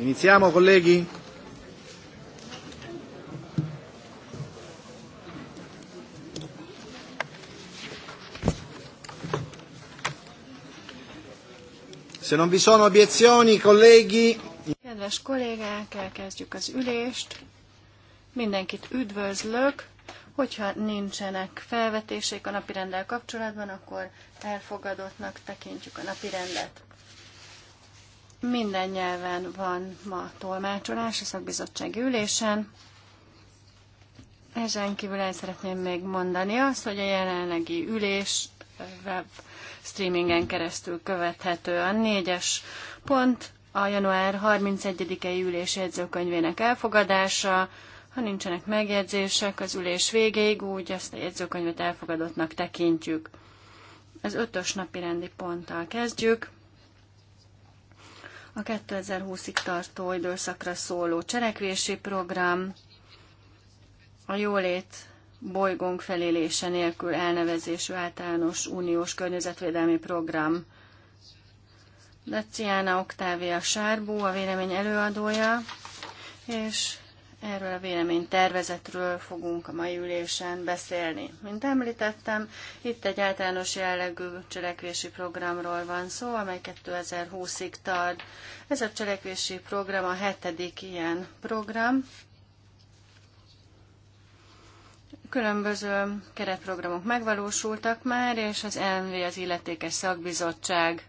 Iniziamo, colleghi. Se non vi sono obiezioni, colleghi. Kedves kollégák, elkezdjük az ülést. Mindenkit üdvözlök. Hogyha nincsenek felvetések a napirenddel kapcsolatban, akkor elfogadottnak tekintjük a napirendet. Minden nyelven van ma tolmácsolás a szakbizottsági ülésen. Ezen kívül el szeretném még mondani azt, hogy a jelenlegi ülés eh, web streamingen keresztül követhető a négyes pont, a január 31-i ülés jegyzőkönyvének elfogadása, ha nincsenek megjegyzések az ülés végéig, úgy ezt a jegyzőkönyvet elfogadottnak tekintjük. Az ötös napi rendi ponttal kezdjük a 2020-ig tartó időszakra szóló cselekvési program, a jólét bolygónk felélése nélkül elnevezésű általános uniós környezetvédelmi program. Daciana Oktávia Sárbó, a vélemény előadója, és Erről a vélemény tervezetről fogunk a mai ülésen beszélni. Mint említettem, itt egy általános jellegű cselekvési programról van szó, amely 2020-ig tart. Ez a cselekvési program a hetedik ilyen program. Különböző keretprogramok megvalósultak már, és az NV az illetékes szakbizottság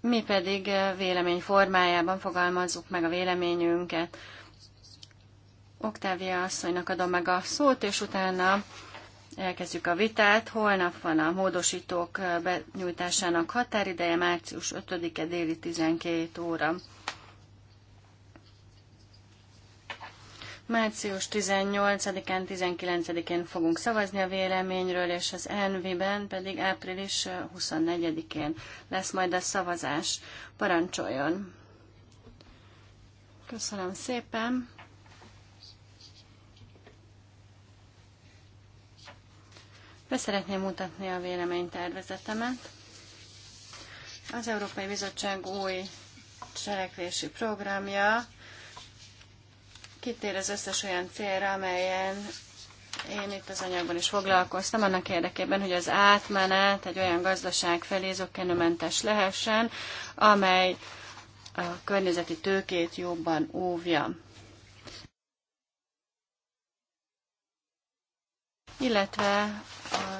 mi pedig vélemény formájában fogalmazzuk meg a véleményünket. Oktávia asszonynak adom meg a szót, és utána elkezdjük a vitát. Holnap van a módosítók benyújtásának határideje, március 5-e déli 12 óra. Március 18-án, 19-én fogunk szavazni a véleményről, és az nv ben pedig április 24-én lesz majd a szavazás. Parancsoljon! Köszönöm szépen! szeretném mutatni a véleménytervezetemet. Az Európai Bizottság új cselekvési programja kitér az összes olyan célra, amelyen én itt az anyagban is foglalkoztam, annak érdekében, hogy az átmenet egy olyan gazdaság felé zokkenőmentes lehessen, amely a környezeti tőkét jobban óvja. illetve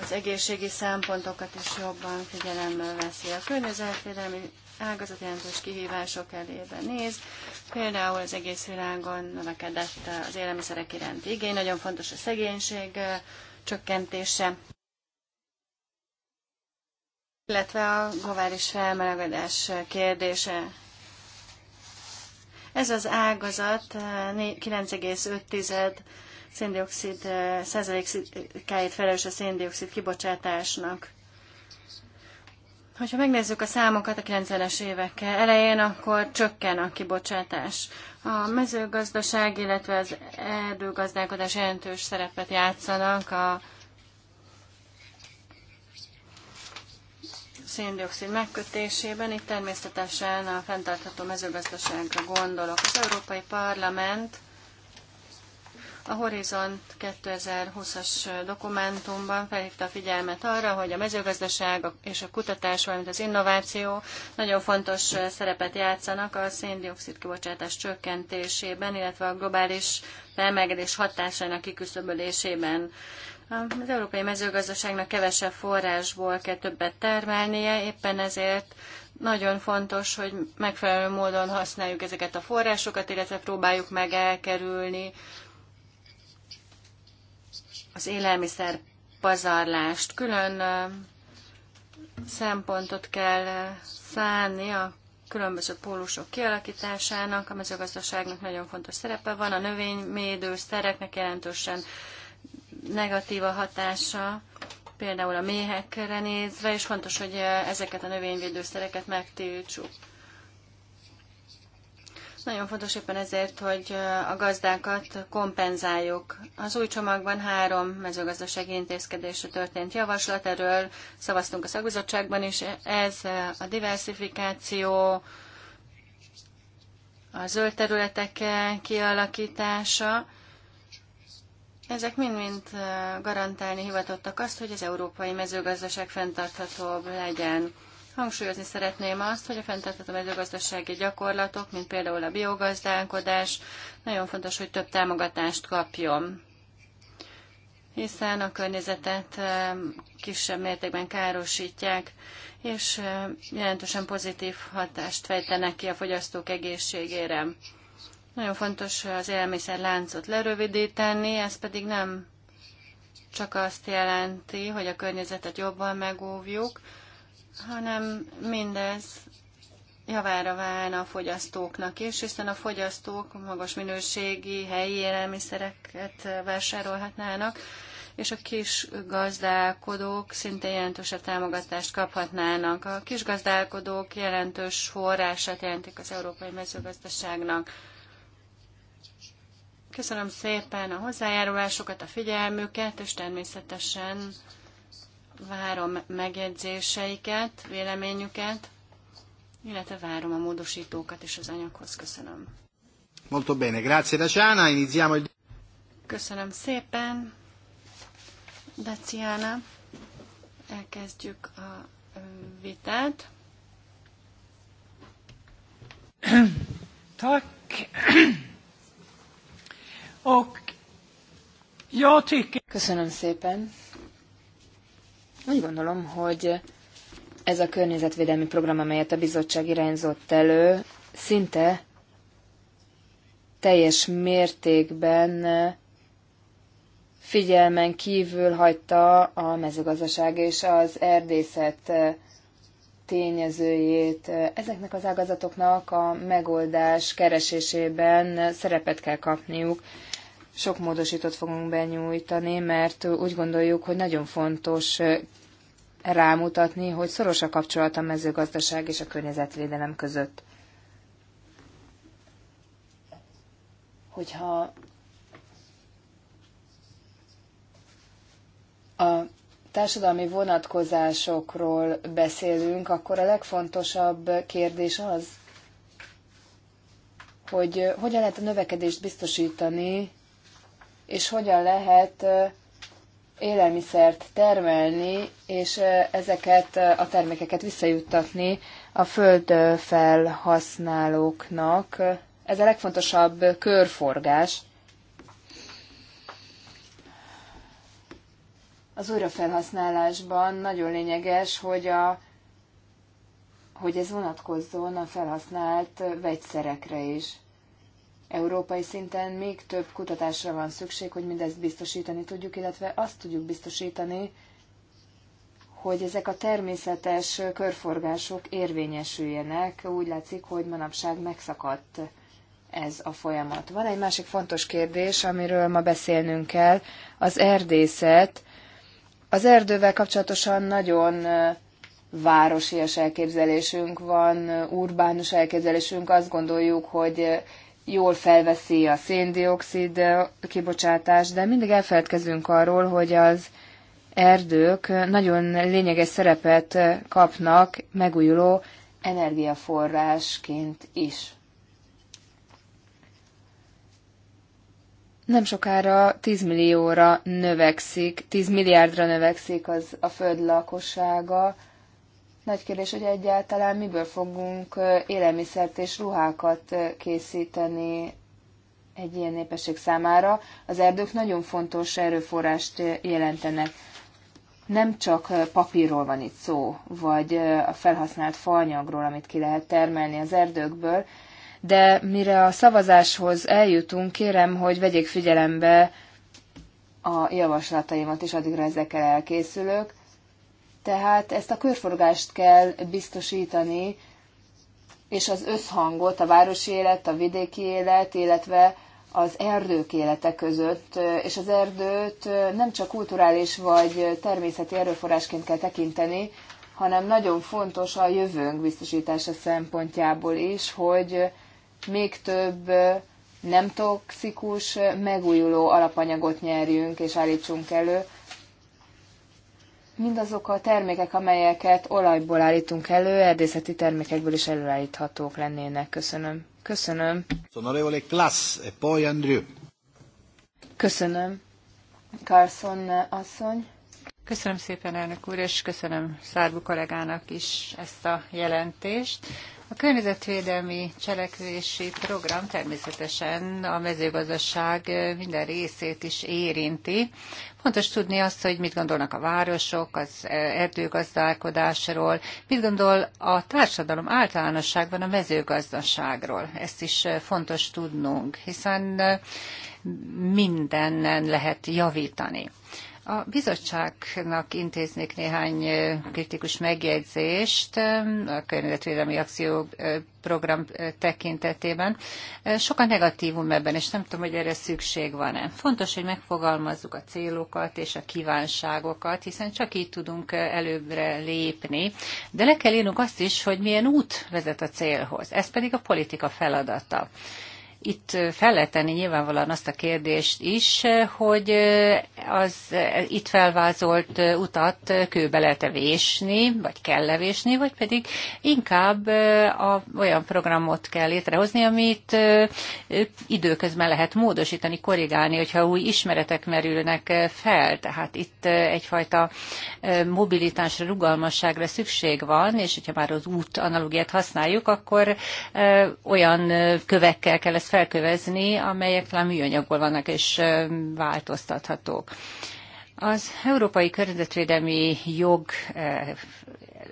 az egészségi szempontokat is jobban figyelembe veszi. A környezetvédelmi ágazat jelentős kihívások elébe néz. Például az egész világon növekedett az élelmiszerek iránti igény, nagyon fontos a szegénység csökkentése, illetve a globális felmelegedés kérdése. Ez az ágazat 9,5 széndiokszid eh, százalékáért felelős a széndiokszid kibocsátásnak. Hogyha megnézzük a számokat a 90-es évek elején, akkor csökken a kibocsátás. A mezőgazdaság, illetve az erdőgazdálkodás jelentős szerepet játszanak a széndiokszid megkötésében. Itt természetesen a fenntartható mezőgazdaságra gondolok. Az Európai Parlament a Horizont 2020-as dokumentumban felhívta a figyelmet arra, hogy a mezőgazdaság és a kutatás, valamint az innováció nagyon fontos szerepet játszanak a széndiokszid kibocsátás csökkentésében, illetve a globális felmelegedés hatásainak kiküszöbölésében. Az európai mezőgazdaságnak kevesebb forrásból kell többet termelnie, éppen ezért nagyon fontos, hogy megfelelő módon használjuk ezeket a forrásokat, illetve próbáljuk meg elkerülni az élelmiszer pazarlást. Külön szempontot kell szánni a különböző pólusok kialakításának, a mezőgazdaságnak nagyon fontos szerepe van, a növényvédő szereknek jelentősen negatív a hatása, például a méhekre nézve, és fontos, hogy ezeket a növényvédőszereket megtiltsuk. Nagyon fontos éppen ezért, hogy a gazdákat kompenzáljuk. Az új csomagban három mezőgazdasági intézkedésre történt javaslat, erről szavaztunk a szakbizottságban is. Ez a diversifikáció, a zöld területek kialakítása. Ezek mind-mind garantálni hivatottak azt, hogy az európai mezőgazdaság fenntarthatóbb legyen. Hangsúlyozni szeretném azt, hogy a fenntartható mezőgazdasági gyakorlatok, mint például a biogazdálkodás, nagyon fontos, hogy több támogatást kapjon hiszen a környezetet kisebb mértékben károsítják, és jelentősen pozitív hatást fejtenek ki a fogyasztók egészségére. Nagyon fontos az láncot lerövidíteni, ez pedig nem csak azt jelenti, hogy a környezetet jobban megóvjuk, hanem mindez javára válna a fogyasztóknak is, hiszen a fogyasztók magas minőségi helyi élelmiszereket vásárolhatnának, és a kis gazdálkodók szinte jelentősebb támogatást kaphatnának. A kis gazdálkodók jelentős forrását jelentik az európai mezőgazdaságnak. Köszönöm szépen a hozzájárulásokat, a figyelmüket, és természetesen várom megjegyzéseiket, véleményüket, illetve várom a módosítókat és az anyaghoz. Köszönöm. Molto bene, grazie Daciana, iniziamo il... Köszönöm szépen, Daciana. Elkezdjük a vitát. Tack. Och jag tycker... Köszönöm szépen. Úgy gondolom, hogy ez a környezetvédelmi program, amelyet a bizottság irányzott elő, szinte teljes mértékben figyelmen kívül hagyta a mezőgazdaság és az erdészet tényezőjét. Ezeknek az ágazatoknak a megoldás keresésében szerepet kell kapniuk sok módosítót fogunk benyújtani, mert úgy gondoljuk, hogy nagyon fontos rámutatni, hogy szoros a kapcsolat a mezőgazdaság és a környezetvédelem között. Hogyha a társadalmi vonatkozásokról beszélünk, akkor a legfontosabb kérdés az, hogy hogyan lehet a növekedést biztosítani és hogyan lehet élelmiszert termelni, és ezeket a termékeket visszajuttatni a föld felhasználóknak. Ez a legfontosabb körforgás. Az újrafelhasználásban nagyon lényeges, hogy, a, hogy ez vonatkozzon a felhasznált vegyszerekre is európai szinten még több kutatásra van szükség, hogy mindezt biztosítani tudjuk, illetve azt tudjuk biztosítani, hogy ezek a természetes körforgások érvényesüljenek. Úgy látszik, hogy manapság megszakadt ez a folyamat. Van egy másik fontos kérdés, amiről ma beszélnünk kell, az erdészet. Az erdővel kapcsolatosan nagyon városias elképzelésünk van, urbánus elképzelésünk, azt gondoljuk, hogy jól felveszi a széndiokszid kibocsátást, de mindig elfeledkezünk arról, hogy az erdők nagyon lényeges szerepet kapnak megújuló energiaforrásként is. Nem sokára 10 millióra növekszik, 10 milliárdra növekszik az a föld lakossága, nagy kérdés, hogy egyáltalán miből fogunk élelmiszert és ruhákat készíteni egy ilyen népesség számára. Az erdők nagyon fontos erőforrást jelentenek. Nem csak papírról van itt szó, vagy a felhasznált faanyagról, amit ki lehet termelni az erdőkből, de mire a szavazáshoz eljutunk, kérem, hogy vegyék figyelembe a javaslataimat, és addigra ezekkel elkészülök. Tehát ezt a körforgást kell biztosítani, és az összhangot a városi élet, a vidéki élet, illetve az erdők élete között, és az erdőt nem csak kulturális vagy természeti erőforrásként kell tekinteni, hanem nagyon fontos a jövőnk biztosítása szempontjából is, hogy még több nem toxikus, megújuló alapanyagot nyerjünk és állítsunk elő, mindazok a termékek, amelyeket olajból állítunk elő, erdészeti termékekből is előállíthatók lennének. Köszönöm. Köszönöm. Sonorevole e poi Andrew. Köszönöm. Carson asszony. Köszönöm szépen, elnök úr, és köszönöm Szárbu kollégának is ezt a jelentést. A környezetvédelmi cselekvési program természetesen a mezőgazdaság minden részét is érinti. Fontos tudni azt, hogy mit gondolnak a városok az erdőgazdálkodásról, mit gondol a társadalom általánosságban a mezőgazdaságról. Ezt is fontos tudnunk, hiszen mindennen lehet javítani. A bizottságnak intéznék néhány kritikus megjegyzést a környezetvédelmi akcióprogram tekintetében. Sokan negatívum ebben, és nem tudom, hogy erre szükség van-e. Fontos, hogy megfogalmazzuk a célokat és a kívánságokat, hiszen csak így tudunk előbbre lépni. De le kell írnunk azt is, hogy milyen út vezet a célhoz. Ez pedig a politika feladata itt fel lehet tenni nyilvánvalóan azt a kérdést is, hogy az itt felvázolt utat kőbe lehet vésni, vagy kell levésni, vagy pedig inkább a, olyan programot kell létrehozni, amit időközben lehet módosítani, korrigálni, hogyha új ismeretek merülnek fel. Tehát itt egyfajta mobilitásra, rugalmasságra szükség van, és hogyha már az út analógiát használjuk, akkor olyan kövekkel kell ezt felkövezni, amelyek talán műanyagból vannak és változtathatók. Az európai környezetvédelmi jog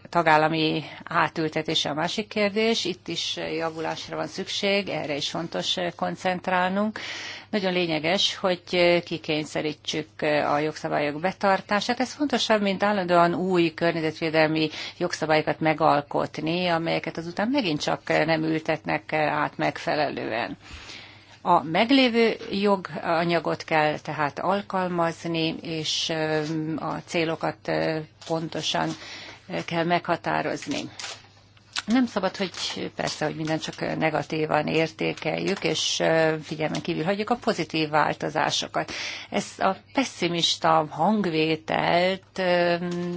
tagállami átültetése a másik kérdés. Itt is javulásra van szükség, erre is fontos koncentrálnunk. Nagyon lényeges, hogy kikényszerítsük a jogszabályok betartását. Ez fontosabb, mint állandóan új környezetvédelmi jogszabályokat megalkotni, amelyeket azután megint csak nem ültetnek át megfelelően. A meglévő joganyagot kell tehát alkalmazni, és a célokat pontosan kell meghatározni. Nem szabad, hogy persze, hogy minden csak negatívan értékeljük, és figyelmen kívül hagyjuk a pozitív változásokat. Ez a pessimista hangvételt,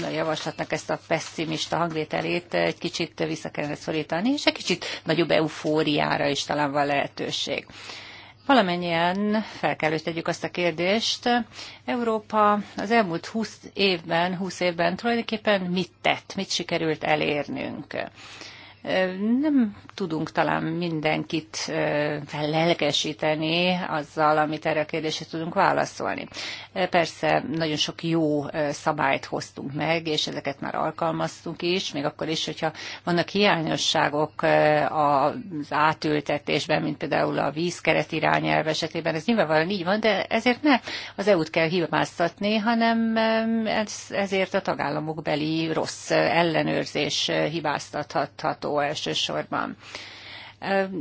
a javaslatnak ezt a pessimista hangvételét egy kicsit vissza kellene szorítani, és egy kicsit nagyobb eufóriára is talán van lehetőség. Valamennyien fel kell, hogy tegyük azt a kérdést, Európa az elmúlt 20 évben, 20 évben tulajdonképpen mit tett, mit sikerült elérnünk nem tudunk talán mindenkit fellelkesíteni azzal, amit erre a kérdésre tudunk válaszolni. Persze nagyon sok jó szabályt hoztunk meg, és ezeket már alkalmaztunk is, még akkor is, hogyha vannak hiányosságok az átültetésben, mint például a vízkeret irányelv esetében, ez nyilvánvalóan így van, de ezért ne az EU-t kell hibáztatni, hanem ezért a tagállamok beli rossz ellenőrzés hibáztatható elsősorban.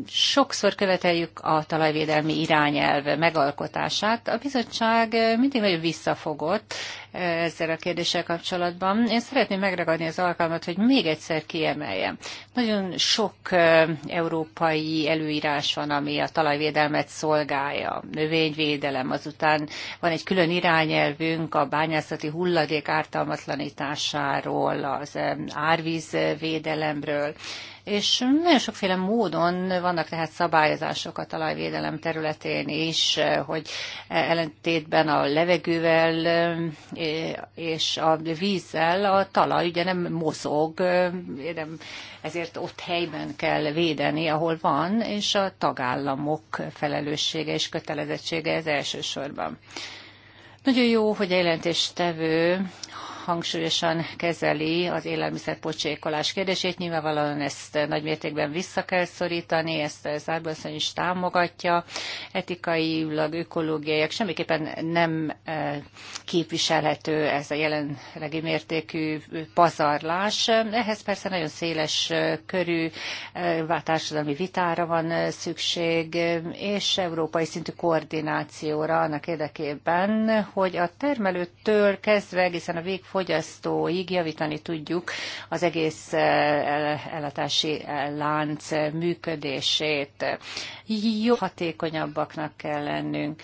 Sokszor követeljük a talajvédelmi irányelv megalkotását. A bizottság mindig nagyon visszafogott eh, ezzel a kérdéssel kapcsolatban. Én szeretném megragadni az alkalmat, hogy még egyszer kiemeljem. Nagyon sok eh, európai előírás van, ami a talajvédelmet szolgálja. Növényvédelem, azután van egy külön irányelvünk a bányászati hulladék ártalmatlanításáról, az eh, árvízvédelemről és nagyon sokféle módon vannak tehát szabályozások a talajvédelem területén is, hogy ellentétben a levegővel eh, és a vízzel a talaj ugye nem mozog, eh, nem, ezért ott helyben kell védeni, ahol van, és a tagállamok felelőssége és kötelezettsége ez elsősorban. Nagyon jó, hogy a jelentéstevő hangsúlyosan kezeli az élelmiszerpocsékolás kérdését. Nyilvánvalóan ezt nagymértékben vissza kell szorítani, ezt Árbaszony is támogatja. Etikailag, ökológiaiak semmiképpen nem eh, képviselhető ez a jelenlegi mértékű pazarlás. Ehhez persze nagyon széles eh, körű eh, társadalmi vitára van szükség, és európai szintű koordinációra annak érdekében, hogy a termelőtől kezdve egészen a végfolyamig fogyasztóig javítani tudjuk az egész eh, ellátási eh, lánc működését. Jó hatékonyabbaknak kell lennünk.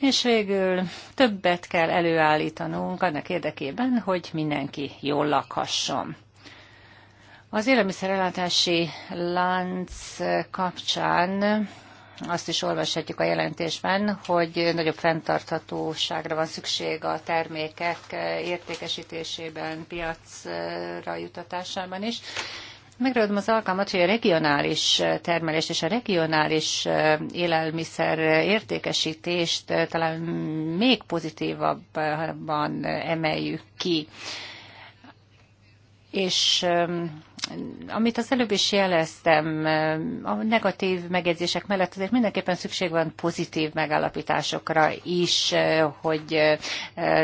És végül többet kell előállítanunk annak érdekében, hogy mindenki jól lakhasson. Az élelmiszerellátási lánc kapcsán azt is olvashatjuk a jelentésben, hogy nagyobb fenntarthatóságra van szükség a termékek értékesítésében, piacra jutatásában is. Megragadom az alkalmat, hogy a regionális termelést és a regionális élelmiszer értékesítést talán még pozitívabban emeljük ki. És amit az előbb is jeleztem, a negatív megjegyzések mellett azért mindenképpen szükség van pozitív megállapításokra is, hogy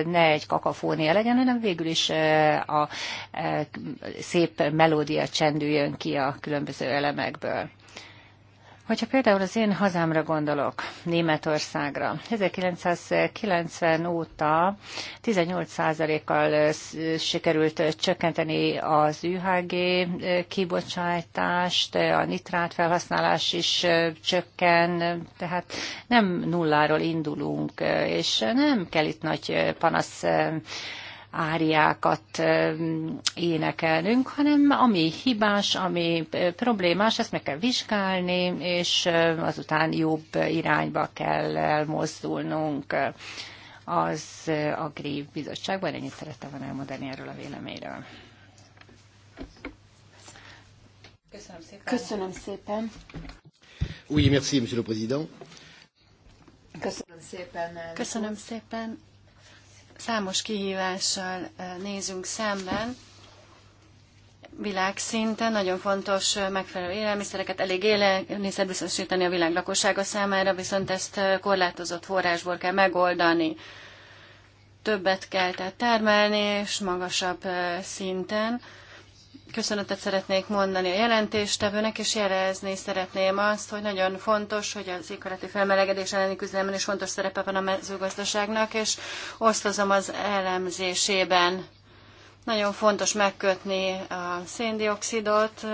ne egy kakafónia legyen, hanem végül is a szép melódia csendüljön ki a különböző elemekből. Hogyha például az én hazámra gondolok, Németországra, 1990 óta 18%-kal sikerült csökkenteni az UHG kibocsátást, a nitrát felhasználás is csökken, tehát nem nulláról indulunk, és nem kell itt nagy panasz áriákat énekelnünk, hanem ami hibás, ami problémás, ezt meg kell vizsgálni, és azután jobb irányba kell elmozdulnunk az Agri Bizottságban. Ennyit szerettem volna elmondani erről a véleményről. Köszönöm szépen. Köszönöm szépen. Oui, merci, monsieur le président. Köszönöm szépen. Köszönöm szépen. Számos kihívással nézünk szemben, világszinten nagyon fontos megfelelő élelmiszereket, elég élelmiszer biztosítani a világ lakossága számára, viszont ezt korlátozott forrásból kell megoldani. Többet kell tehát termelni, és magasabb szinten. Köszönetet szeretnék mondani a jelentéstevőnek, és jelezni szeretném azt, hogy nagyon fontos, hogy az éghajlati felmelegedés elleni küzdelemben is fontos szerepe van a mezőgazdaságnak, és osztozom az elemzésében. Nagyon fontos megkötni a széndiokszidot,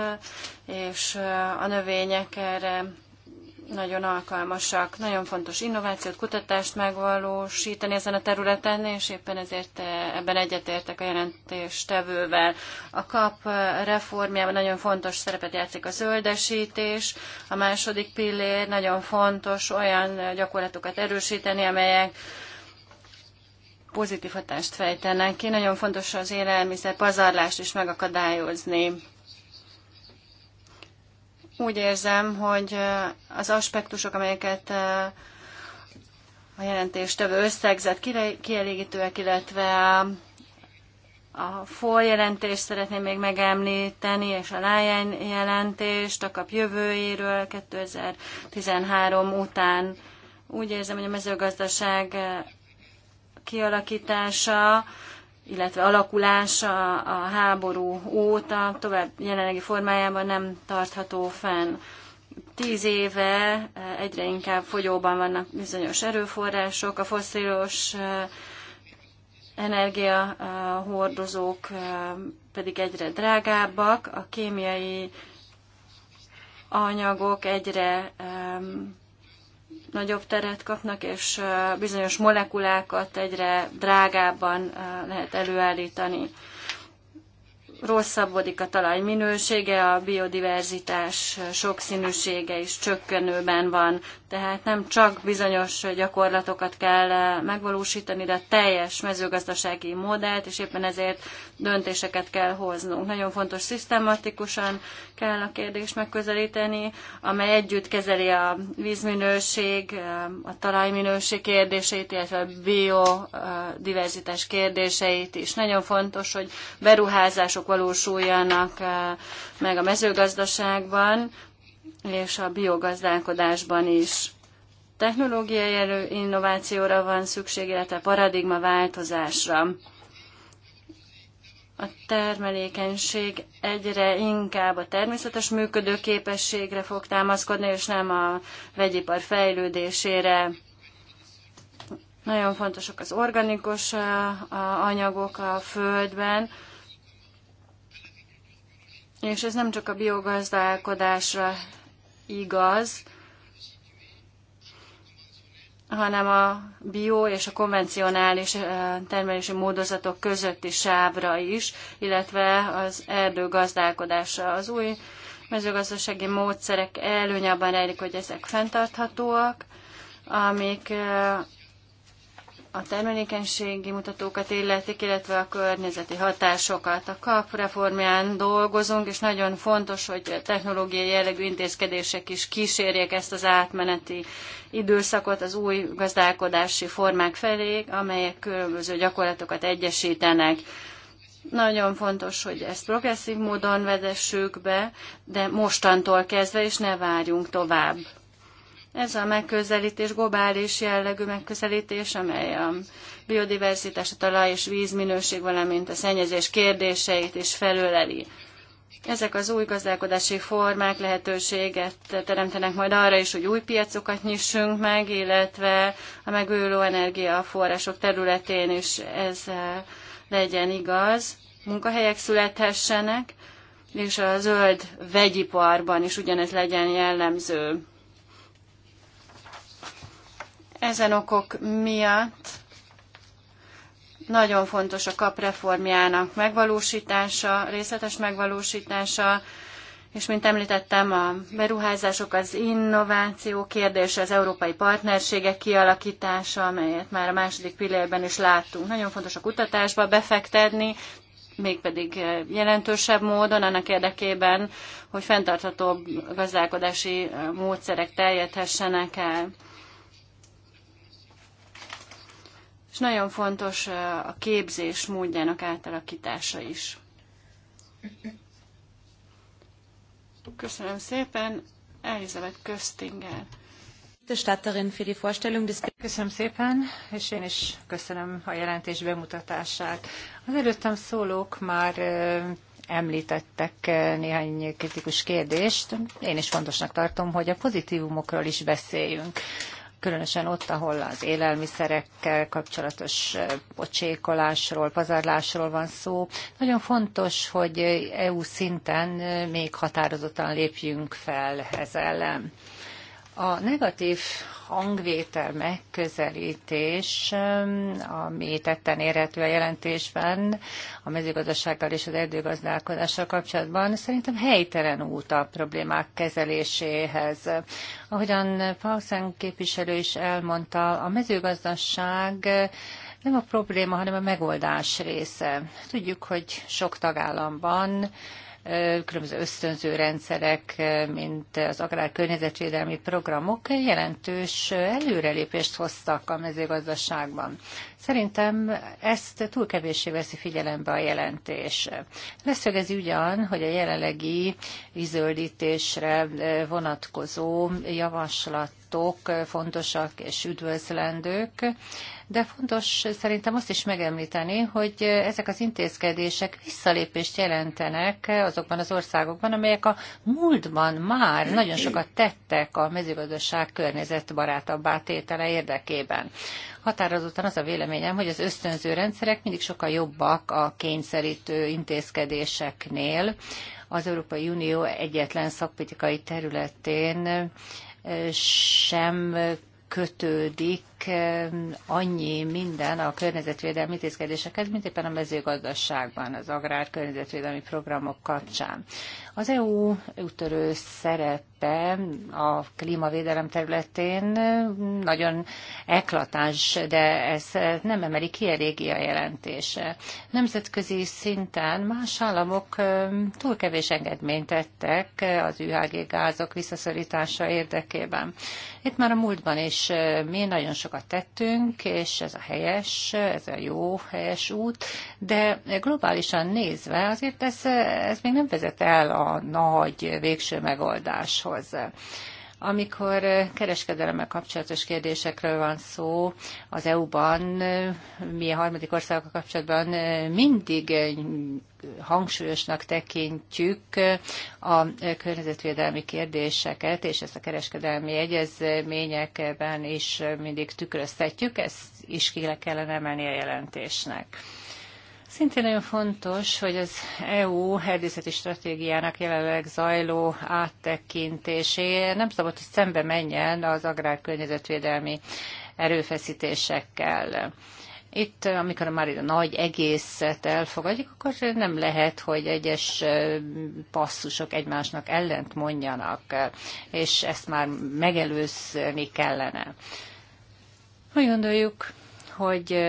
és a növények erre nagyon alkalmasak. Nagyon fontos innovációt, kutatást megvalósítani ezen a területen, és éppen ezért eh, ebben egyetértek a jelentéstevővel. A KAP eh, reformjában nagyon fontos szerepet játszik a zöldesítés, a második pillér nagyon fontos olyan gyakorlatokat erősíteni, amelyek pozitív hatást fejtenek ki. Nagyon fontos az élelmiszer pazarlást is megakadályozni úgy érzem, hogy az aspektusok, amelyeket a több összegzett kielégítőek, illetve a FOL jelentést szeretném még megemlíteni, és a Lion jelentést a kap jövőjéről 2013 után. Úgy érzem, hogy a mezőgazdaság kialakítása illetve alakulás a, a háború óta tovább jelenlegi formájában nem tartható fenn. Tíz éve eh, egyre inkább fogyóban vannak bizonyos erőforrások, a foszilos eh, energiahordozók eh, pedig egyre drágábbak, a kémiai anyagok egyre um, nagyobb teret kapnak, és bizonyos molekulákat egyre drágábban lehet előállítani rosszabbodik a talaj minősége, a biodiverzitás sokszínűsége is csökkenőben van. Tehát nem csak bizonyos gyakorlatokat kell megvalósítani, de a teljes mezőgazdasági modellt, és éppen ezért döntéseket kell hoznunk. Nagyon fontos szisztematikusan kell a kérdést megközelíteni, amely együtt kezeli a vízminőség, a talajminőség kérdéseit, illetve a biodiverzitás kérdéseit is. Nagyon fontos, hogy beruházások valósuljanak eh, meg a mezőgazdaságban és a biogazdálkodásban is. Technológiai elő innovációra van szükség, illetve paradigma változásra a termelékenység egyre inkább a természetes működőképességre fog támaszkodni, és nem a vegyipar fejlődésére. Nagyon fontosak az organikus eh, anyagok a földben, és ez nem csak a biogazdálkodásra igaz, hanem a bio és a konvencionális eh, termelési módozatok közötti sávra is, illetve az erdőgazdálkodásra. Az új mezőgazdasági módszerek előnyabban rejlik, hogy ezek fenntarthatóak, amik eh, a termelékenységi mutatókat illetik, illetve a környezeti hatásokat. A KAP reformján dolgozunk, és nagyon fontos, hogy technológiai jellegű intézkedések is kísérjék ezt az átmeneti időszakot az új gazdálkodási formák felé, amelyek különböző gyakorlatokat egyesítenek. Nagyon fontos, hogy ezt progresszív módon vezessük be, de mostantól kezdve, is ne várjunk tovább. Ez a megközelítés globális jellegű megközelítés, amely a biodiverzitás, a talaj és vízminőség, valamint a szennyezés kérdéseit is felöleli. Ezek az új gazdálkodási formák lehetőséget teremtenek majd arra is, hogy új piacokat nyissunk meg, illetve a megújuló energiaforrások területén is ez legyen igaz, munkahelyek születhessenek, és a zöld vegyiparban is ugyanez legyen jellemző. Ezen okok miatt nagyon fontos a kap reformjának megvalósítása, részletes megvalósítása, és mint említettem, a beruházások, az innováció kérdése, az európai partnerségek kialakítása, amelyet már a második pillérben is láttunk. Nagyon fontos a kutatásba befektetni, mégpedig eh, jelentősebb módon, annak érdekében, hogy fenntarthatóbb gazdálkodási eh, módszerek terjedhessenek el. és nagyon fontos a képzés módjának átalakítása is. Köszönöm szépen, Elizabeth Köstinger. Köszönöm szépen, és én is köszönöm a jelentés bemutatását. Az előttem szólók már említettek néhány kritikus kérdést. Én is fontosnak tartom, hogy a pozitívumokról is beszéljünk különösen ott, ahol az élelmiszerekkel kapcsolatos eh, pocsékolásról, pazarlásról van szó. Nagyon fontos, hogy eh, EU szinten eh, még határozottan lépjünk fel ez ellen. A negatív hangvétel megközelítés, ami tetten érhető a jelentésben a mezőgazdasággal és az erdőgazdálkodással kapcsolatban, szerintem helytelen út a problémák kezeléséhez. Ahogyan Paulsen képviselő is elmondta, a mezőgazdaság nem a probléma, hanem a megoldás része. Tudjuk, hogy sok tagállamban különböző ösztönző rendszerek, mint az agrár környezetvédelmi programok jelentős előrelépést hoztak a mezőgazdaságban. Szerintem ezt túl kevéssé veszi figyelembe a jelentés. Leszögezi ugyan, hogy a jelenlegi izöldítésre vonatkozó javaslat javaslatok fontosak és üdvözlendők, de fontos szerintem azt is megemlíteni, hogy ezek az intézkedések visszalépést jelentenek azokban az országokban, amelyek a múltban már nagyon sokat tettek a mezőgazdaság környezetbarátabbá tétele érdekében. Határozottan az a véleményem, hogy az ösztönző rendszerek mindig sokkal jobbak a kényszerítő intézkedéseknél. Az Európai Unió egyetlen szakpolitikai területén sem kötődik annyi minden a környezetvédelmi intézkedésekhez, mint éppen a mezőgazdaságban, az agrár környezetvédelmi programok kapcsán. Az EU úttörő szerepe a klímavédelem területén nagyon eklatáns, de ez nem emeli ki eléggé a jelentése. Nemzetközi szinten más államok túl kevés engedményt tettek az UHG gázok visszaszorítása érdekében. Itt már a múltban is mi nagyon sok sokat tettünk, és ez a helyes, ez a jó, helyes út, de globálisan nézve azért ez, ez még nem vezet el a nagy végső megoldáshoz. Amikor kereskedelemmel kapcsolatos kérdésekről van szó az EU-ban, mi a harmadik országokkal kapcsolatban mindig hangsúlyosnak tekintjük a környezetvédelmi kérdéseket, és ezt a kereskedelmi egyezményekben is mindig tükröztetjük, ezt is ki kellene emelni a jelentésnek. Szintén nagyon fontos, hogy az EU erdészeti stratégiának jelenleg zajló áttekintésé nem szabad, hogy szembe menjen az agrárkörnyezetvédelmi erőfeszítésekkel. Itt, amikor már a nagy egészet elfogadjuk, akkor nem lehet, hogy egyes passzusok egymásnak ellent mondjanak, és ezt már megelőzni kellene. Hogy gondoljuk, hogy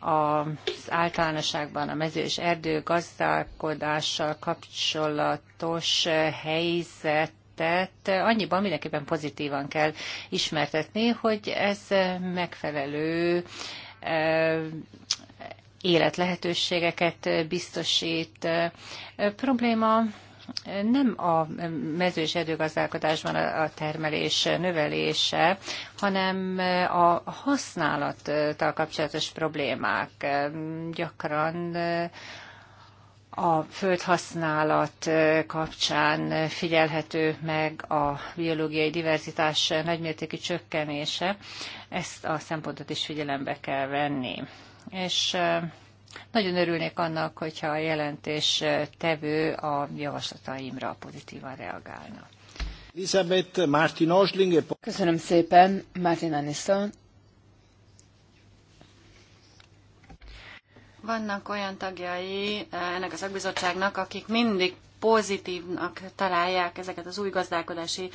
az általánosságban a mező és erdő gazdálkodással kapcsolatos helyzet tehát annyiban mindenképpen pozitívan kell ismertetni, hogy ez megfelelő életlehetőségeket biztosít. Probléma nem a mező és erdőgazdálkodásban a termelés növelése, hanem a használattal kapcsolatos problémák gyakran a földhasználat kapcsán figyelhető meg a biológiai diverzitás nagymértékű csökkenése. Ezt a szempontot is figyelembe kell venni. És nagyon örülnék annak, hogyha a jelentés tevő a javaslataimra pozitívan reagálna. Elizabeth Martin Osling. Köszönöm szépen, Martin Aniston. Vannak olyan tagjai ennek a szakbizottságnak, akik mindig pozitívnak találják ezeket az új gazdálkodási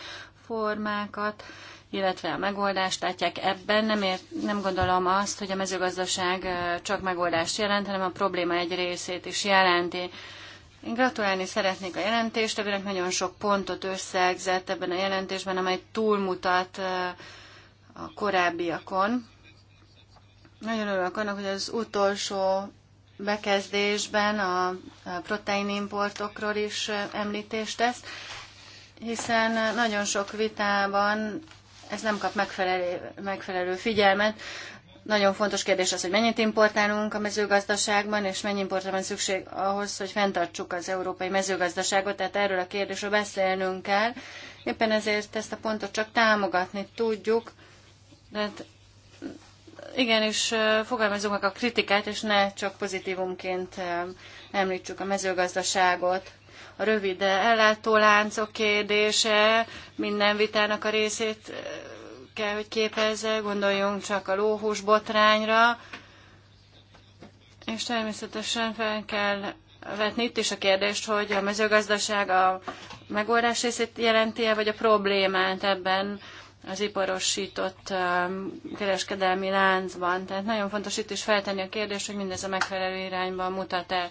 formákat, illetve a megoldást látják ebben. Nem, ért, nem gondolom azt, hogy a mezőgazdaság csak megoldást jelent, hanem a probléma egy részét is jelenti. Én gratulálni szeretnék a jelentéstevőnek, nagyon sok pontot összegzett ebben a jelentésben, amely túlmutat a korábbiakon. Nagyon örülök annak, hogy az utolsó bekezdésben a proteinimportokról is említést tesz, hiszen nagyon sok vitában ez nem kap megfelelő, megfelelő figyelmet. Nagyon fontos kérdés az, hogy mennyit importálunk a mezőgazdaságban, és mennyi importra van szükség ahhoz, hogy fenntartsuk az európai mezőgazdaságot, tehát erről a kérdésről beszélnünk kell. Éppen ezért ezt a pontot csak támogatni tudjuk, de hát, igenis fogalmazunk meg a kritikát, és ne csak pozitívumként említsük a mezőgazdaságot a rövid ellátóláncok kérdése minden vitának a részét eh, kell, hogy képezze, gondoljunk csak a lóhús botrányra, és természetesen fel kell vetni itt is a kérdést, hogy a mezőgazdaság a megoldás részét jelenti -e, vagy a problémát ebben az iparosított eh, kereskedelmi láncban. Tehát nagyon fontos itt is feltenni a kérdést, hogy mindez a megfelelő irányban mutat-e.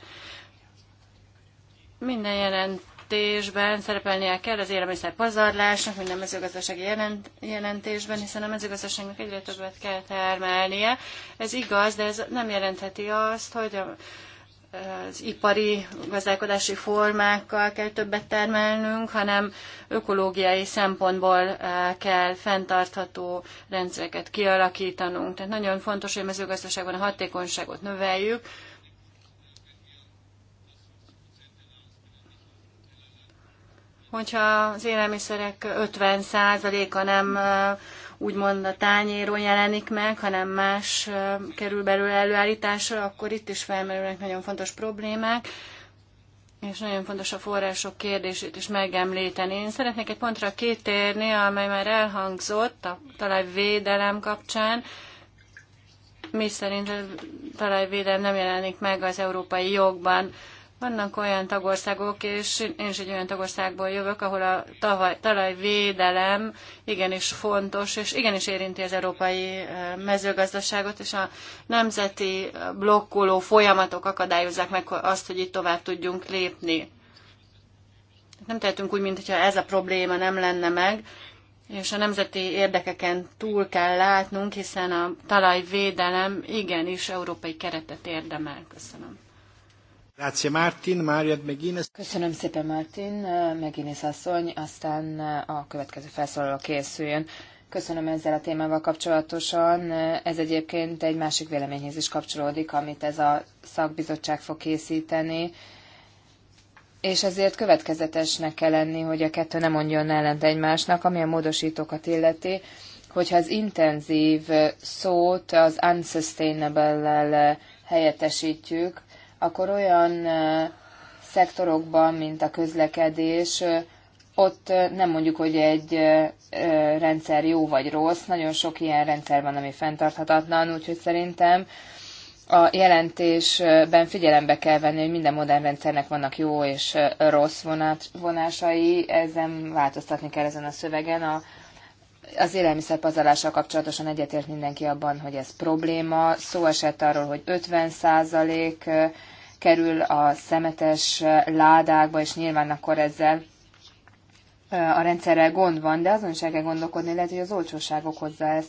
Minden jelentésben szerepelnie kell az élelmiszer pazarlásnak, minden mezőgazdasági jelent, jelentésben, hiszen a mezőgazdaságnak egyre többet kell termelnie. Ez igaz, de ez nem jelentheti azt, hogy a, az ipari gazdálkodási formákkal kell többet termelnünk, hanem ökológiai szempontból eh, kell fenntartható rendszereket kialakítanunk. Tehát nagyon fontos, hogy a mezőgazdaságban a hatékonyságot növeljük, hogyha az élelmiszerek 50%-a nem úgymond a tányéron jelenik meg, hanem más kerül belőle előállításra, akkor itt is felmerülnek nagyon fontos problémák, és nagyon fontos a források kérdését is megemlíteni. Én szeretnék egy pontra kitérni, amely már elhangzott a talajvédelem kapcsán, mi szerint a talajvédelem nem jelenik meg az európai jogban. Vannak olyan tagországok, és én is egy olyan tagországból jövök, ahol a talajvédelem igenis fontos, és igenis érinti az európai mezőgazdaságot, és a nemzeti blokkoló folyamatok akadályozzák meg azt, hogy itt tovább tudjunk lépni. Nem tehetünk úgy, mintha ez a probléma nem lenne meg, és a nemzeti érdekeken túl kell látnunk, hiszen a talajvédelem igenis európai keretet érdemel. Köszönöm. Köszönöm szépen Martin, Megines asszony, aztán a következő felszólaló készüljön. Köszönöm ezzel a témával kapcsolatosan. Ez egyébként egy másik véleményhez is kapcsolódik, amit ez a szakbizottság fog készíteni. És ezért következetesnek kell lenni, hogy a kettő nem mondjon ellent egymásnak, ami a módosítókat illeti, hogyha az intenzív szót az unsustainable-lel helyettesítjük, akkor olyan szektorokban, mint a közlekedés, ott nem mondjuk, hogy egy rendszer jó vagy rossz, nagyon sok ilyen rendszer van, ami fenntarthatatlan, úgyhogy szerintem a jelentésben figyelembe kell venni, hogy minden modern rendszernek vannak jó és rossz vonásai, ezen változtatni kell ezen a szövegen. A, az élelmiszerpazarlással kapcsolatosan egyetért mindenki abban, hogy ez probléma. Szó esett arról, hogy 50 kerül a szemetes ládákba, és nyilván akkor ezzel a rendszerrel gond van, de azon is el kell gondolkodni, lehet, hogy az olcsóság okozza ezt.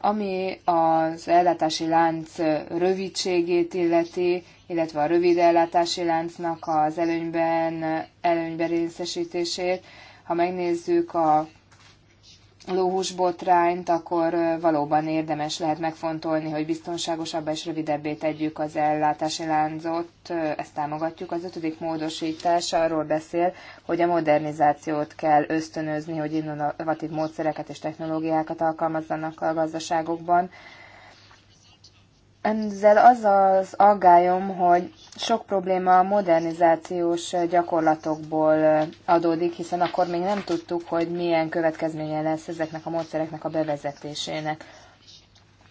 Ami az ellátási lánc rövidségét illeti, illetve a rövid ellátási láncnak az előnyben, előnyben részesítését, ha megnézzük a lóhúsbotrányt, akkor valóban érdemes lehet megfontolni, hogy biztonságosabbá és rövidebbé tegyük az ellátási láncot, ezt támogatjuk. Az ötödik módosítás arról beszél, hogy a modernizációt kell ösztönözni, hogy innovatív módszereket és technológiákat alkalmazzanak a gazdaságokban, ezzel az az aggályom, hogy sok probléma a modernizációs gyakorlatokból adódik, hiszen akkor még nem tudtuk, hogy milyen következménye lesz ezeknek a módszereknek a bevezetésének.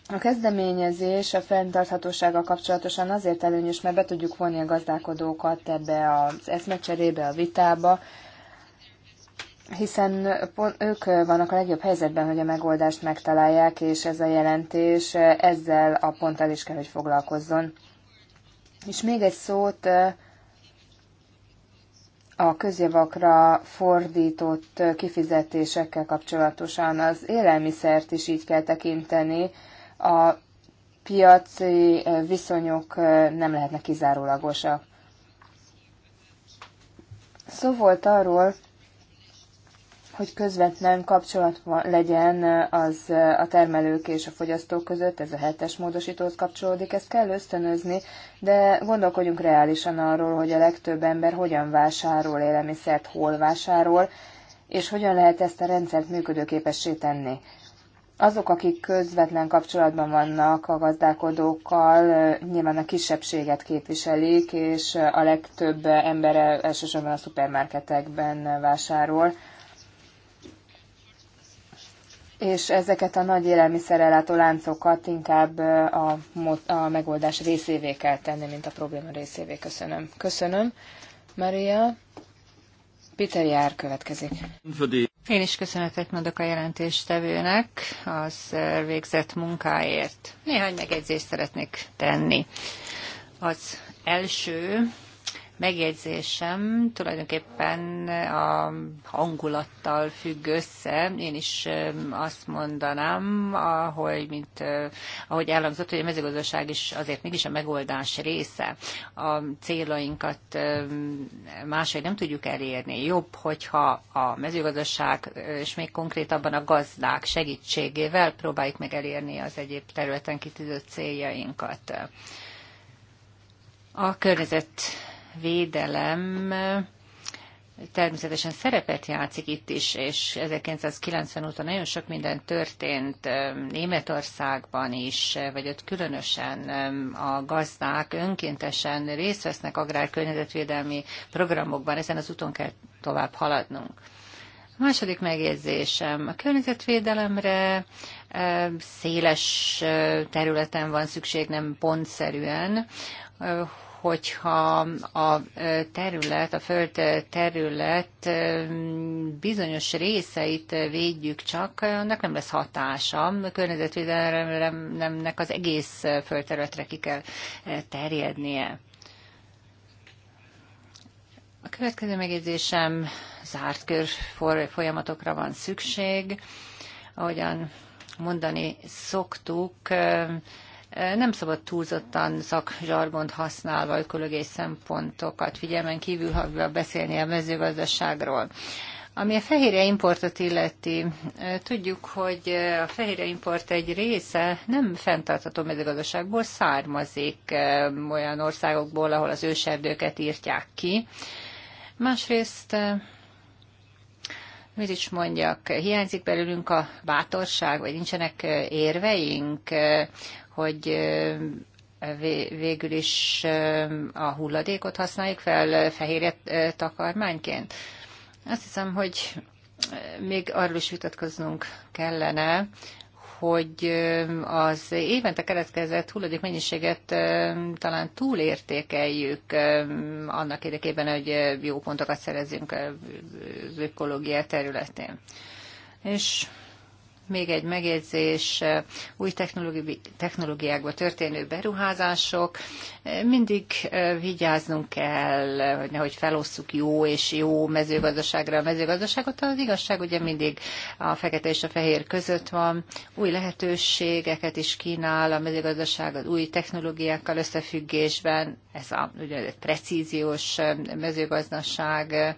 A kezdeményezés a fenntarthatósággal kapcsolatosan azért előnyös, mert be tudjuk vonni a gazdálkodókat ebbe az eszmecserébe, a vitába, hiszen ők vannak a legjobb helyzetben, hogy a megoldást megtalálják, és ez a jelentés eh, ezzel a ponttal is kell, hogy foglalkozzon. És még egy szót eh, a közjavakra fordított eh, kifizetésekkel kapcsolatosan az élelmiszert is így kell tekinteni. A piaci viszonyok nem lehetnek kizárólagosak. Szó volt arról, hogy közvetlen kapcsolat legyen az a termelők és a fogyasztók között, ez a hetes módosítóhoz kapcsolódik, ezt kell ösztönözni, de gondolkodjunk reálisan arról, hogy a legtöbb ember hogyan vásárol élelmiszert, hol vásárol, és hogyan lehet ezt a rendszert működőképessé tenni. Azok, akik közvetlen kapcsolatban vannak a gazdálkodókkal, nyilván a kisebbséget képviselik, és a legtöbb ember elsősorban a szupermarketekben vásárol és ezeket a nagy élelmiszerellátó láncokat inkább a, a megoldás részévé kell tenni, mint a probléma részévé. Köszönöm. Köszönöm. Maria, Peter Jár következik. Én is köszönetet mondok a jelentéstevőnek az végzett munkáért. Néhány megjegyzést szeretnék tenni. Az első, megjegyzésem tulajdonképpen a hangulattal függ össze. Én is azt mondanám, ahogy, mint, ahogy elhangzott, hogy a mezőgazdaság is azért mégis a megoldás része. A célainkat máshogy nem tudjuk elérni. Jobb, hogyha a mezőgazdaság, és még konkrétabban a gazdák segítségével próbáljuk meg elérni az egyéb területen kitűzött céljainkat. A környezet védelem természetesen szerepet játszik itt is, és 1990 óta nagyon sok minden történt Németországban is, vagy ott különösen a gazdák önkéntesen részt vesznek agrárkörnyezetvédelmi programokban, ezen az úton kell tovább haladnunk. A második megjegyzésem, a környezetvédelemre széles területen van szükség, nem pontszerűen hogyha a terület, a föld terület bizonyos részeit védjük csak, annak nem lesz hatása. A környezetvédelemnek az egész földterületre ki kell terjednie. A következő megjegyzésem zárt kör folyamatokra van szükség. Ahogyan mondani szoktuk, nem szabad túlzottan szakzsargont használva ökológiai szempontokat figyelmen kívül beszélni a mezőgazdaságról. Ami a fehérje importot illeti, tudjuk, hogy a fehérje import egy része nem fenntartható mezőgazdaságból származik olyan országokból, ahol az őserdőket írtják ki. Másrészt mit is mondjak, hiányzik belőlünk a bátorság, vagy nincsenek érveink hogy végül is a hulladékot használjuk fel fehérje takarmányként. Azt hiszem, hogy még arról is vitatkoznunk kellene, hogy az évente keletkezett hulladék mennyiséget talán túlértékeljük annak érdekében, hogy jó pontokat szerezünk ökológia területén. És még egy megjegyzés, új technológi, technológiákba történő beruházások. Mindig vigyáznunk kell, hogy nehogy felosszuk jó és jó mezőgazdaságra a mezőgazdaságot. Az igazság ugye mindig a fekete és a fehér között van. Új lehetőségeket is kínál a mezőgazdaság az új technológiákkal összefüggésben. Ez a ugye, precíziós mezőgazdaság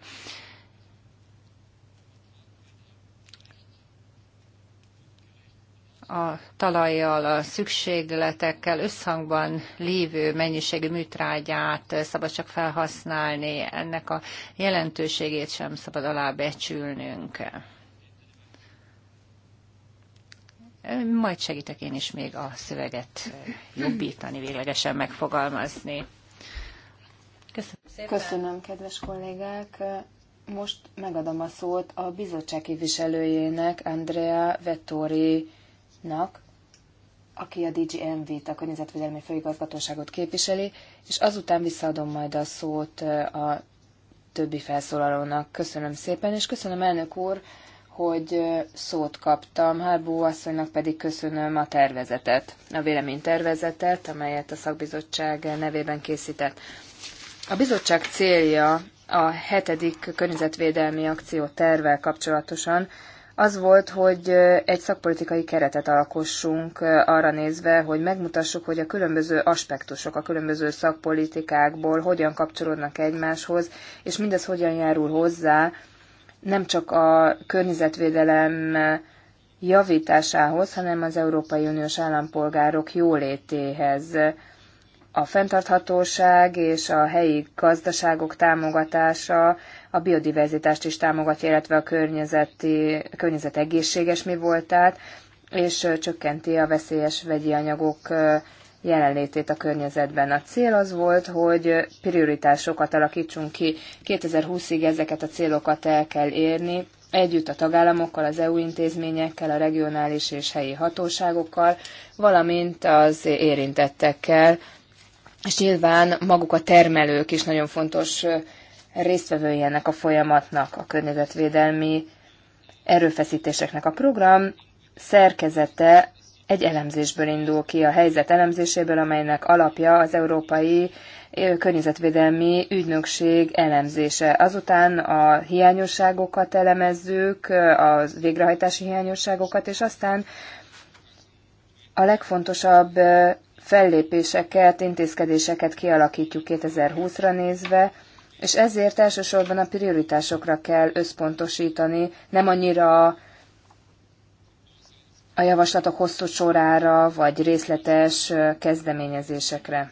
a talajjal, a szükségletekkel összhangban lévő mennyiségű műtrágyát szabad csak felhasználni, ennek a jelentőségét sem szabad alábecsülnünk. Majd segítek én is még a szöveget jobbítani, véglegesen megfogalmazni. Köszönöm szépen. Köszönöm, kedves kollégák. Most megadom a szót a bizottság képviselőjének, Andrea Vettori Nak, aki a DGMV-t, a Környezetvédelmi Főigazgatóságot képviseli, és azután visszaadom majd a szót a többi felszólalónak. Köszönöm szépen, és köszönöm elnök úr, hogy szót kaptam. Hárbó asszonynak pedig köszönöm a tervezetet, a véleménytervezetet, amelyet a szakbizottság nevében készített. A bizottság célja a hetedik környezetvédelmi akció tervel kapcsolatosan az volt, hogy egy szakpolitikai keretet alkossunk arra nézve, hogy megmutassuk, hogy a különböző aspektusok a különböző szakpolitikákból hogyan kapcsolódnak egymáshoz, és mindez hogyan járul hozzá nem csak a környezetvédelem javításához, hanem az Európai Uniós állampolgárok jólétéhez a fenntarthatóság és a helyi gazdaságok támogatása a biodiverzitást is támogatja, illetve a környezeti, a környezet egészséges mi voltát, és csökkenti a veszélyes vegyi anyagok jelenlétét a környezetben. A cél az volt, hogy prioritásokat alakítsunk ki. 2020-ig ezeket a célokat el kell érni, együtt a tagállamokkal, az EU intézményekkel, a regionális és helyi hatóságokkal, valamint az érintettekkel, és nyilván maguk a termelők is nagyon fontos résztvevői ennek a folyamatnak, a környezetvédelmi erőfeszítéseknek. A program szerkezete egy elemzésből indul ki, a helyzet elemzéséből, amelynek alapja az Európai Környezetvédelmi Ügynökség elemzése. Azután a hiányosságokat elemezzük, a végrehajtási hiányosságokat, és aztán a legfontosabb fellépéseket, intézkedéseket kialakítjuk 2020-ra nézve, és ezért elsősorban a prioritásokra kell összpontosítani, nem annyira a javaslatok hosszú sorára, vagy részletes kezdeményezésekre.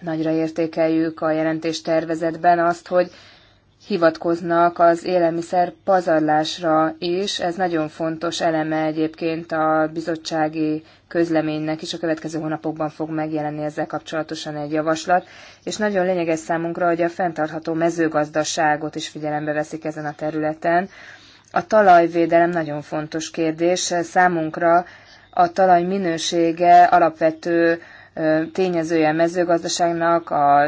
Nagyra értékeljük a jelentés tervezetben azt, hogy hivatkoznak az élelmiszer pazarlásra is. Ez nagyon fontos eleme egyébként a bizottsági közleménynek is. A következő hónapokban fog megjelenni ezzel kapcsolatosan egy javaslat. És nagyon lényeges számunkra, hogy a fenntartható mezőgazdaságot is figyelembe veszik ezen a területen. A talajvédelem nagyon fontos kérdés. Számunkra a talaj minősége alapvető tényezője a mezőgazdaságnak, a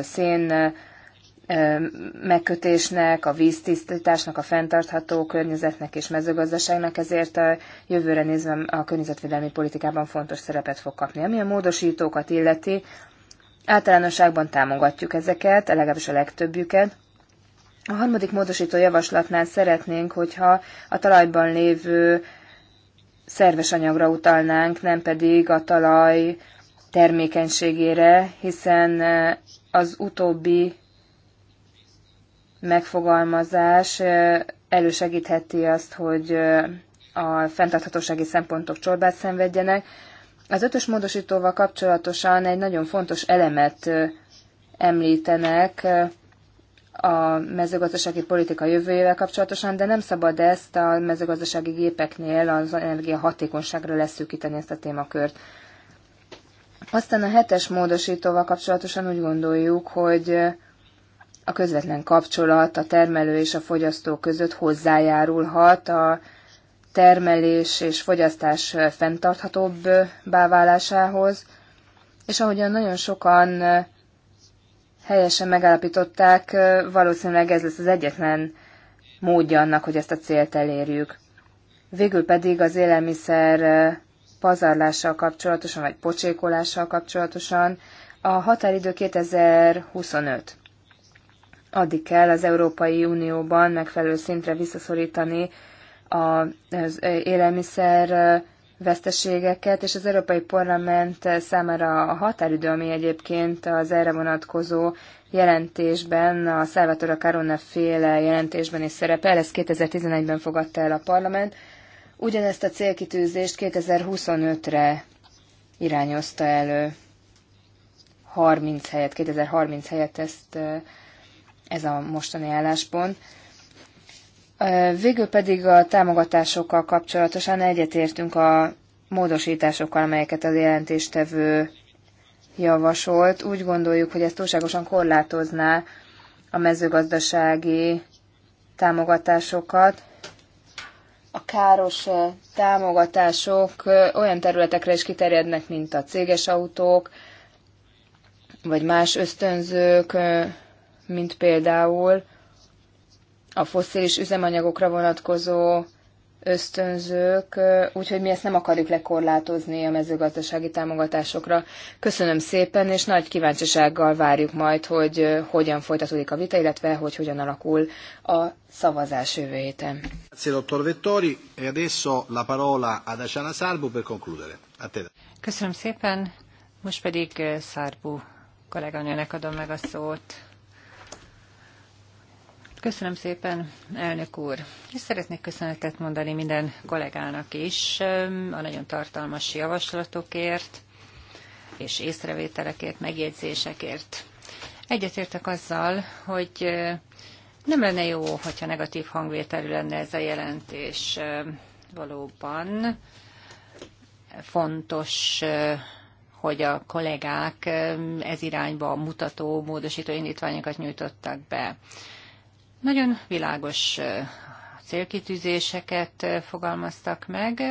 szén megkötésnek, a víztisztításnak, a fenntartható környezetnek és mezőgazdaságnak, ezért a jövőre nézve a környezetvédelmi politikában fontos szerepet fog kapni. Ami a módosítókat illeti, általánosságban támogatjuk ezeket, legalábbis a legtöbbjüket. A harmadik módosító javaslatnál szeretnénk, hogyha a talajban lévő szerves anyagra utalnánk, nem pedig a talaj termékenységére, hiszen az utóbbi megfogalmazás elősegítheti azt, hogy a fenntarthatósági szempontok csorbát szenvedjenek. Az ötös módosítóval kapcsolatosan egy nagyon fontos elemet említenek a mezőgazdasági politika jövőjével kapcsolatosan, de nem szabad ezt a mezőgazdasági gépeknél az energiahatékonyságra leszűkíteni ezt a témakört. Aztán a hetes módosítóval kapcsolatosan úgy gondoljuk, hogy a közvetlen kapcsolat a termelő és a fogyasztó között hozzájárulhat a termelés és fogyasztás fenntarthatóbb báválásához, és ahogyan nagyon sokan helyesen megállapították, valószínűleg ez lesz az egyetlen módja annak, hogy ezt a célt elérjük. Végül pedig az élelmiszer pazarlással kapcsolatosan, vagy pocsékolással kapcsolatosan a határidő 2025 addig kell az Európai Unióban megfelelő szintre visszaszorítani az élelmiszer veszteségeket, és az Európai Parlament számára a határidő, ami egyébként az erre vonatkozó jelentésben, a Salvatore Carona féle jelentésben is szerepel, ezt 2011-ben fogadta el a parlament, ugyanezt a célkitűzést 2025-re irányozta elő. 30 helyet, 2030 helyet ezt ez a mostani álláspont. Végül pedig a támogatásokkal kapcsolatosan egyetértünk a módosításokkal, amelyeket az jelentéstevő javasolt. Úgy gondoljuk, hogy ez túlságosan korlátozná a mezőgazdasági támogatásokat. A káros támogatások olyan területekre is kiterjednek, mint a céges autók, vagy más ösztönzők, mint például a fosszilis üzemanyagokra vonatkozó ösztönzők, úgyhogy mi ezt nem akarjuk lekorlátozni a mezőgazdasági támogatásokra. Köszönöm szépen, és nagy kíváncsisággal várjuk majd, hogy hogyan folytatódik a vita, illetve hogy hogyan alakul a szavazás jövő héten. Köszönöm szépen, most pedig Szárbú kolléganőnek adom meg a szót. Köszönöm szépen, elnök úr. És szeretnék köszönetet mondani minden kollégának is a nagyon tartalmas javaslatokért és észrevételekért, megjegyzésekért. Egyetértek azzal, hogy nem lenne jó, hogyha negatív hangvételű lenne ez a jelentés. Valóban fontos, hogy a kollégák ez irányba mutató módosító indítványokat nyújtottak be. Nagyon világos célkitűzéseket fogalmaztak meg,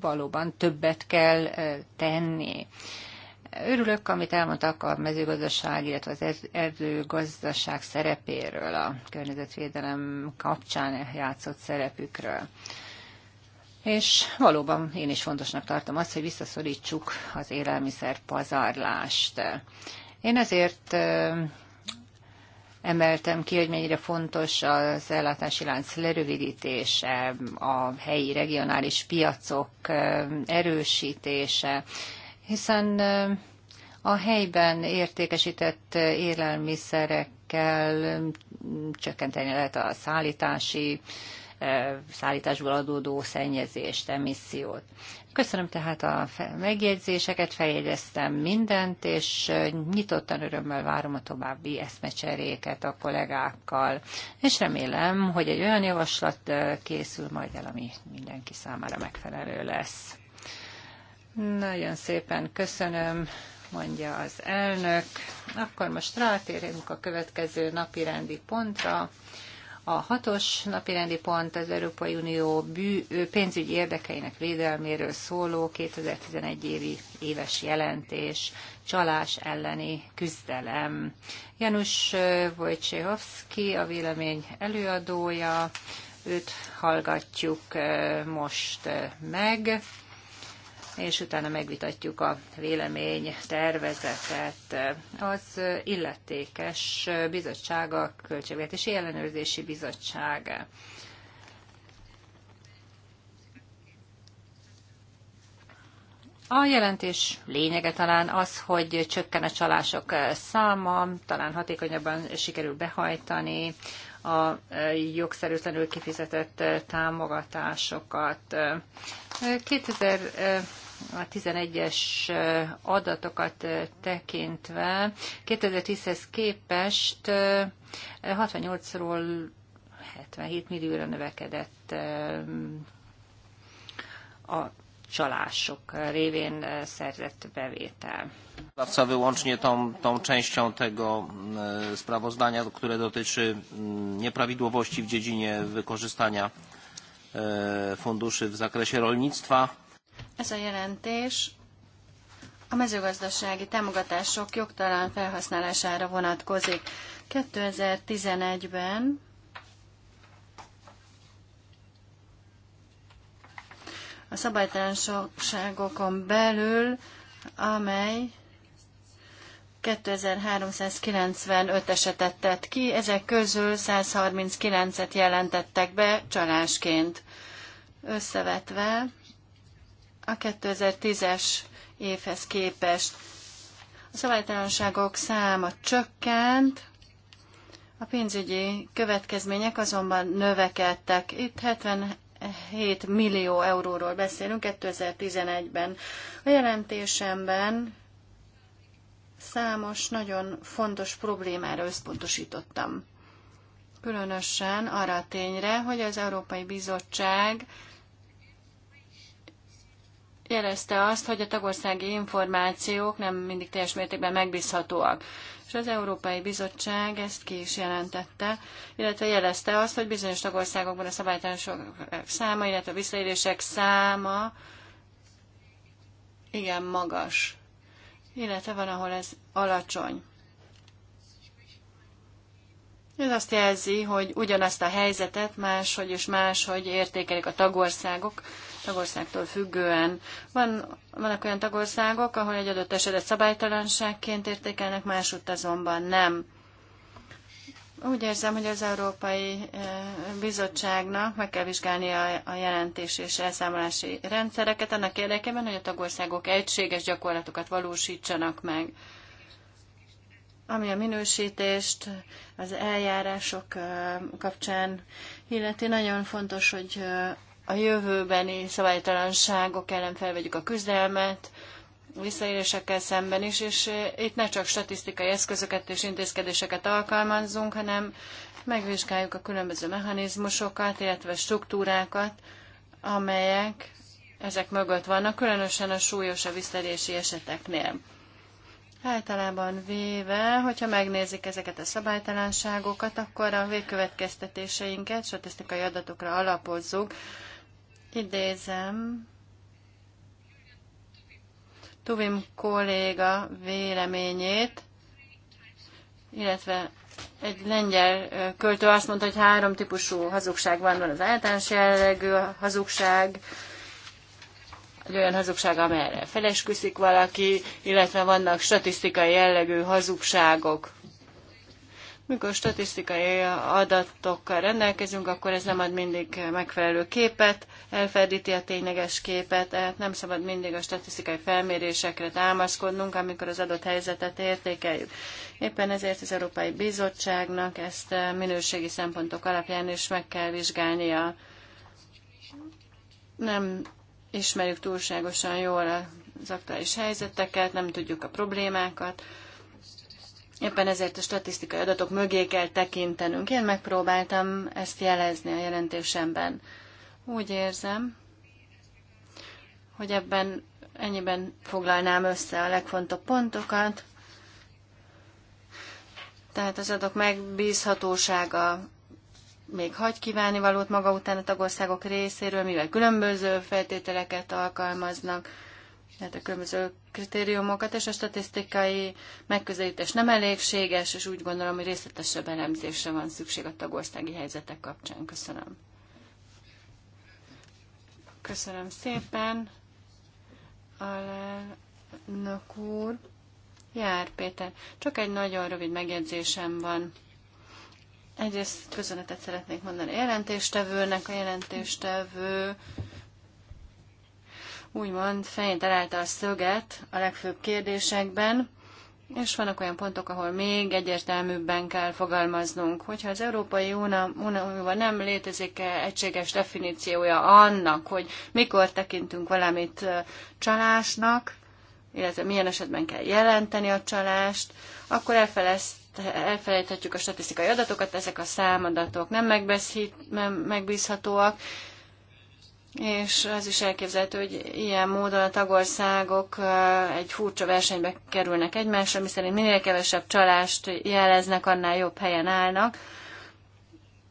valóban többet kell tenni. Örülök, amit elmondtak a mezőgazdaság, illetve az erdőgazdaság szerepéről, a környezetvédelem kapcsán játszott szerepükről. És valóban én is fontosnak tartom azt, hogy visszaszorítsuk az élelmiszer pazarlást. Én ezért emeltem ki, hogy mennyire fontos az ellátási lánc lerövidítése, a helyi regionális piacok erősítése, hiszen a helyben értékesített élelmiszerekkel csökkenteni lehet a szállítási szállításból adódó szennyezést, emissziót. Köszönöm tehát a megjegyzéseket, feljegyeztem mindent, és nyitottan örömmel várom a további eszmecseréket a kollégákkal, és remélem, hogy egy olyan javaslat készül majd el, ami mindenki számára megfelelő lesz. Nagyon szépen köszönöm, mondja az elnök. Akkor most rátérünk a következő napi rendi pontra. A hatos napirendi pont az Európai Unió bű, pénzügyi érdekeinek védelméről szóló 2011 évi éves jelentés, csalás elleni küzdelem. Janusz Wojciechowski a vélemény előadója, őt hallgatjuk most meg és utána megvitatjuk a vélemény tervezetet. Az illetékes bizottság a Költségvetési Ellenőrzési Bizottság. A jelentés lényege talán az, hogy csökken a csalások száma, talán hatékonyabban sikerül behajtani a jogszerűtlenül kifizetett támogatásokat. 2000 a 11-es adatokat tekintve 2010-hez képest 68-ról 77 millióra növekedett a csalások révén szerzett bevétel. Sprawca wyłącznie tą, tą częścią tego e, sprawozdania, które dotyczy nieprawidłowości w dziedzinie wykorzystania e, funduszy w zakresie rolnictwa ez a jelentés a mezőgazdasági támogatások jogtalan felhasználására vonatkozik. 2011-ben a szabálytalanságokon belül, amely 2395 esetet tett ki, ezek közül 139-et jelentettek be csalásként. Összevetve a 2010-es évhez képest. A szabálytalanságok száma csökkent, a pénzügyi következmények azonban növekedtek. Itt 77 millió euróról beszélünk 2011-ben. A jelentésemben számos nagyon fontos problémára összpontosítottam. Különösen arra a tényre, hogy az Európai Bizottság jelezte azt, hogy a tagországi információk nem mindig teljes mértékben megbízhatóak. És az Európai Bizottság ezt ki is jelentette, illetve jelezte azt, hogy bizonyos tagországokban a szabálytalanok száma, illetve a visszaélések száma igen magas, illetve van, ahol ez alacsony. Ez azt jelzi, hogy ugyanazt a helyzetet máshogy és máshogy értékelik a tagországok, tagországtól függően. Van, vannak olyan tagországok, ahol egy adott esetet szabálytalanságként értékelnek, másutt azonban nem. Úgy érzem, hogy az Európai eh, Bizottságnak meg kell vizsgálnia a jelentés és elszámolási rendszereket annak érdekében, hogy a tagországok egységes gyakorlatokat valósítsanak meg. Ami a minősítést, az eljárások eh, kapcsán illeti, nagyon fontos, hogy eh, a jövőbeni szabálytalanságok ellen felvegyük a küzdelmet, visszaélésekkel szemben is, és eh, itt ne csak statisztikai eszközöket és intézkedéseket alkalmazzunk, hanem megvizsgáljuk a különböző mechanizmusokat, illetve struktúrákat, amelyek ezek mögött vannak, különösen a súlyos a visszaélési eseteknél. Általában véve, hogyha megnézik ezeket a szabálytalanságokat, akkor a végkövetkeztetéseinket statisztikai adatokra alapozzuk, Idézem, Tuvim kolléga véleményét, illetve egy lengyel költő azt mondta, hogy három típusú hazugság van, van az általános jellegű hazugság, egy olyan hazugság, amelyre felesküszik valaki, illetve vannak statisztikai jellegű hazugságok. Mikor statisztikai adatokkal rendelkezünk, akkor ez nem ad mindig megfelelő képet, elfedíti a tényleges képet, tehát nem szabad mindig a statisztikai felmérésekre támaszkodnunk, amikor az adott helyzetet értékeljük. Éppen ezért az Európai Bizottságnak ezt minőségi szempontok alapján is meg kell vizsgálnia. Nem ismerjük túlságosan jól az aktuális helyzeteket, nem tudjuk a problémákat, Éppen ezért a statisztikai adatok mögé kell tekintenünk. Én megpróbáltam ezt jelezni a jelentésemben. Úgy érzem, hogy ebben ennyiben foglalnám össze a legfontosabb pontokat. Tehát az adok megbízhatósága még hagy kívánni valót maga után a tagországok részéről, mivel különböző feltételeket alkalmaznak tehát a különböző kritériumokat, és a statisztikai megközelítés nem elégséges, és úgy gondolom, hogy részletesebb elemzésre van szükség a tagországi helyzetek kapcsán. Köszönöm. Köszönöm szépen. Alelnök úr. Jár, Péter. Csak egy nagyon rövid megjegyzésem van. Egyrészt köszönetet szeretnék mondani a jelentéstevőnek. A jelentéstevő úgymond fején találta a szöget a legfőbb kérdésekben, és vannak olyan pontok, ahol még egyértelműbben kell fogalmaznunk, hogyha az Európai Unióban nem létezik egységes definíciója annak, hogy mikor tekintünk valamit csalásnak, illetve milyen esetben kell jelenteni a csalást, akkor elfelejthetjük a statisztikai adatokat, ezek a számadatok nem megbízhatóak, és az is elképzelhető, hogy ilyen módon a tagországok egy furcsa versenybe kerülnek egymásra, miszerint minél kevesebb csalást jeleznek, annál jobb helyen állnak.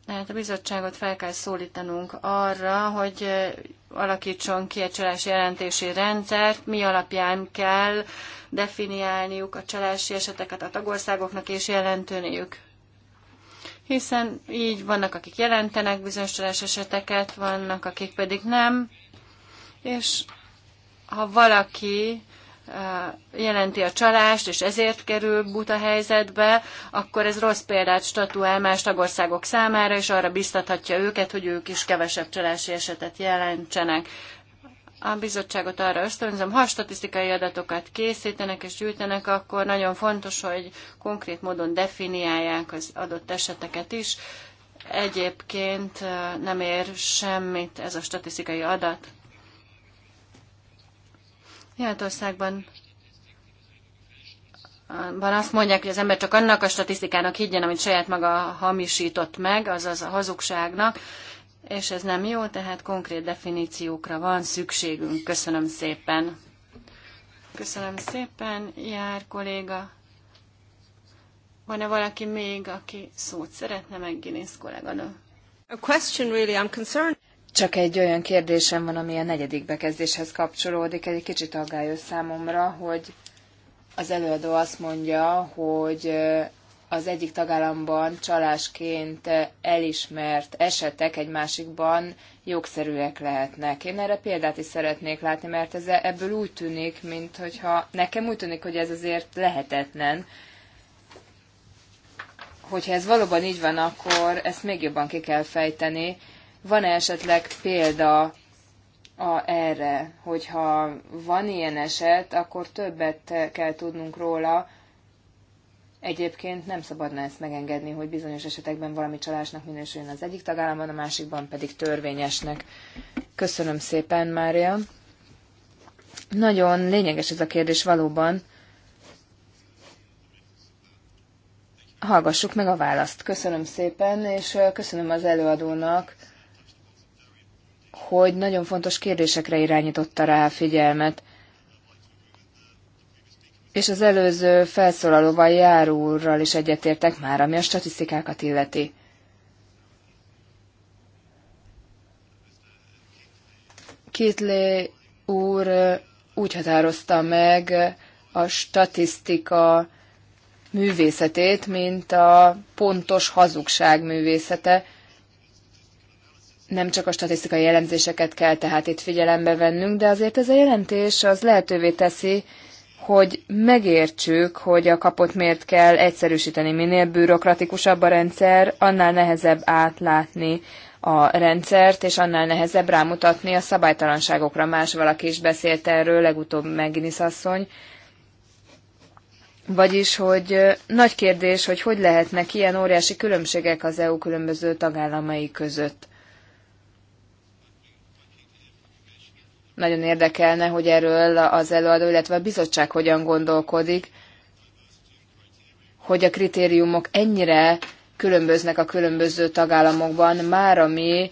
Tehát a bizottságot fel kell szólítanunk arra, hogy alakítson ki egy csalási jelentési rendszert, mi alapján kell definiálniuk a csalási eseteket a tagországoknak és jelentőniük hiszen így vannak, akik jelentenek bizonyos csalás eseteket, vannak, akik pedig nem, és ha valaki jelenti a csalást, és ezért kerül buta helyzetbe, akkor ez rossz példát statuál más tagországok számára, és arra biztathatja őket, hogy ők is kevesebb csalási esetet jelentsenek a bizottságot arra ösztönzöm, ha statisztikai adatokat készítenek és gyűjtenek, akkor nagyon fontos, hogy konkrét módon definiálják az adott eseteket is. Egyébként nem ér semmit ez a statisztikai adat. Németországban van azt mondják, hogy az ember csak annak a statisztikának higgyen, amit saját maga hamisított meg, azaz a hazugságnak és ez nem jó, tehát konkrét definíciókra van szükségünk. Köszönöm szépen. Köszönöm szépen, jár kolléga. Van-e valaki még, aki szót szeretne meg, Guinness kolléganő? A question really, I'm concerned. Csak egy olyan kérdésem van, ami a negyedik bekezdéshez kapcsolódik. Egy kicsit aggályos számomra, hogy az előadó azt mondja, hogy az egyik tagállamban csalásként elismert esetek egy másikban jogszerűek lehetnek. Én erre példát is szeretnék látni, mert ez, ebből úgy tűnik, mint hogyha nekem úgy tűnik, hogy ez azért lehetetlen. Hogyha ez valóban így van, akkor ezt még jobban ki kell fejteni. Van-e esetleg példa a, erre, hogyha van ilyen eset, akkor többet kell tudnunk róla, Egyébként nem szabadna ezt megengedni, hogy bizonyos esetekben valami csalásnak minősüljön az egyik tagállamban, a másikban pedig törvényesnek. Köszönöm szépen, Mária. Nagyon lényeges ez a kérdés valóban. Hallgassuk meg a választ. Köszönöm szépen, és köszönöm az előadónak, hogy nagyon fontos kérdésekre irányította rá a figyelmet. És az előző felszólalóval járúrral is egyetértek már, ami a statisztikákat illeti. Kétlé úr úgy határozta meg a statisztika művészetét, mint a pontos hazugság művészete. Nem csak a statisztikai jellemzéseket kell tehát itt figyelembe vennünk, de azért ez a jelentés az lehetővé teszi, hogy megértsük, hogy a kapot miért kell egyszerűsíteni. Minél bürokratikusabb a rendszer, annál nehezebb átlátni a rendszert, és annál nehezebb rámutatni a szabálytalanságokra. Más valaki is beszélt erről, legutóbb Megginis asszony. Vagyis, hogy nagy kérdés, hogy hogy lehetnek ilyen óriási különbségek az EU különböző tagállamai között. Nagyon érdekelne, hogy erről az előadó, illetve a bizottság hogyan gondolkodik, hogy a kritériumok ennyire különböznek a különböző tagállamokban, már ami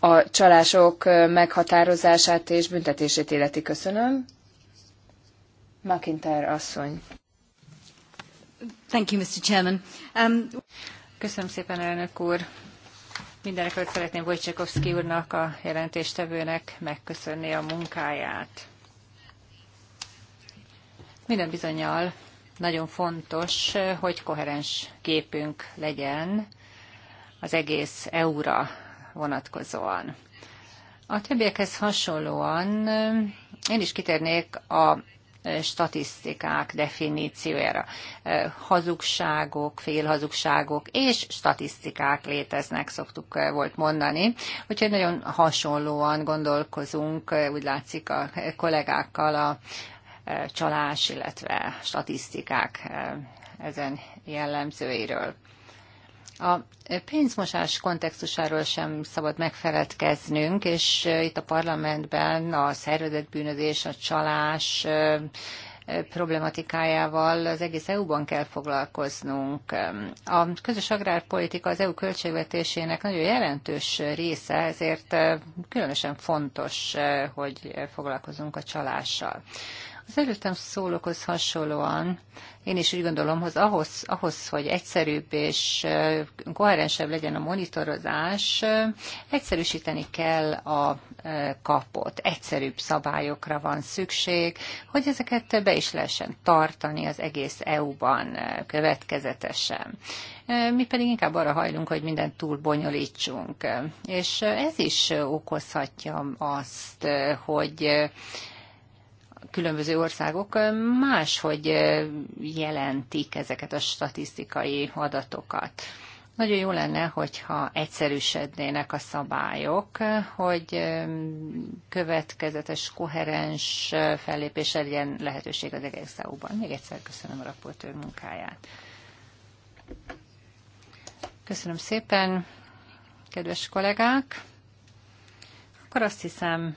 a csalások meghatározását és büntetését életi. Köszönöm. McIntyre asszony. Thank you, Mr. Chairman. Um... Köszönöm szépen, elnök úr. Mindenekelőtt szeretném Wojciechowski úrnak, a jelentéstevőnek megköszönni a munkáját. Minden bizonyal nagyon fontos, hogy koherens képünk legyen az egész EU-ra vonatkozóan. A többiekhez hasonlóan én is kitérnék a statisztikák definíciójára. Hazugságok, félhazugságok és statisztikák léteznek, szoktuk volt mondani. Úgyhogy nagyon hasonlóan gondolkozunk, úgy látszik a kollégákkal a csalás, illetve statisztikák ezen jellemzőiről. A pénzmosás kontextusáról sem szabad megfeledkeznünk, és itt a parlamentben a szervezetbűnözés, a csalás problematikájával az egész EU-ban kell foglalkoznunk. A közös agrárpolitika az EU költségvetésének nagyon jelentős része, ezért különösen fontos, hogy foglalkozunk a csalással. Az előttem szólókhoz hasonlóan én is úgy gondolom, hogy ahhoz, ahhoz hogy egyszerűbb és koherensebb legyen a monitorozás, egyszerűsíteni kell a kapot. Egyszerűbb szabályokra van szükség, hogy ezeket be is lehessen tartani az egész EU-ban következetesen mi pedig inkább arra hajlunk, hogy mindent túl bonyolítsunk. És ez is okozhatja azt, hogy különböző országok máshogy jelentik ezeket a statisztikai adatokat. Nagyon jó lenne, hogyha egyszerűsödnének a szabályok, hogy következetes, koherens fellépés legyen lehetőség az egész EU-ban. Még egyszer köszönöm a raportőr munkáját. Köszönöm szépen, kedves kollégák! Akkor azt hiszem,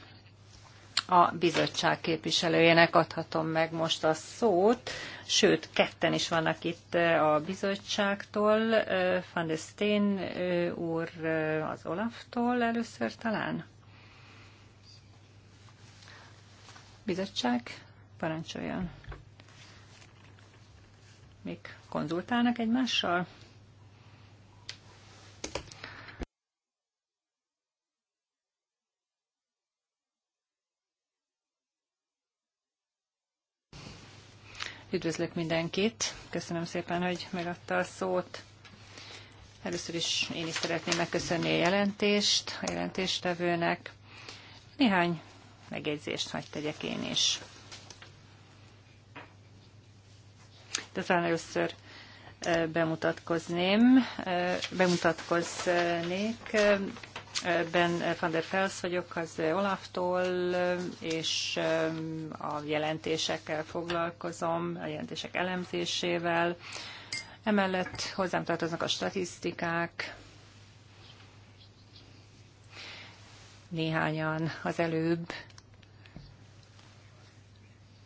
a bizottság képviselőjének adhatom meg most a szót, sőt, ketten is vannak itt eh, a bizottságtól, eh, Van de Steen eh, úr az Olaftól először talán. Bizottság, parancsoljon. Még konzultálnak egymással? Üdvözlök mindenkit. Köszönöm szépen, hogy megadta a szót. Először is én is szeretném megköszönni a jelentést, a jelentéstevőnek. Néhány megjegyzést hagy tegyek én is. De talán először eh, bemutatkozném, eh, bemutatkoznék. Eh, Ben van der Fels vagyok az Olaftól, és a jelentésekkel foglalkozom, a jelentések elemzésével. Emellett hozzám tartoznak a statisztikák, néhányan az előbb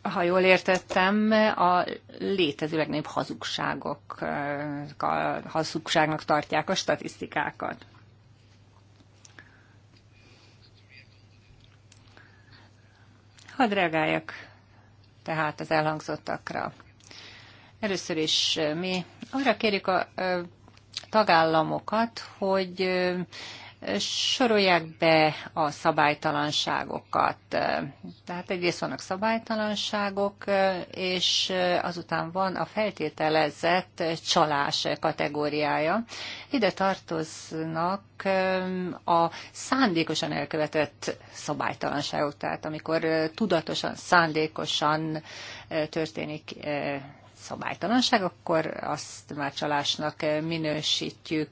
ha jól értettem, a létező legnagyobb hazugságok, hazugságnak tartják a statisztikákat. Hadd reagáljak tehát az elhangzottakra. Először is eh, mi arra kérjük a eh, tagállamokat, hogy eh, sorolják be a szabálytalanságokat. Tehát egyrészt vannak szabálytalanságok, és azután van a feltételezett csalás kategóriája. Ide tartoznak a szándékosan elkövetett szabálytalanságok, tehát amikor tudatosan, szándékosan történik szabálytalanság, akkor azt már csalásnak minősítjük.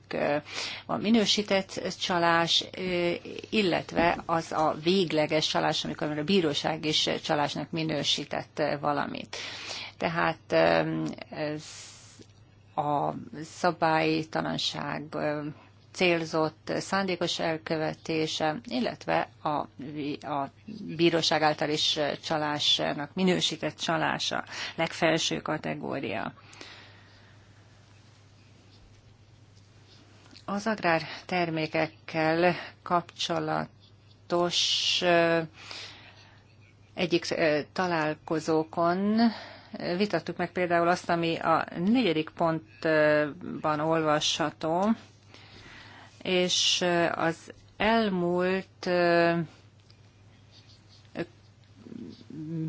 A minősített csalás, illetve az a végleges csalás, amikor a bíróság is csalásnak minősített valamit. Tehát ez a szabálytalanság célzott, szándékos elkövetése, illetve a, a bíróság által is csalásnak minősített csalása, legfelső kategória. Az agrártermékekkel kapcsolatos egyik találkozókon vitattuk meg például azt, ami a negyedik pontban olvasható, és az elmúlt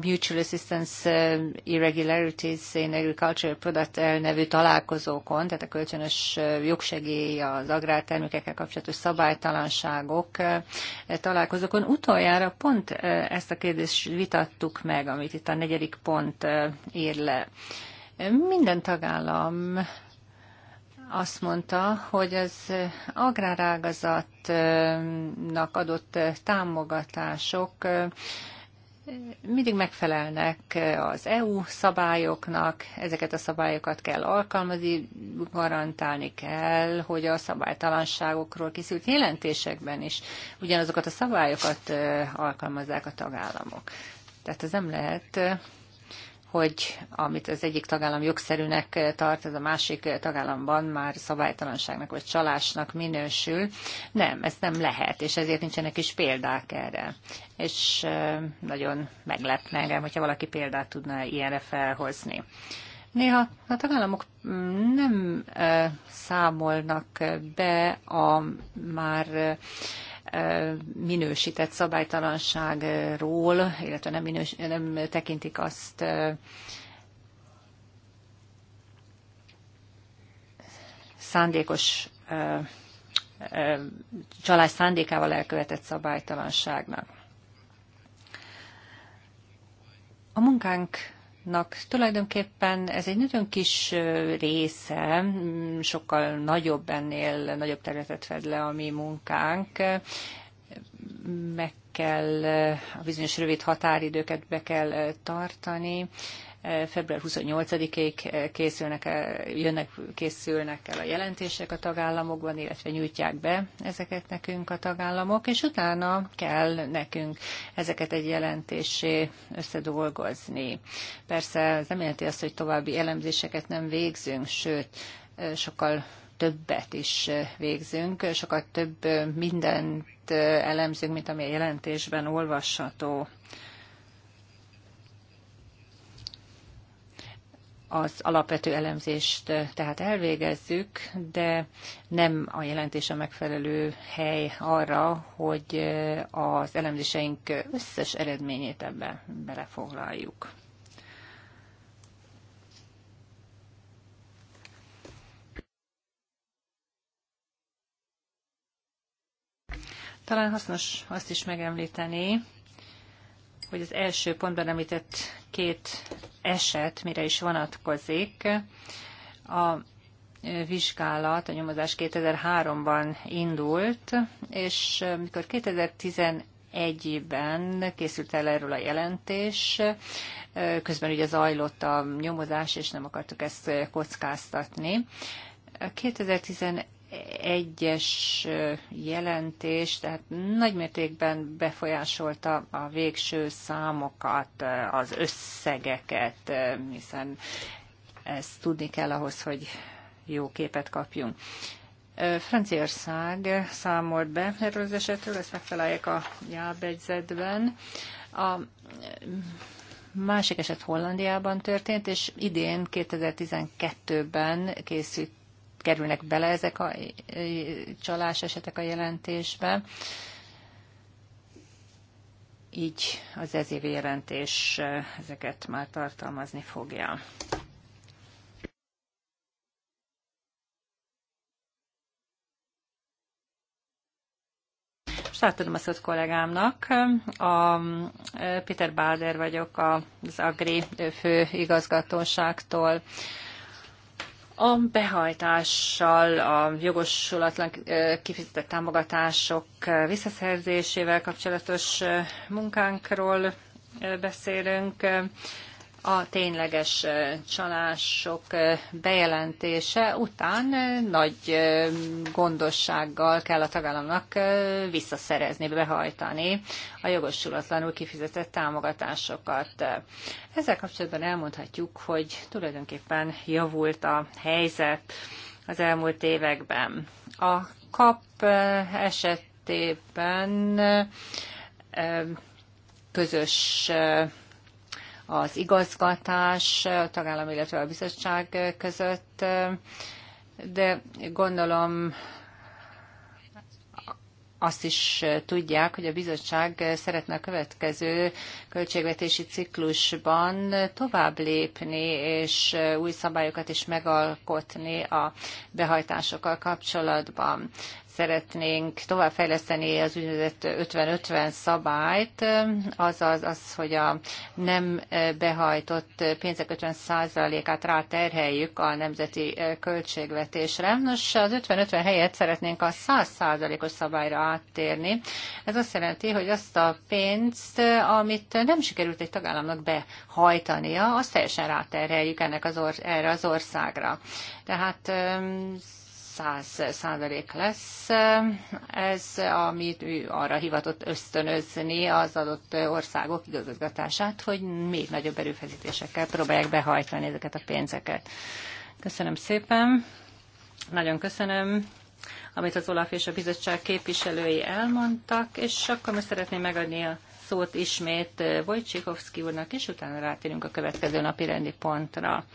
Mutual Assistance Irregularities in Agricultural Product elnevű találkozókon, tehát a kölcsönös jogsegély, az agrártermékekkel kapcsolatos szabálytalanságok találkozókon. Utoljára pont ezt a kérdést vitattuk meg, amit itt a negyedik pont ír le. Minden tagállam azt mondta, hogy az agrárágazatnak adott támogatások mindig megfelelnek az EU szabályoknak, ezeket a szabályokat kell alkalmazni, garantálni kell, hogy a szabálytalanságokról készült jelentésekben is ugyanazokat a szabályokat alkalmazzák a tagállamok. Tehát ez nem lehet hogy amit az egyik tagállam jogszerűnek tart, az a másik tagállamban már szabálytalanságnak vagy csalásnak minősül. Nem, ez nem lehet, és ezért nincsenek is példák erre. És nagyon meglepne engem, hogyha valaki példát tudna ilyenre felhozni. Néha a tagállamok mm, nem számolnak be a már minősített szabálytalanságról, illetve nem, minős, nem tekintik azt szándékos csalás szándékával elkövetett szabálytalanságnak. A munkánk nak tulajdonképpen ez egy nagyon kis része, sokkal nagyobb ennél, nagyobb területet fed le a mi munkánk. Meg kell, a bizonyos rövid határidőket be kell tartani, Február 28-ig készülnek el, jönnek, készülnek el a jelentések a tagállamokban, illetve nyújtják be ezeket nekünk a tagállamok, és utána kell nekünk ezeket egy jelentésé összedolgozni. Persze ez nem jelenti azt, hogy további elemzéseket nem végzünk, sőt, sokkal többet is végzünk, sokkal több mindent elemzünk, mint ami a jelentésben olvasható. az alapvető elemzést eh, tehát elvégezzük, de nem a jelentés a megfelelő hely arra, hogy eh, az elemzéseink összes eredményét ebbe belefoglaljuk. Talán hasznos azt is megemlíteni, hogy az első pontban említett két eset mire is vonatkozik. A vizsgálat, a nyomozás 2003-ban indult, és mikor 2011-ben készült el erről a jelentés, közben ugye zajlott a nyomozás, és nem akartuk ezt kockáztatni. 2011 egyes jelentés, tehát nagymértékben befolyásolta a végső számokat, az összegeket, hiszen ezt tudni kell ahhoz, hogy jó képet kapjunk. Franciaország számolt be erről az esetről, ezt megtalálják a jábegyzetben. A másik eset Hollandiában történt, és idén 2012-ben készült kerülnek bele ezek a eh, csalás esetek a jelentésbe. Így az ez év jelentés eh, ezeket már tartalmazni fogja. Most átadom a szót kollégámnak. A eh, Peter Bader vagyok az Agri főigazgatóságtól. A behajtással, a jogosulatlan eh, kifizetett támogatások eh, visszaszerzésével kapcsolatos eh, munkánkról beszélünk a tényleges csalások bejelentése után nagy gondossággal kell a tagállamnak visszaszerezni, behajtani a jogosulatlanul kifizetett támogatásokat. Ezzel kapcsolatban elmondhatjuk, hogy tulajdonképpen javult a helyzet az elmúlt években. A kap esetében közös az igazgatás, a tagállam, illetve a bizottság között, de gondolom azt is tudják, hogy a bizottság szeretne a következő költségvetési ciklusban tovább lépni, és új szabályokat is megalkotni a behajtásokkal kapcsolatban szeretnénk továbbfejleszteni az úgynevezett 50-50 szabályt, azaz az, hogy a nem behajtott pénzek 50%-át ráterheljük a nemzeti költségvetésre. Nos, az 50-50 helyett szeretnénk a 100%-os szabályra áttérni. Ez azt jelenti, hogy azt a pénzt, amit nem sikerült egy tagállamnak behajtania, azt teljesen ráterheljük ennek az or- erre az országra. Tehát 100 százalék lesz. Ez, amit ő arra hivatott ösztönözni az adott országok igazgatását, hogy még nagyobb erőfeszítésekkel próbálják behajtani ezeket a pénzeket. Köszönöm szépen. Nagyon köszönöm amit az Olaf és a bizottság képviselői elmondtak, és akkor most szeretném megadni a szót ismét Wojciechowski úrnak, és utána rátérünk a következő napi rendi pontra.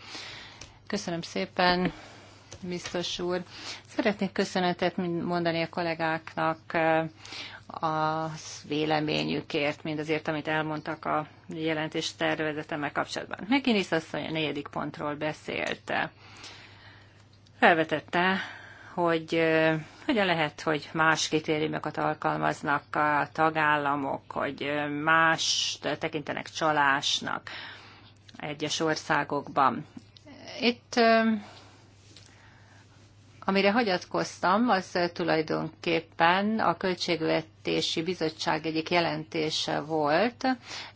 Köszönöm szépen, biztos úr. Szeretnék köszönetet mondani a kollégáknak eh, a véleményükért, azért amit elmondtak a jelentés tervezetemmel kapcsolatban. Megint hogy a negyedik pontról beszélt. Felvetette, hogy eh, hogyan lehet, hogy más kritériumokat alkalmaznak a tagállamok, hogy eh, más tekintenek csalásnak egyes országokban. Itt Amire hagyatkoztam, az tulajdonképpen a Költségvetési Bizottság egyik jelentése volt.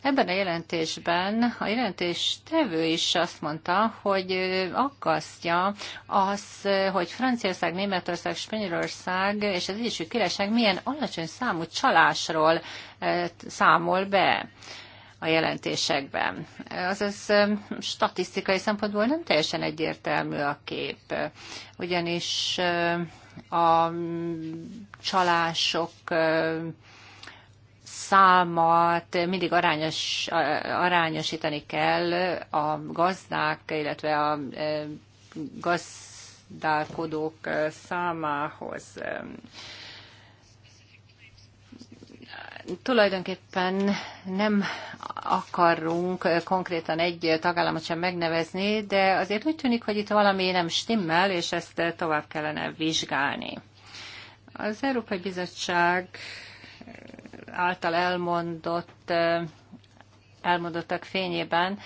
Ebben a jelentésben a jelentéstevő is azt mondta, hogy akasztja az, hogy Franciaország, Németország, Spanyolország és az Egyesült Királyság milyen alacsony számú csalásról eh, számol be a jelentésekben. Azaz um, statisztikai szempontból nem teljesen egyértelmű a kép, ugyanis um, a csalások um, számát mindig arányos, arányosítani kell a gazdák, illetve a gazdálkodók uh, számához tulajdonképpen nem akarunk konkrétan egy tagállamot sem megnevezni, de azért úgy tűnik, hogy itt valami nem stimmel, és ezt tovább kellene vizsgálni. Az Európai Bizottság által elmondott, elmondottak fényében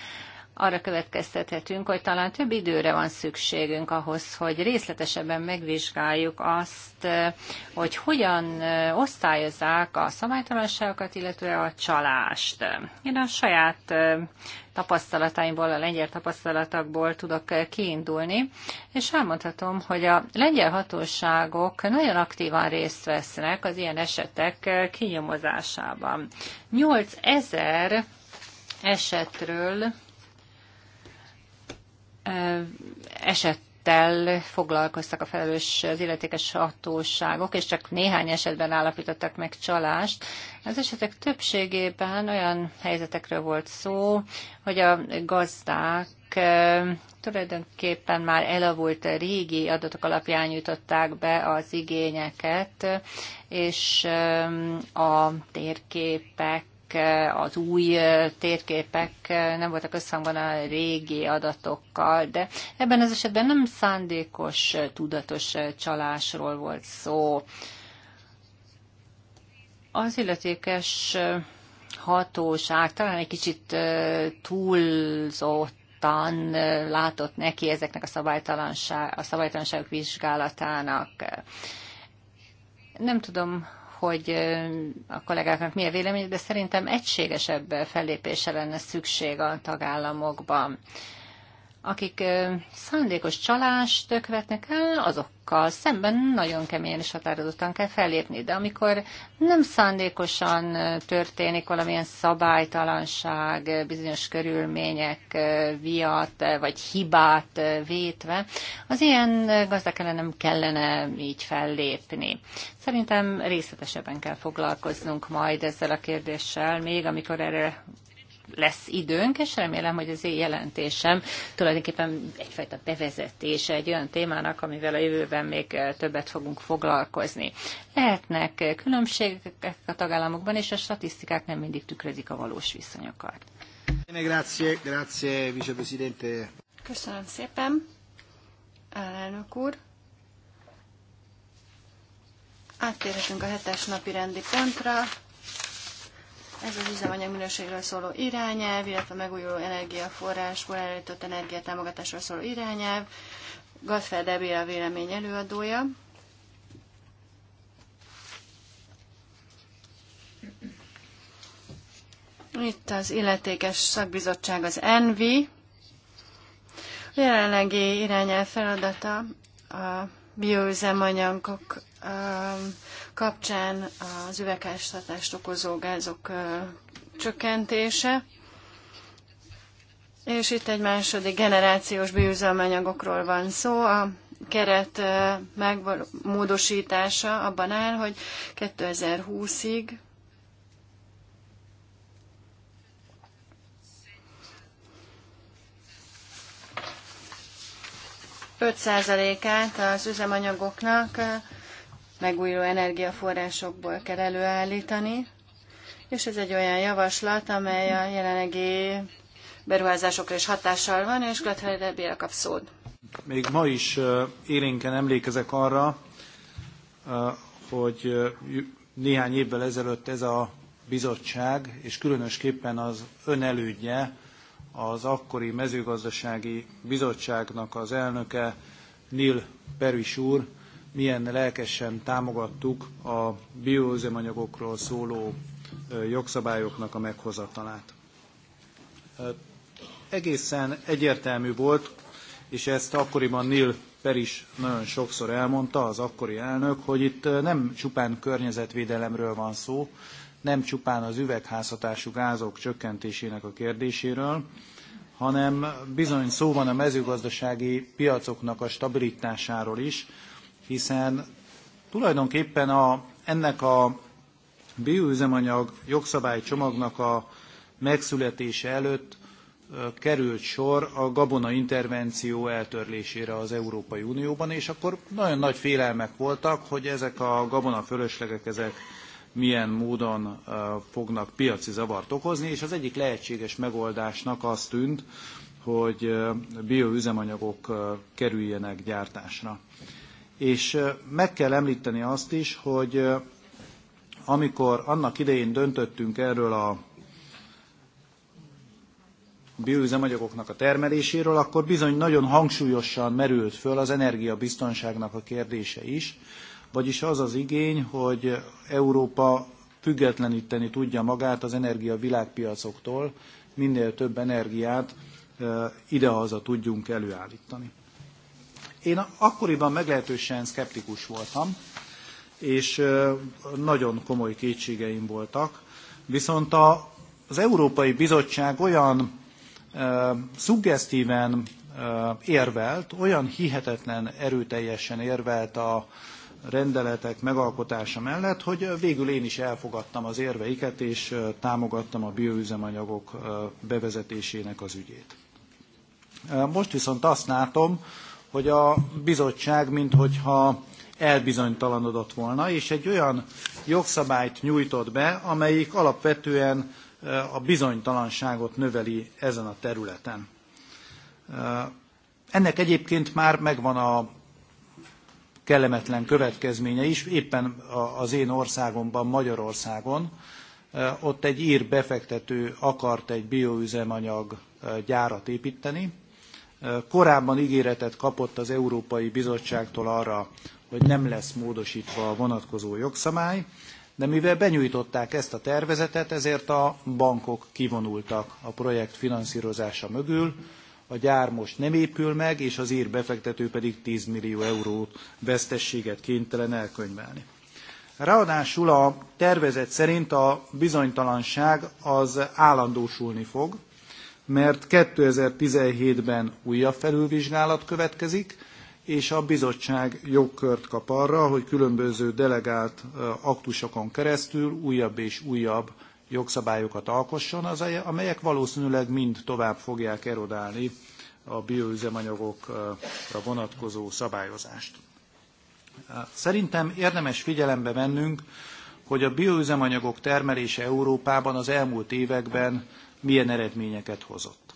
arra következtethetünk, hogy talán több időre van szükségünk ahhoz, hogy részletesebben megvizsgáljuk azt, eh, hogy hogyan eh, osztályozzák a szabálytalanságokat, illetve a csalást. Én a saját eh, tapasztalataimból, a lengyel tapasztalatokból tudok kiindulni, és elmondhatom, hogy a lengyel hatóságok nagyon aktívan részt vesznek az ilyen esetek kinyomozásában. 8000 esetről esettel foglalkoztak a felelős az illetékes hatóságok, és csak néhány esetben állapítottak meg csalást. Az esetek többségében olyan helyzetekről volt szó, hogy a gazdák tulajdonképpen már elavult régi adatok alapján nyújtották be az igényeket, és a térképek az új térképek nem voltak összhangban a régi adatokkal, de ebben az esetben nem szándékos, tudatos csalásról volt szó. Az illetékes hatóság talán egy kicsit túlzott látott neki ezeknek a, szabálytalanság, a szabálytalanságok vizsgálatának. Nem tudom, hogy a kollégáknak mi a véleményük, de szerintem egységesebb fellépése lenne szükség a tagállamokban akik szándékos csalást követnek el, azokkal szemben nagyon keményen és határozottan kell fellépni. De amikor nem szándékosan történik valamilyen szabálytalanság, bizonyos körülmények viat vagy hibát vétve, az ilyen gazdák ellen nem kellene így fellépni. Szerintem részletesebben kell foglalkoznunk majd ezzel a kérdéssel, még amikor erre lesz időnk, és remélem, hogy az én jelentésem tulajdonképpen egyfajta bevezetése egy olyan témának, amivel a jövőben még eh, többet fogunk foglalkozni. Lehetnek eh, különbségek a tagállamokban, és a statisztikák nem mindig tükrözik a valós viszonyokat. Grazie, grazie, vicepresidente. Köszönöm szépen, elnök úr. Áttérhetünk a hetes napi rendi pontra, ez az üzemanyag minőségről szóló irányelv, illetve megújuló energiaforrásból előtött energiatámogatásról szóló irányelv. Gatfeld Ebél a vélemény előadója. Itt az illetékes szakbizottság az ENVI. A jelenlegi irányelv feladata a bioüzemanyagok kapcsán az üvegházhatást okozó gázok csökkentése. És itt egy második generációs bioüzemanyagokról van szó. A keret megmódosítása abban áll, hogy 2020-ig százalékát az üzemanyagoknak megújuló energiaforrásokból kell előállítani, és ez egy olyan javaslat, amely a jelenlegi beruházásokra is hatással van, és Gratfelder Béla kap szót. Még ma is élénken emlékezek arra, hogy néhány évvel ezelőtt ez a bizottság, és különösképpen az ön elődje, az akkori mezőgazdasági bizottságnak az elnöke Nil Peris úr milyen lelkesen támogattuk a bioüzemanyagokról szóló jogszabályoknak a meghozatalát. Egészen egyértelmű volt, és ezt akkoriban Neil Per is nagyon sokszor elmondta, az akkori elnök, hogy itt nem csupán környezetvédelemről van szó, nem csupán az üvegházhatású gázok csökkentésének a kérdéséről, hanem bizony szó van a mezőgazdasági piacoknak a stabilitásáról is, hiszen tulajdonképpen a, ennek a bioüzemanyag jogszabálycsomagnak a megszületése előtt került sor a gabona intervenció eltörlésére az Európai Unióban, és akkor nagyon nagy félelmek voltak, hogy ezek a gabona fölöslegek, ezek milyen módon fognak piaci zavart okozni, és az egyik lehetséges megoldásnak az tűnt, hogy bioüzemanyagok kerüljenek gyártásra. És meg kell említeni azt is, hogy amikor annak idején döntöttünk erről a bioüzemanyagoknak a termeléséről, akkor bizony nagyon hangsúlyosan merült föl az energiabiztonságnak a kérdése is, vagyis az az igény, hogy Európa függetleníteni tudja magát az energia világpiacoktól, minél több energiát idehaza tudjunk előállítani. Én akkoriban meglehetősen szkeptikus voltam, és nagyon komoly kétségeim voltak. Viszont a, az Európai Bizottság olyan e, szuggesztíven e, érvelt, olyan hihetetlen erőteljesen érvelt a rendeletek megalkotása mellett, hogy végül én is elfogadtam az érveiket, és támogattam a bioüzemanyagok bevezetésének az ügyét. Most viszont azt látom, hogy a bizottság minthogyha elbizonytalanodott volna, és egy olyan jogszabályt nyújtott be, amelyik alapvetően eh, a bizonytalanságot növeli ezen a területen. Eh, ennek egyébként már megvan a kellemetlen következménye is, éppen az én országomban, Magyarországon, eh, ott egy ír befektető akart egy bioüzemanyag gyárat építeni, Korábban ígéretet kapott az Európai Bizottságtól arra, hogy nem lesz módosítva a vonatkozó jogszabály, de mivel benyújtották ezt a tervezetet, ezért a bankok kivonultak a projekt finanszírozása mögül, a gyár most nem épül meg, és az ír befektető pedig 10 millió eurót vesztességet kénytelen elkönyvelni. Ráadásul a tervezet szerint a bizonytalanság az állandósulni fog, mert 2017-ben újabb felülvizsgálat következik, és a bizottság jogkört kap arra, hogy különböző delegált aktusokon keresztül újabb és újabb jogszabályokat alkosson, az, amelyek valószínűleg mind tovább fogják erodálni a bioüzemanyagokra vonatkozó szabályozást. Szerintem érdemes figyelembe vennünk, hogy a bioüzemanyagok termelése Európában az elmúlt években milyen eredményeket hozott.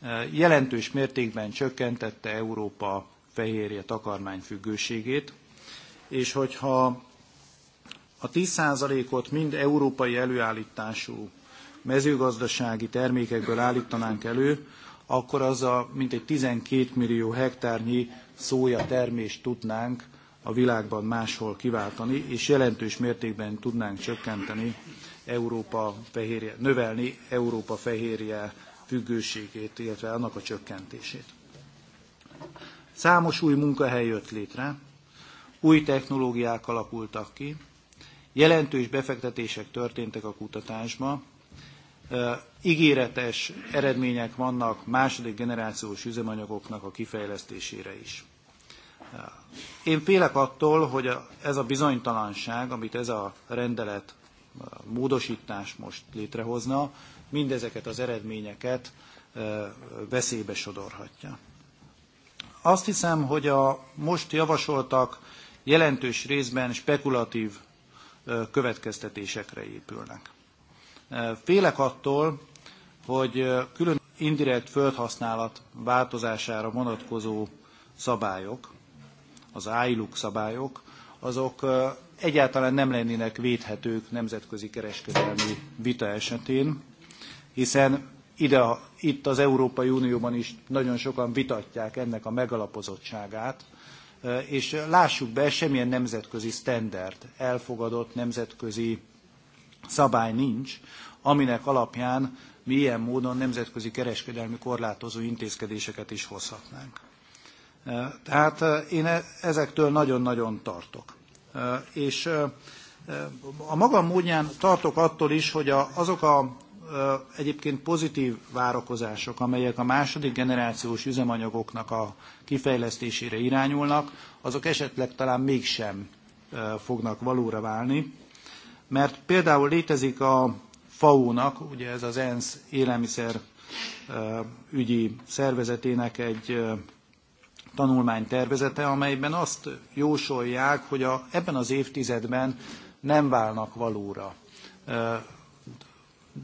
E, jelentős mértékben csökkentette Európa fehérje takarmány függőségét, és hogyha a 10%-ot mind európai előállítású mezőgazdasági termékekből állítanánk elő, akkor az a mintegy 12 millió hektárnyi szója termést tudnánk a világban máshol kiváltani, és jelentős mértékben tudnánk csökkenteni Európa fehérje, növelni Európa fehérje függőségét, illetve annak a csökkentését. Számos új munkahely jött létre, új technológiák alakultak ki, jelentős befektetések történtek a kutatásba, ígéretes eredmények vannak második generációs üzemanyagoknak a kifejlesztésére is. Én félek attól, hogy ez a bizonytalanság, amit ez a rendelet módosítás most létrehozna, mindezeket az eredményeket veszélybe sodorhatja. Azt hiszem, hogy a most javasoltak jelentős részben spekulatív következtetésekre épülnek. Félek attól, hogy külön indirekt földhasználat változására vonatkozó szabályok, az ILUK szabályok, azok egyáltalán nem lennének védhetők nemzetközi kereskedelmi vita esetén, hiszen ide, itt az Európai Unióban is nagyon sokan vitatják ennek a megalapozottságát, eh, és lássuk be, semmilyen nemzetközi standard, elfogadott nemzetközi szabály nincs, aminek alapján mi ilyen módon nemzetközi kereskedelmi korlátozó intézkedéseket is hozhatnánk. Eh, tehát eh, én e-, ezektől nagyon-nagyon tartok. És a magam módján tartok attól is, hogy azok a egyébként pozitív várakozások, amelyek a második generációs üzemanyagoknak a kifejlesztésére irányulnak, azok esetleg talán mégsem fognak valóra válni. Mert például létezik a FAO-nak, ugye ez az ENSZ élelmiszer ügyi szervezetének egy tanulmány tervezete, amelyben azt jósolják, hogy a, ebben az évtizedben nem válnak valóra,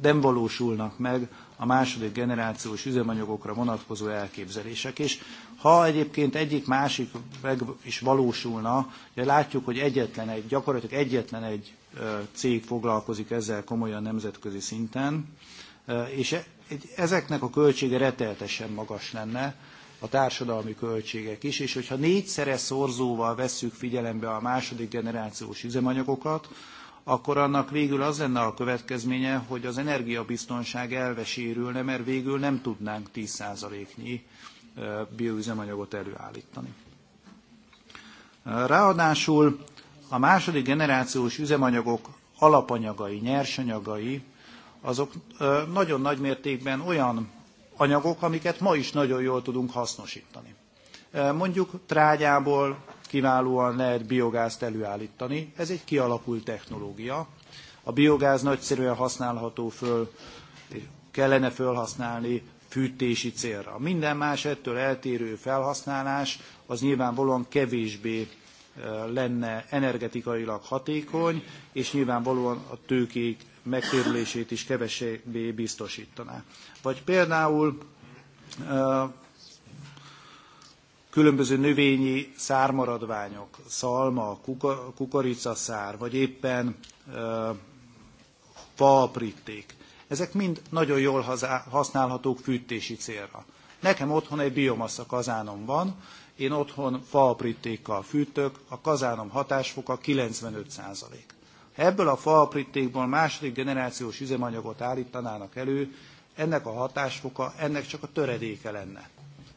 nem valósulnak meg a második generációs üzemanyagokra vonatkozó elképzelések. És ha egyébként egyik másik meg is valósulna, ugye látjuk, hogy egyetlen egy, gyakorlatilag egyetlen egy cég foglalkozik ezzel komolyan nemzetközi szinten, és e, ezeknek a költsége reteltesen magas lenne, a társadalmi költségek is, és hogyha négyszeres szorzóval vesszük figyelembe a második generációs üzemanyagokat, akkor annak végül az lenne a következménye, hogy az energiabiztonság elvesérülne, mert végül nem tudnánk 10%-nyi bioüzemanyagot előállítani. Ráadásul a második generációs üzemanyagok alapanyagai, nyersanyagai, azok nagyon nagy mértékben olyan anyagok, amiket ma is nagyon jól tudunk hasznosítani. E, mondjuk trágyából kiválóan lehet biogázt előállítani, ez egy kialakult technológia. A biogáz nagyszerűen használható föl, kellene felhasználni fűtési célra. Minden más ettől eltérő felhasználás az nyilvánvalóan kevésbé e, lenne energetikailag hatékony, és nyilvánvalóan a tőkék megtérülését is kevesebbé biztosítaná. Vagy például különböző növényi szármaradványok, szalma, kukoricaszár, vagy éppen faapríték. Ezek mind nagyon jól használhatók fűtési célra. Nekem otthon egy biomassa kazánom van, én otthon faaprítékkal fűtök, a kazánom hatásfoka 95 százalék ebből a faaprítékból második generációs üzemanyagot állítanának elő, ennek a hatásfoka, ennek csak a töredéke lenne.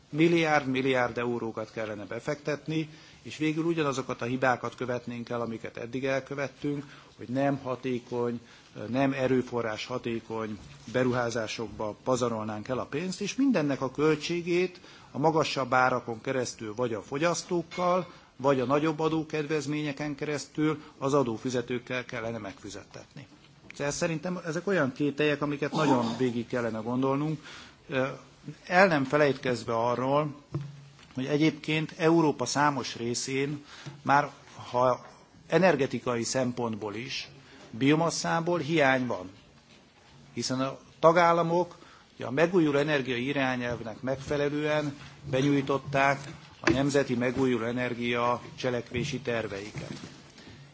Milliárd-milliárd eurókat kellene befektetni, és végül ugyanazokat a hibákat követnénk el, amiket eddig elkövettünk, hogy nem hatékony, nem erőforrás hatékony beruházásokba pazarolnánk el a pénzt, és mindennek a költségét a magasabb árakon keresztül vagy a fogyasztókkal, vagy a nagyobb adókedvezményeken keresztül az adófizetőkkel kellene megfizettetni. Tehát szóval szerintem ezek olyan kételyek, amiket nagyon végig kellene gondolnunk, el nem felejtkezve arról, hogy egyébként Európa számos részén már ha energetikai szempontból is biomasszából hiány van. Hiszen a tagállamok a megújuló energia irányelvnek megfelelően benyújtották a nemzeti megújuló energia cselekvési terveiket.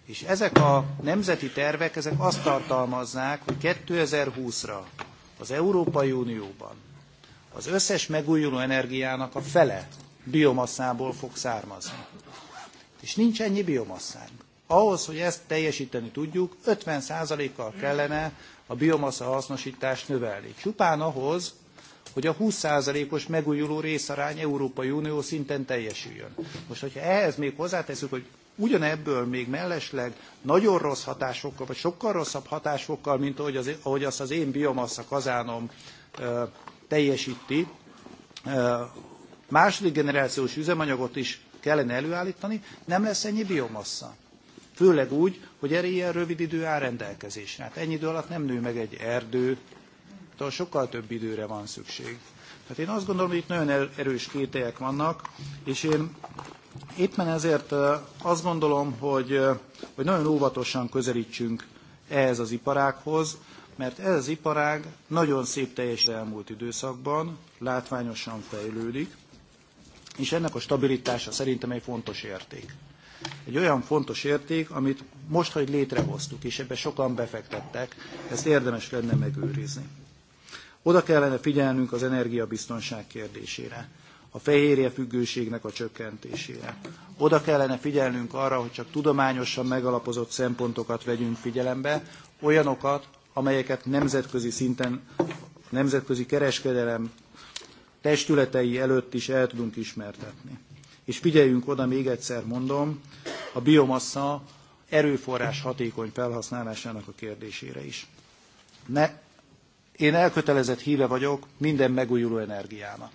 És ezek a nemzeti tervek ezek azt tartalmaznák, hogy 2020-ra az Európai Unióban az összes megújuló energiának a fele biomasszából fog származni. És nincs ennyi biomasszánk. Ahhoz, hogy ezt teljesíteni tudjuk, 50%-kal kellene a biomassa hasznosítást növelni. Csupán ahhoz, hogy a 20%-os megújuló részarány Európai Unió szinten teljesüljön. Most, hogyha ehhez még hozzáteszünk, hogy ugyanebből még mellesleg nagyon rossz hatásokkal, vagy sokkal rosszabb hatásokkal, mint ahogy, az, ahogy azt az én biomassa kazánom ö, teljesíti, ö, második generációs üzemanyagot is kellene előállítani, nem lesz ennyi biomassa. Főleg úgy, hogy erre ilyen rövid idő áll rendelkezésre. Hát ennyi idő alatt nem nő meg egy erdő, től sokkal több időre van szükség. Tehát én azt gondolom, hogy itt nagyon er-, erős kételyek vannak, és én éppen ezért azt gondolom, hogy, hogy nagyon óvatosan közelítsünk ehhez az iparághoz, mert ez az iparág nagyon szép teljes elmúlt időszakban, látványosan fejlődik, és ennek a stabilitása szerintem egy fontos érték. Egy olyan fontos érték, amit most, hogy létrehoztuk, és ebbe sokan befektettek, ezt érdemes lenne megőrizni. Oda kellene figyelnünk az energiabiztonság kérdésére, a fehérje függőségnek a csökkentésére. Oda kellene figyelnünk arra, hogy csak tudományosan megalapozott szempontokat vegyünk figyelembe, olyanokat, amelyeket nemzetközi szinten, nemzetközi kereskedelem testületei előtt is el tudunk ismertetni. És figyeljünk oda, még egyszer mondom, a biomassa erőforrás hatékony felhasználásának a kérdésére is. Ne én elkötelezett híve vagyok minden megújuló energiának.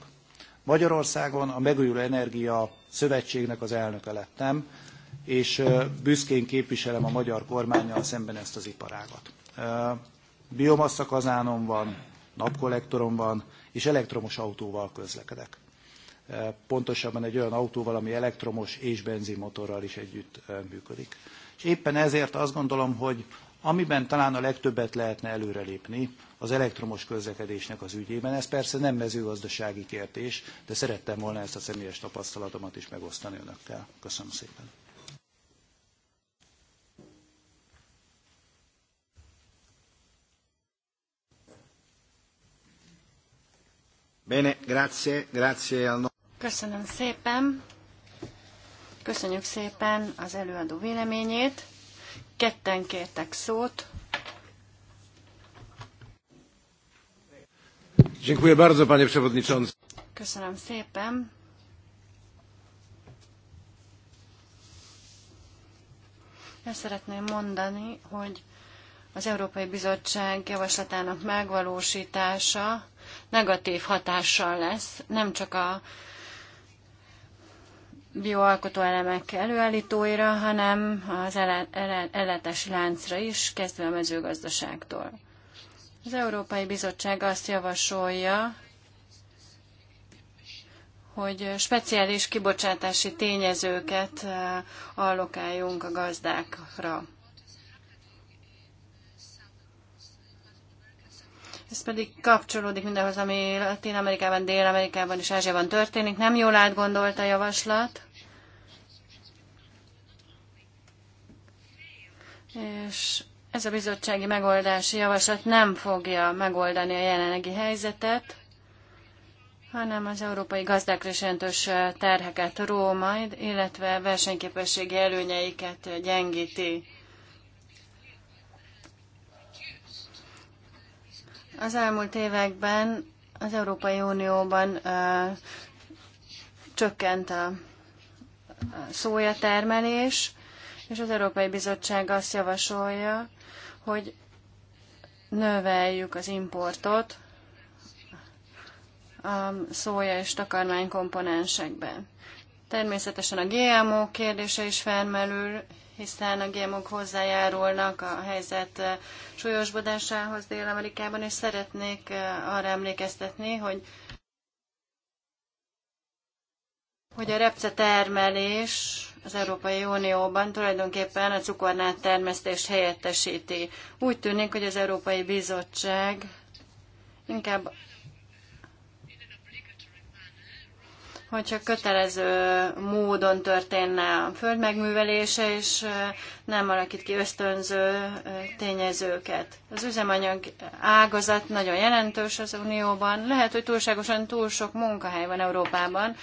Magyarországon a Megújuló Energia Szövetségnek az elnöke lettem, és büszkén képviselem a magyar kormányjal szemben ezt az iparágat. Biomassa kazánom van, napkollektorom van, és elektromos autóval közlekedek. Pontosabban egy olyan autóval, ami elektromos és benzinmotorral is együtt működik. És éppen ezért azt gondolom, hogy Amiben talán a legtöbbet lehetne előrelépni, az elektromos közlekedésnek az ügyében. Ez persze nem mezőgazdasági kérdés, de szerettem volna ezt a személyes tapasztalatomat is megosztani önökkel. Köszönöm szépen. Bene, grazie, grazie al... Köszönöm szépen. Köszönjük szépen az előadó véleményét. Ketten kértek szót. Dziękuję bardzo, panie przewodniczący. Köszönöm szépen. El szeretném mondani, hogy az Európai Bizottság javaslatának megvalósítása negatív hatással lesz nem csak a bioalkotó elemek előállítóira, hanem az elletes láncra is, kezdve a mezőgazdaságtól. Az Európai Bizottság azt javasolja, hogy speciális kibocsátási tényezőket eh, allokáljunk a gazdákra. Ez pedig kapcsolódik mindenhoz, ami Latin Amerikában, Dél-Amerikában és Ázsiában történik. Nem jól átgondolt a javaslat. És ez a bizottsági megoldási javaslat nem fogja megoldani a jelenlegi helyzetet, hanem az európai gazdákra is jelentős terheket ró majd, illetve versenyképességi előnyeiket gyengíti. Az elmúlt években az Európai Unióban uh, csökkent a szója termelés, és az Európai Bizottság azt javasolja, hogy növeljük az importot a szója és takarmány komponensekben. Természetesen a GMO kérdése is felmerül, hiszen a GMO-k hozzájárulnak a helyzet eh, súlyosbodásához Dél-Amerikában, és szeretnék eh, arra emlékeztetni, hogy hogy a repce termelés az Európai Unióban tulajdonképpen a cukornát termesztést helyettesíti. Úgy tűnik, hogy az Európai Bizottság inkább hogy csak kötelező módon történne a föld megművelése, és nem alakít ki ösztönző tényezőket. Az üzemanyag ágazat nagyon jelentős az Unióban. Lehet, hogy túlságosan túl sok munkahely van Európában.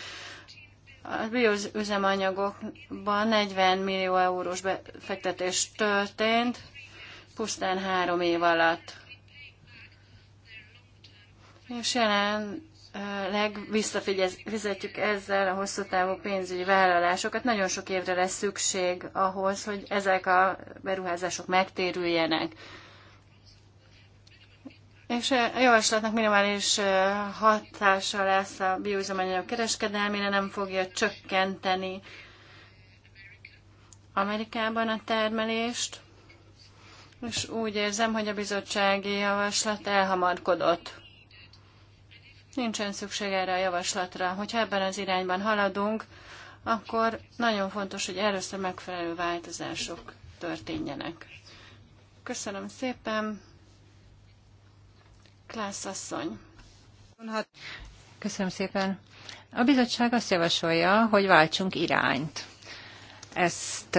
A bioüzemanyagokban 40 millió eurós befektetés történt, pusztán három év alatt. És jelen visszafizetjük ezzel a hosszú távú pénzügyi vállalásokat. Nagyon sok évre lesz szükség ahhoz, hogy ezek a beruházások megtérüljenek. És a javaslatnak minimális hatása lesz a bioüzemanyagok kereskedelmére, nem fogja csökkenteni Amerikában a termelést, és úgy érzem, hogy a bizottsági javaslat elhamarkodott. Nincsen szükség erre a javaslatra. Hogyha ebben az irányban haladunk, akkor nagyon fontos, hogy először megfelelő változások történjenek. Köszönöm szépen. Klász asszony. Köszönöm szépen. A bizottság azt javasolja, hogy váltsunk irányt. Ezt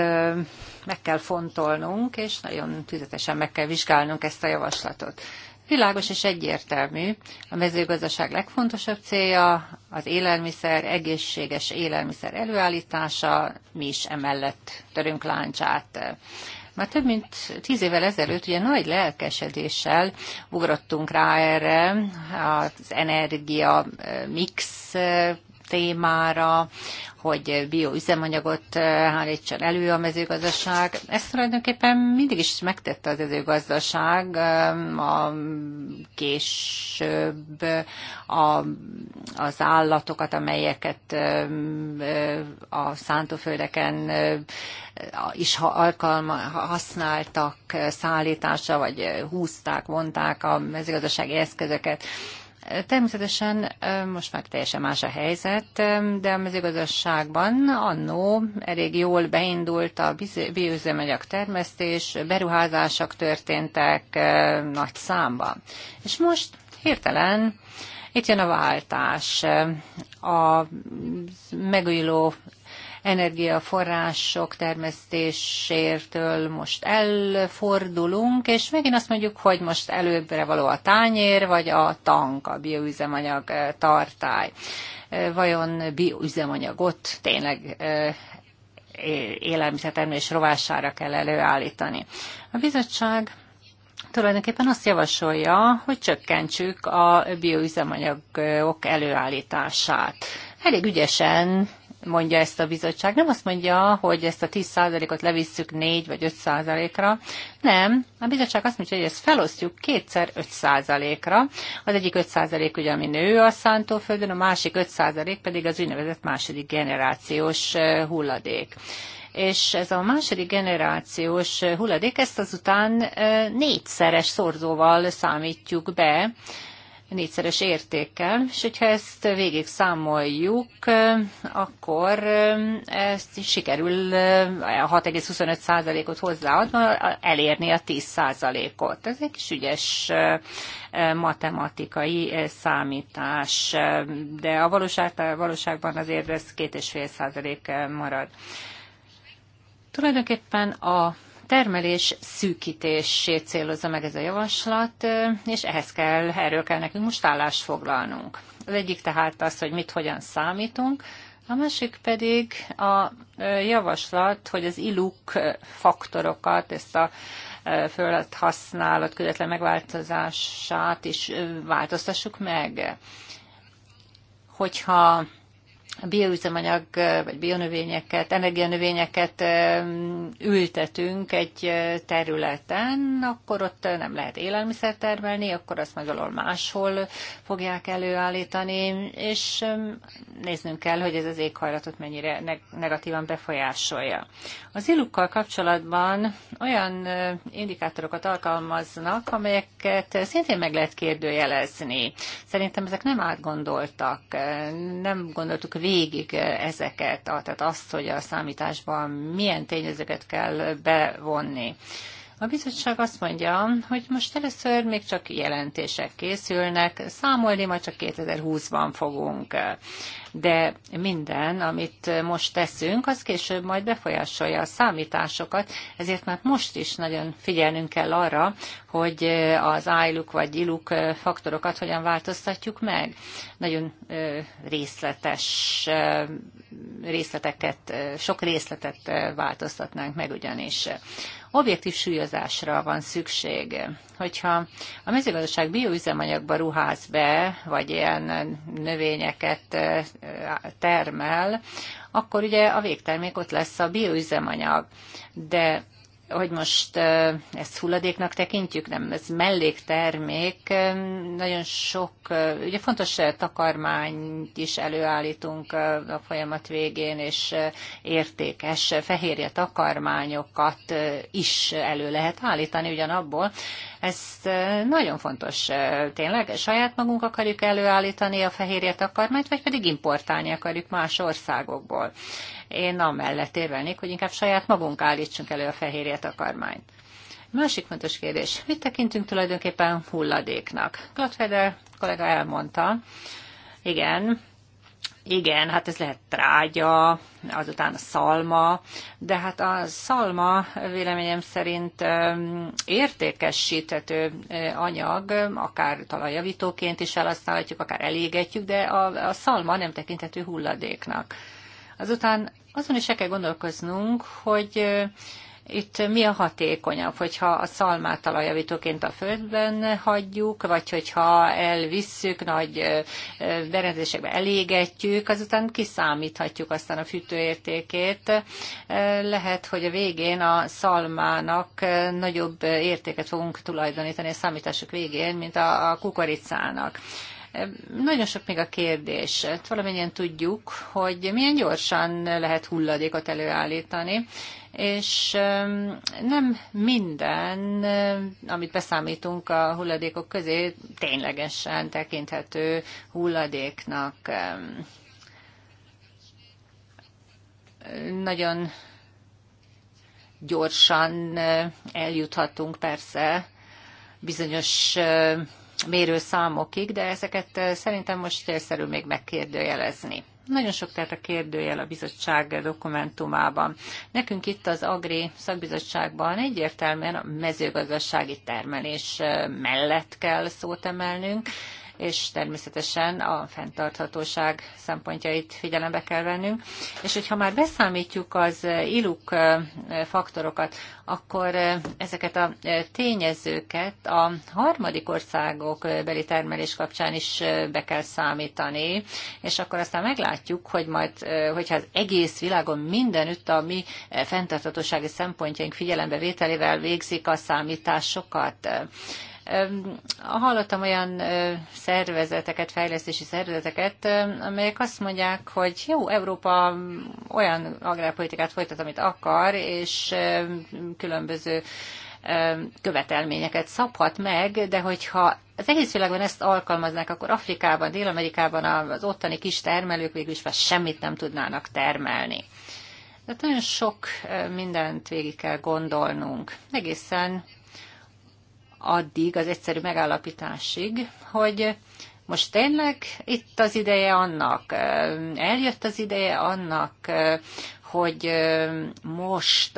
meg kell fontolnunk, és nagyon tüzetesen meg kell vizsgálnunk ezt a javaslatot. Világos és egyértelmű, a mezőgazdaság legfontosabb célja az élelmiszer, egészséges élelmiszer előállítása, mi is emellett törünk láncsát. Már több mint tíz évvel ezelőtt ugye nagy lelkesedéssel ugrottunk rá erre, az energia mix témára, hogy bioüzemanyagot eh, állítson elő a mezőgazdaság. Ezt tulajdonképpen mindig is megtette az mezőgazdaság, eh, a később a, az állatokat, amelyeket eh, a szántóföldeken is alkalma, használtak szállításra, vagy húzták, vonták a mezőgazdasági eszközöket. Természetesen most már teljesen más a helyzet, de a mezőgazdaságban annó elég jól beindult a bioüzemanyag termesztés, beruházások történtek nagy számban. És most hirtelen itt jön a váltás. A megújuló energiaforrások termesztésértől most elfordulunk, és megint azt mondjuk, hogy most előbbre való a tányér, vagy a tank, a bioüzemanyag tartály. Vajon bioüzemanyagot tényleg élelmiszertermelés rovására kell előállítani. A bizottság tulajdonképpen azt javasolja, hogy csökkentsük a bioüzemanyagok előállítását. Elég ügyesen mondja ezt a bizottság. Nem azt mondja, hogy ezt a 10%-ot levisszük 4 vagy 5%-ra. Nem, a bizottság azt mondja, hogy ezt felosztjuk kétszer 5%-ra. Az egyik 5% ugye, ami nő a szántóföldön, a másik 5% pedig az úgynevezett második generációs eh, hulladék és ez a második generációs eh, hulladék, ezt azután eh, négyszeres szorzóval számítjuk be, négyszeres értékkel, és hogyha ezt végig számoljuk, akkor eh, ezt sikerül eh, a 6,25%-ot hozzáadva elérni a 10%-ot. Ez egy kis ügyes eh, matematikai számítás, de a, valóság, a valóságban azért ez 2,5% marad. Tulajdonképpen a termelés szűkítését célozza meg ez a javaslat, és ehhez kell, erről kell nekünk most állást foglalnunk. Az egyik tehát az, hogy mit hogyan számítunk, a másik pedig a javaslat, hogy az iluk faktorokat, ezt a használat közvetlen megváltozását is változtassuk meg. Hogyha bioüzemanyag vagy bionövényeket, energianövényeket ültetünk egy eh, területen, akkor ott eh, nem lehet élelmiszer termelni, akkor azt meg valahol máshol fogják előállítani, és néznünk kell, hogy ez az éghajlatot mennyire negatívan befolyásolja. Az illukkal kapcsolatban olyan eh, indikátorokat alkalmaznak, amelyeket szintén meg lehet kérdőjelezni. Szerintem ezek nem átgondoltak, nem gondoltuk végig ezeket, tehát azt, hogy a számításban milyen tényezőket kell bevonni. A bizottság azt mondja, hogy most először még csak jelentések készülnek, számolni majd csak 2020-ban fogunk. De minden, amit most teszünk, az később majd befolyásolja a számításokat, ezért már most is nagyon figyelnünk kell arra, hogy az ájluk vagy iluk faktorokat hogyan változtatjuk meg. Nagyon részletes részleteket, sok részletet változtatnánk meg ugyanis objektív súlyozásra van szükség. Hogyha a mezőgazdaság bioüzemanyagba ruház be, vagy ilyen növényeket termel, akkor ugye a végtermék ott lesz a bioüzemanyag. De hogy most ezt hulladéknak tekintjük, nem, ez melléktermék. Nagyon sok, ugye fontos takarmányt is előállítunk a folyamat végén, és értékes fehérje takarmányokat is elő lehet állítani ugyanabból, ez nagyon fontos. Tényleg saját magunk akarjuk előállítani a fehérje takarmányt, vagy pedig importálni akarjuk más országokból. Én amellett érvelnék, hogy inkább saját magunk állítsunk elő a fehérje takarmányt. Másik fontos kérdés, mit tekintünk tulajdonképpen hulladéknak? Gladfeder kollega elmondta, igen, igen, hát ez lehet trágya, azután a szalma, de hát a szalma véleményem szerint értékesíthető eh, anyag, akár talajjavítóként is elhasználhatjuk, akár elégetjük, de a, a szalma nem tekinthető hulladéknak. Azután azon is el kell gondolkoznunk, hogy eh, itt mi a hatékonyabb, hogyha a szalmát talajavítóként a földben hagyjuk, vagy hogyha elvisszük, nagy berendezésekbe elégetjük, azután kiszámíthatjuk aztán a fűtőértékét. Lehet, hogy a végén a szalmának nagyobb értéket fogunk tulajdonítani a számítások végén, mint a kukoricának. Nagyon sok még a kérdés. Valamennyien tudjuk, hogy milyen gyorsan lehet hulladékot előállítani, és nem minden, amit beszámítunk a hulladékok közé, ténylegesen tekinthető hulladéknak. Nagyon gyorsan eljuthatunk persze bizonyos mérőszámokig, de ezeket eh, szerintem most célszerű még megkérdőjelezni. Nagyon sok tehát a kérdőjel a bizottság dokumentumában. Nekünk itt az Agri szakbizottságban egyértelműen a mezőgazdasági termelés eh, mellett kell szót emelnünk, és természetesen a fenntarthatóság szempontjait figyelembe kell vennünk. És hogyha már beszámítjuk az iluk faktorokat, akkor ezeket a tényezőket a harmadik országok beli termelés kapcsán is be kell számítani, és akkor aztán meglátjuk, hogy majd, hogyha az egész világon mindenütt a mi fenntarthatósági szempontjaink figyelembe vételével végzik a számításokat, Hallottam olyan szervezeteket, fejlesztési szervezeteket, amelyek azt mondják, hogy jó, Európa olyan agrárpolitikát folytat, amit akar, és különböző követelményeket szabhat meg, de hogyha az egész világban ezt alkalmaznák, akkor Afrikában, Dél-Amerikában az ottani kis termelők végül is már semmit nem tudnának termelni. Tehát nagyon sok mindent végig kell gondolnunk. Egészen addig, az egyszerű megállapításig, hogy most tényleg itt az ideje annak, eljött az ideje annak, hogy most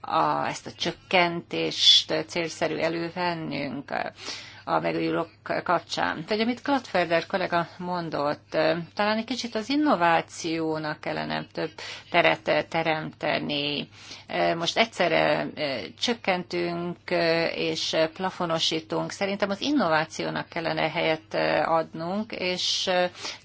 a, ezt a csökkentést célszerű elővennünk a megújulók kapcsán. Tehát, amit Klatferder kollega mondott, talán egy kicsit az innovációnak kellene több teret teremteni. Most egyszerre csökkentünk és plafonosítunk. Szerintem az innovációnak kellene helyet adnunk, és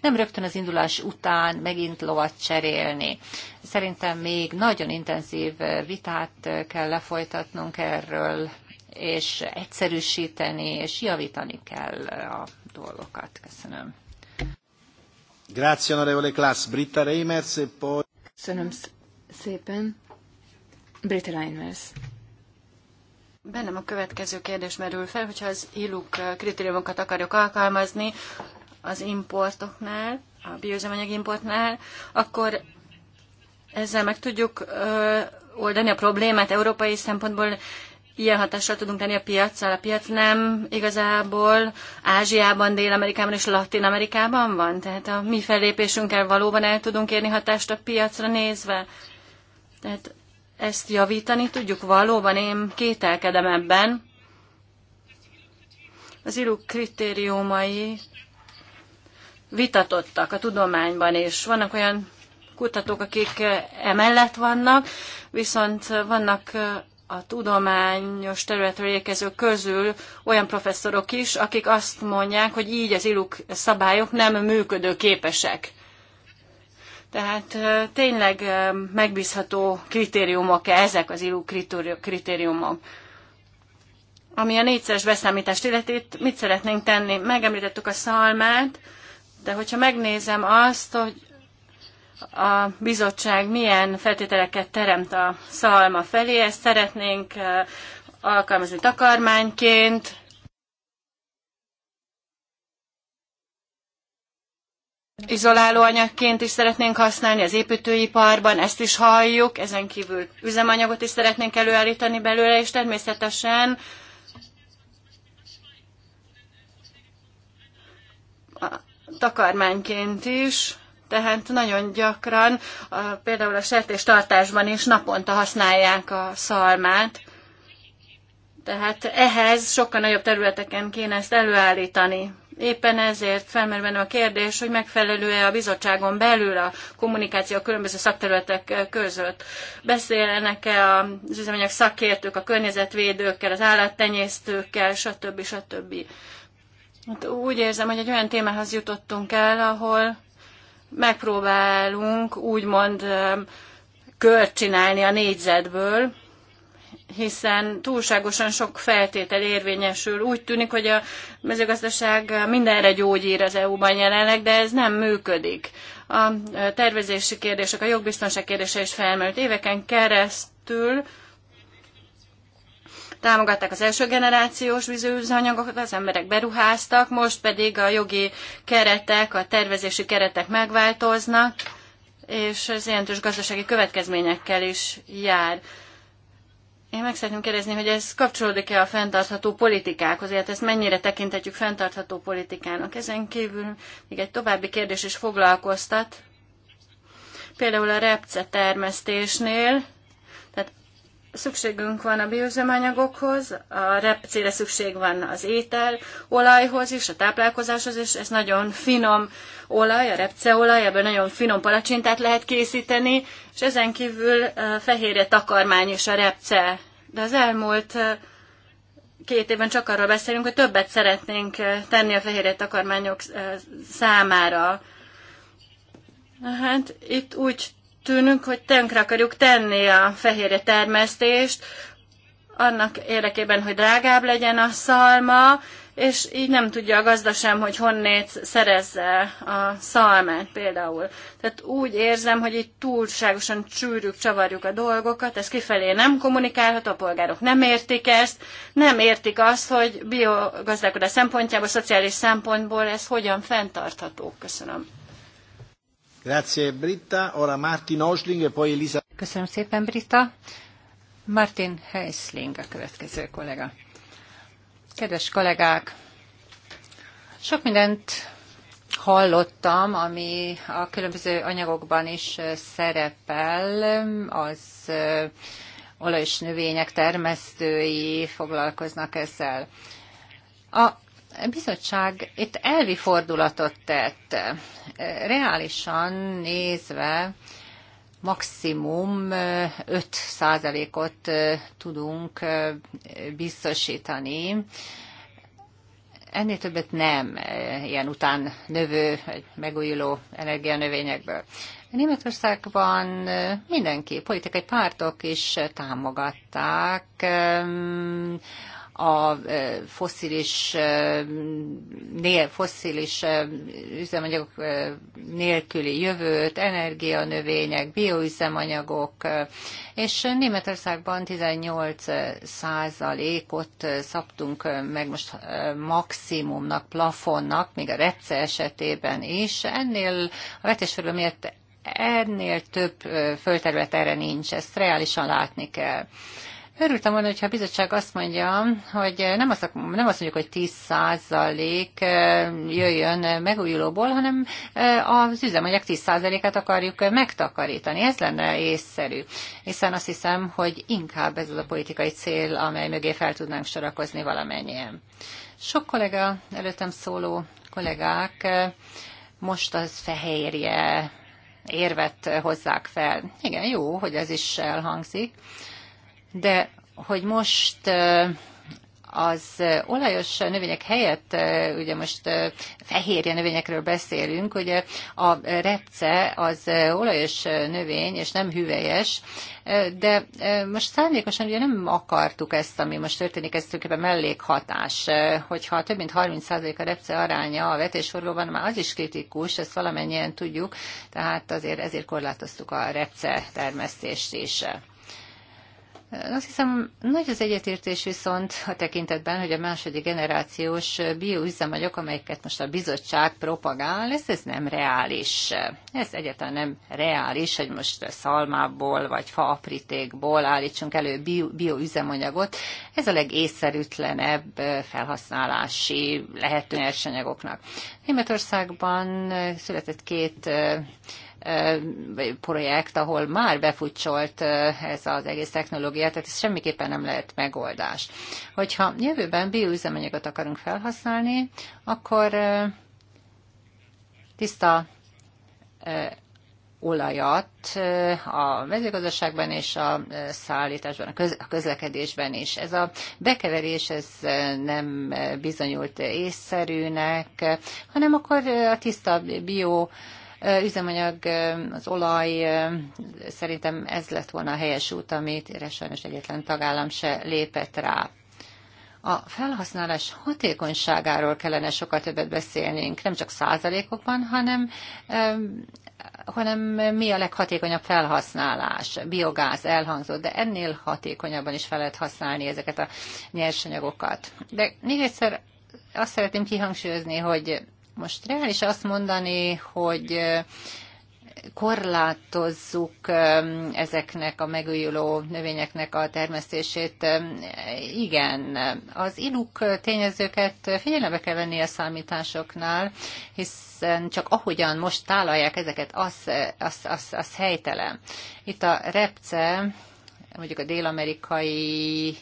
nem rögtön az indulás után megint lovat cserélni. Szerintem még nagyon intenzív vitát kell lefolytatnunk erről és egyszerűsíteni, és javítani kell a dolgokat. Köszönöm. Grazie, onorevole Class, Britta Reimers, e poi... Köszönöm szépen. Britta Reimers. Bennem a következő kérdés merül fel, hogyha az ILUK kritériumokat akarjuk alkalmazni az importoknál, a bioüzemanyag importnál, akkor ezzel meg tudjuk ö, oldani a problémát európai szempontból ilyen hatással tudunk tenni a piacsal. A piac nem igazából Ázsiában, Dél-Amerikában és Latin-Amerikában van, tehát a mi fellépésünkkel valóban el tudunk érni hatást a piacra nézve. Tehát ezt javítani tudjuk valóban, én kételkedem ebben. Az ILU kritériumai vitatottak a tudományban, és vannak olyan kutatók, akik emellett vannak, viszont vannak a tudományos területről érkezők közül olyan professzorok is, akik azt mondják, hogy így az iluk szabályok nem működőképesek. Tehát tényleg megbízható kritériumok -e ezek az iluk kritériumok. Ami a négyszeres beszámítást illeti, mit szeretnénk tenni? Megemlítettük a szalmát, de hogyha megnézem azt, hogy a bizottság milyen feltételeket teremt a szalma felé, ezt szeretnénk alkalmazni takarmányként, izoláló anyagként is szeretnénk használni az építőiparban, ezt is halljuk, ezen kívül üzemanyagot is szeretnénk előállítani belőle, és természetesen takarmányként is tehát nagyon gyakran például a sertéstartásban is naponta használják a szalmát. Tehát ehhez sokkal nagyobb területeken kéne ezt előállítani. Éppen ezért felmerül a kérdés, hogy megfelelő-e a bizottságon belül a kommunikáció a különböző szakterületek között. Beszélnek-e az üzemanyag szakértők, a környezetvédőkkel, az állattenyésztőkkel, stb. stb. Hát úgy érzem, hogy egy olyan témához jutottunk el, ahol megpróbálunk úgymond kört csinálni a négyzetből, hiszen túlságosan sok feltétel érvényesül. Úgy tűnik, hogy a mezőgazdaság mindenre gyógyír az EU-ban jelenleg, de ez nem működik. A tervezési kérdések, a jogbiztonság kérdése is felmerült éveken keresztül, támogatták az első generációs vízőzőanyagokat, az emberek beruháztak, most pedig a jogi keretek, a tervezési keretek megváltoznak, és ez jelentős gazdasági következményekkel is jár. Én meg szeretném kérdezni, hogy ez kapcsolódik-e a fenntartható politikákhoz, illetve ezt mennyire tekintetjük fenntartható politikának. Ezen kívül még egy további kérdés is foglalkoztat. Például a repce termesztésnél Szükségünk van a bioüzemanyagokhoz, a repcére szükség van az étel, olajhoz is, a táplálkozáshoz is, ez nagyon finom olaj, a repceolaj, ebből nagyon finom palacsintát lehet készíteni, és ezen kívül fehérje takarmány is a repce. De az elmúlt két évben csak arról beszélünk, hogy többet szeretnénk tenni a fehérje takarmányok számára. Hát itt úgy tűnünk, hogy tönkre akarjuk tenni a fehérje termesztést, annak érdekében, hogy drágább legyen a szalma, és így nem tudja a gazda sem, hogy honnét szerezze a szalmát például. Tehát úgy érzem, hogy itt túlságosan csűrjük, csavarjuk a dolgokat, ez kifelé nem kommunikálhat, a polgárok nem értik ezt, nem értik azt, hogy biogazdálkodás szempontjából, szociális szempontból ez hogyan fenntartható. Köszönöm. Grazie Britta, ora Martin Osling, e poi Elisa. Köszönöm szépen Britta. Martin Heisling a következő kollega. Kedves kollégák, sok mindent hallottam, ami a különböző anyagokban is szerepel, az olajos növények termesztői foglalkoznak ezzel. A bizottság itt elvi fordulatot tett. Eh, reálisan nézve maximum 5%-ot eh, eh, tudunk biztosítani. Ennél többet nem ilyen után növő, megújuló energianövényekből. Németországban mindenki, politikai pártok is támogatták a e, foszilis, e, foszilis e, üzemanyagok nélküli jövőt, energianövények, bioüzemanyagok, és Németországban 18 százalékot szabtunk meg most maximumnak, plafonnak, még a recce esetében is. Ennél a vetésfőről miért ennél több földterület erre nincs, ezt reálisan látni kell. Örültem volna, hogyha a bizottság azt mondja, hogy nem azt, nem azt mondjuk, hogy 10% jöjjön megújulóból, hanem az üzemanyag 10%-át akarjuk megtakarítani. Ez lenne észszerű, hiszen azt hiszem, hogy inkább ez az a politikai cél, amely mögé fel tudnánk sorakozni valamennyien. Sok kollega, előttem szóló kollégák most az fehérje érvet hozzák fel. Igen, jó, hogy ez is elhangzik. De hogy most az olajos növények helyett, ugye most fehérje növényekről beszélünk, ugye a repce az olajos növény, és nem hüvelyes, de most szándékosan ugye nem akartuk ezt, ami most történik, ez tulajdonképpen mellékhatás, hogyha több mint 30% a repce aránya a vetésforgóban, már az is kritikus, ezt valamennyien tudjuk, tehát azért ezért korlátoztuk a repce termesztést is. Azt hiszem, nagy az egyetértés viszont a tekintetben, hogy a második generációs bioüzemanyagok, amelyeket most a bizottság propagál, ez, ez nem reális. Ez egyáltalán nem reális, hogy most szalmából vagy faaprítékból állítsunk elő bio, bioüzemanyagot. Ez a legészszerűtlenebb felhasználási lehető nyersanyagoknak. Németországban született két projekt, ahol már befutcsolt ez az egész technológia, tehát ez semmiképpen nem lehet megoldás. Hogyha jövőben bioüzemanyagot akarunk felhasználni, akkor tiszta olajat a mezőgazdaságban és a szállításban, a, közlekedésben is. Ez a bekeverés ez nem bizonyult észszerűnek, hanem akkor a tiszta bio üzemanyag, az olaj, szerintem ez lett volna a helyes út, amit sajnos egyetlen tagállam se lépett rá. A felhasználás hatékonyságáról kellene sokkal többet beszélnünk, nem csak százalékokban, hanem hanem mi a leghatékonyabb felhasználás. Biogáz elhangzott, de ennél hatékonyabban is fel lehet használni ezeket a nyersanyagokat. De még egyszer azt szeretném kihangsúlyozni, hogy most reális azt mondani, hogy korlátozzuk ezeknek a megújuló növényeknek a termesztését. Igen, az iluk tényezőket figyelembe kell venni a számításoknál, hiszen csak ahogyan most tálalják ezeket, az, az, az, az helytelen. Itt a repce, mondjuk a dél-amerikai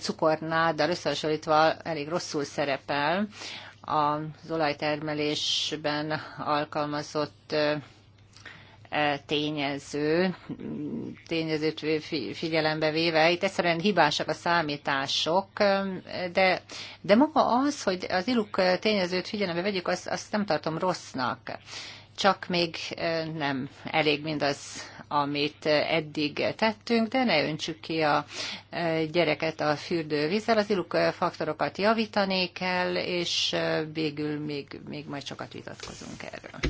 cukornáddal összehasonlítva elég rosszul szerepel az olajtermelésben alkalmazott tényező, tényezőt figyelembe véve. Itt egyszerűen hibásak a számítások, de, de maga az, hogy az iluk tényezőt figyelembe vegyük, azt, azt nem tartom rossznak csak még nem elég mindaz, amit eddig tettünk, de ne öntsük ki a gyereket a fürdővízzel. Az iluk faktorokat javítani kell, és végül még, még majd sokat vitatkozunk erről.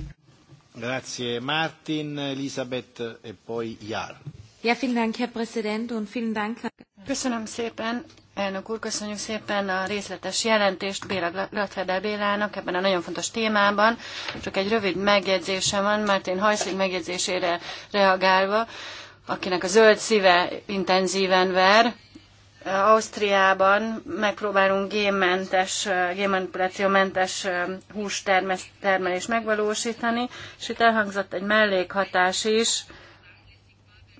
Grazie Martin, Elisabeth e poi Jár. Ja, vielen Dank, Herr Präsident, und vielen Dank. Köszönöm szépen, Elnök úr, köszönjük szépen a részletes jelentést Béla Gratfeder Bélának ebben a nagyon fontos témában. Csak egy rövid megjegyzésem van mert én Hajszlik megjegyzésére reagálva, akinek a zöld szíve intenzíven ver. Ausztriában megpróbálunk génmentes, génmanipulációmentes hústermelést megvalósítani, és itt elhangzott egy mellékhatás is,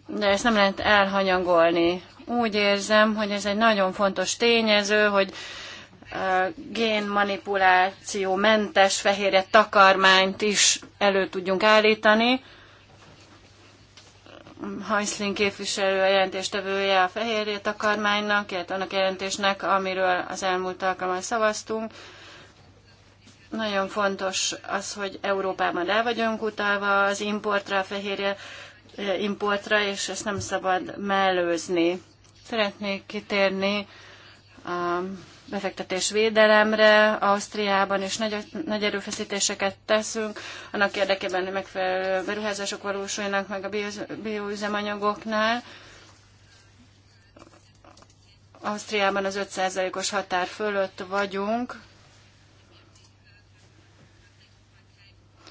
de ezt nem lehet elhanyagolni úgy érzem, hogy ez egy nagyon fontos tényező, hogy génmanipuláció mentes fehérje takarmányt is elő tudjunk állítani. Hajszlin képviselő a jelentéstevője a fehérje takarmánynak, illetve annak jelentésnek, amiről az elmúlt alkalommal szavaztunk. Nagyon fontos az, hogy Európában el vagyunk utálva az importra, a fehérje importra, és ezt nem szabad mellőzni. Szeretnék kitérni a befektetés védelemre Ausztriában, és nagy, nagy erőfeszítéseket teszünk, annak érdekében, hogy megfelelő beruházások valósuljanak meg a bioüzemanyagoknál. Ausztriában az 5%-os határ fölött vagyunk,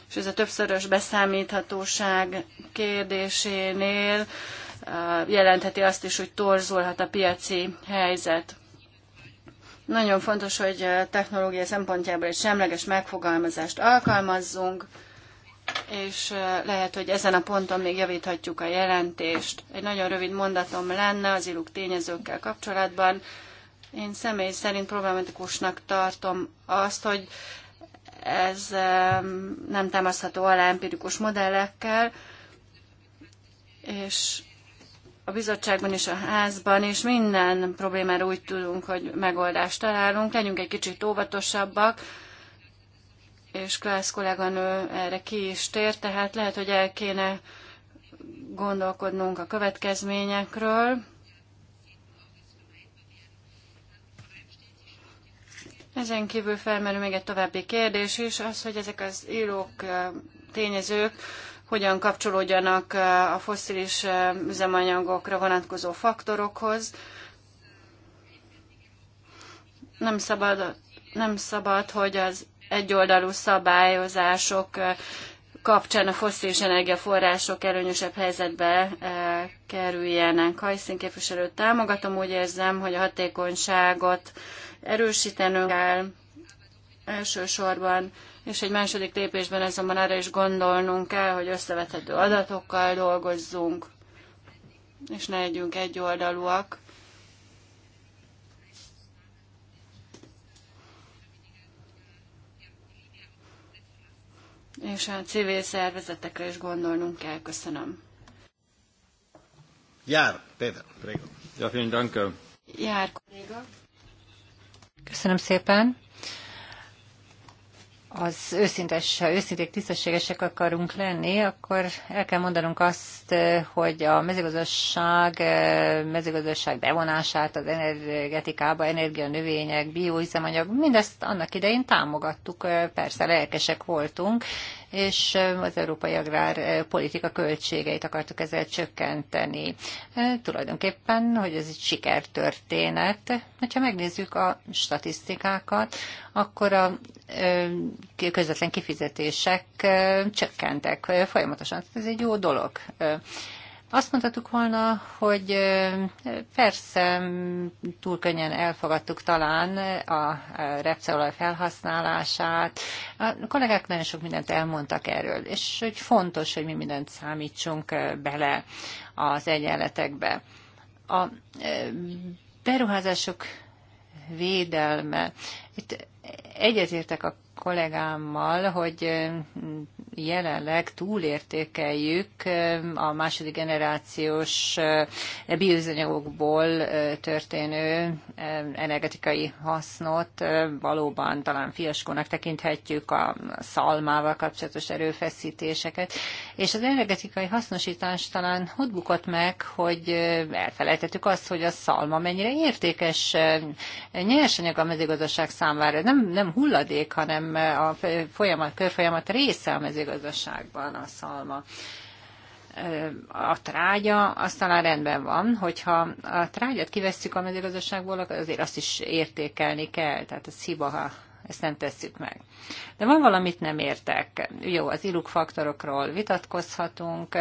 és ez a többszörös beszámíthatóság kérdésénél jelentheti azt is, hogy torzulhat a piaci helyzet. Nagyon fontos, hogy technológia szempontjából egy semleges megfogalmazást alkalmazzunk, és lehet, hogy ezen a ponton még javíthatjuk a jelentést. Egy nagyon rövid mondatom lenne az iluk tényezőkkel kapcsolatban. Én személy szerint problematikusnak tartom azt, hogy ez nem támasztható alá empirikus modellekkel, és a bizottságban és a házban, és minden problémára úgy tudunk, hogy megoldást találunk. Legyünk egy kicsit óvatosabbak, és Klász kolléganő erre ki is tér, tehát lehet, hogy el kéne gondolkodnunk a következményekről. Ezen kívül felmerül még egy további kérdés is, az, hogy ezek az írók, tényezők hogyan kapcsolódjanak a foszilis üzemanyagokra vonatkozó faktorokhoz. Nem szabad, nem szabad hogy az egyoldalú szabályozások kapcsán a foszilis energiaforrások előnyösebb helyzetbe kerüljenek. Hajszín képviselőt támogatom, úgy érzem, hogy a hatékonyságot erősítenünk kell elsősorban és egy második lépésben azonban arra is gondolnunk kell, hogy összevethető adatokkal dolgozzunk, és ne legyünk egyoldalúak. És a civil szervezetekre is gondolnunk kell. Köszönöm. Jár, Péter, prego. Ja, vielen Jár, kolléga. Köszönöm szépen az őszintes, ha őszinték tisztességesek akarunk lenni, akkor el kell mondanunk azt, eh, hogy a mezőgazdaság, eh, mezőgazdaság bevonását az energetikába, energia növények, bioüzemanyag, mindezt annak idején támogattuk, eh, persze lelkesek voltunk, és az európai agrárpolitika költségeit akartuk ezzel csökkenteni. Tulajdonképpen, hogy ez egy sikertörténet. Ha megnézzük a statisztikákat, akkor a közvetlen kifizetések csökkentek folyamatosan. Ez egy jó dolog. Azt mondhatuk volna, hogy persze túl könnyen elfogadtuk talán a repceolaj felhasználását. A kollégák nagyon sok mindent elmondtak erről, és hogy fontos, hogy mi mindent számítsunk bele az egyenletekbe. A beruházások védelme. Itt egyetértek a kollégámmal, hogy jelenleg túlértékeljük a második generációs bioüzanyagokból történő energetikai hasznot. Valóban talán fiaskónak tekinthetjük a szalmával kapcsolatos erőfeszítéseket. És az energetikai hasznosítás talán ott bukott meg, hogy elfelejtettük azt, hogy a szalma mennyire értékes nyersanyag a mezőgazdaság számára. Nem, nem hulladék, hanem a folyamat, körfolyamat része a mezőgazdaságban a szalma a trágya, az talán rendben van, hogyha a trágyat kivesszük a mezőgazdaságból, azért azt is értékelni kell, tehát ez hiba, ha ezt nem tesszük meg. De van valamit nem értek. Jó, az iluk faktorokról vitatkozhatunk,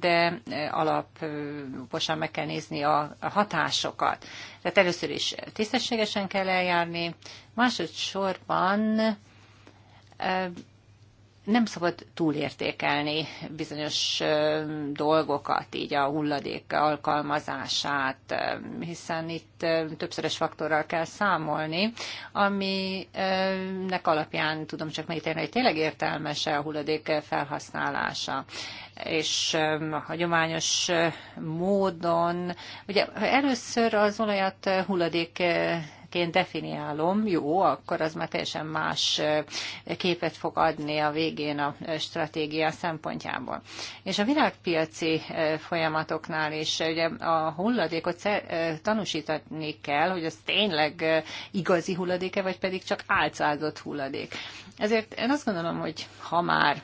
de alaposan meg kell nézni a hatásokat. Tehát először is tisztességesen kell eljárni, másodszorban nem szabad túlértékelni bizonyos dolgokat, így a hulladék alkalmazását, hiszen itt többszörös faktorral kell számolni, aminek alapján tudom csak megítélni, hogy tényleg értelmese a hulladék felhasználása és hagyományos módon, ugye először az olajat hulladék problémáként definiálom, jó, akkor az már teljesen más képet fog adni a végén a stratégia szempontjából. És a világpiaci folyamatoknál is ugye a hulladékot tanúsítani kell, hogy az tényleg igazi hulladéke, vagy pedig csak álcázott hulladék. Ezért én azt gondolom, hogy ha már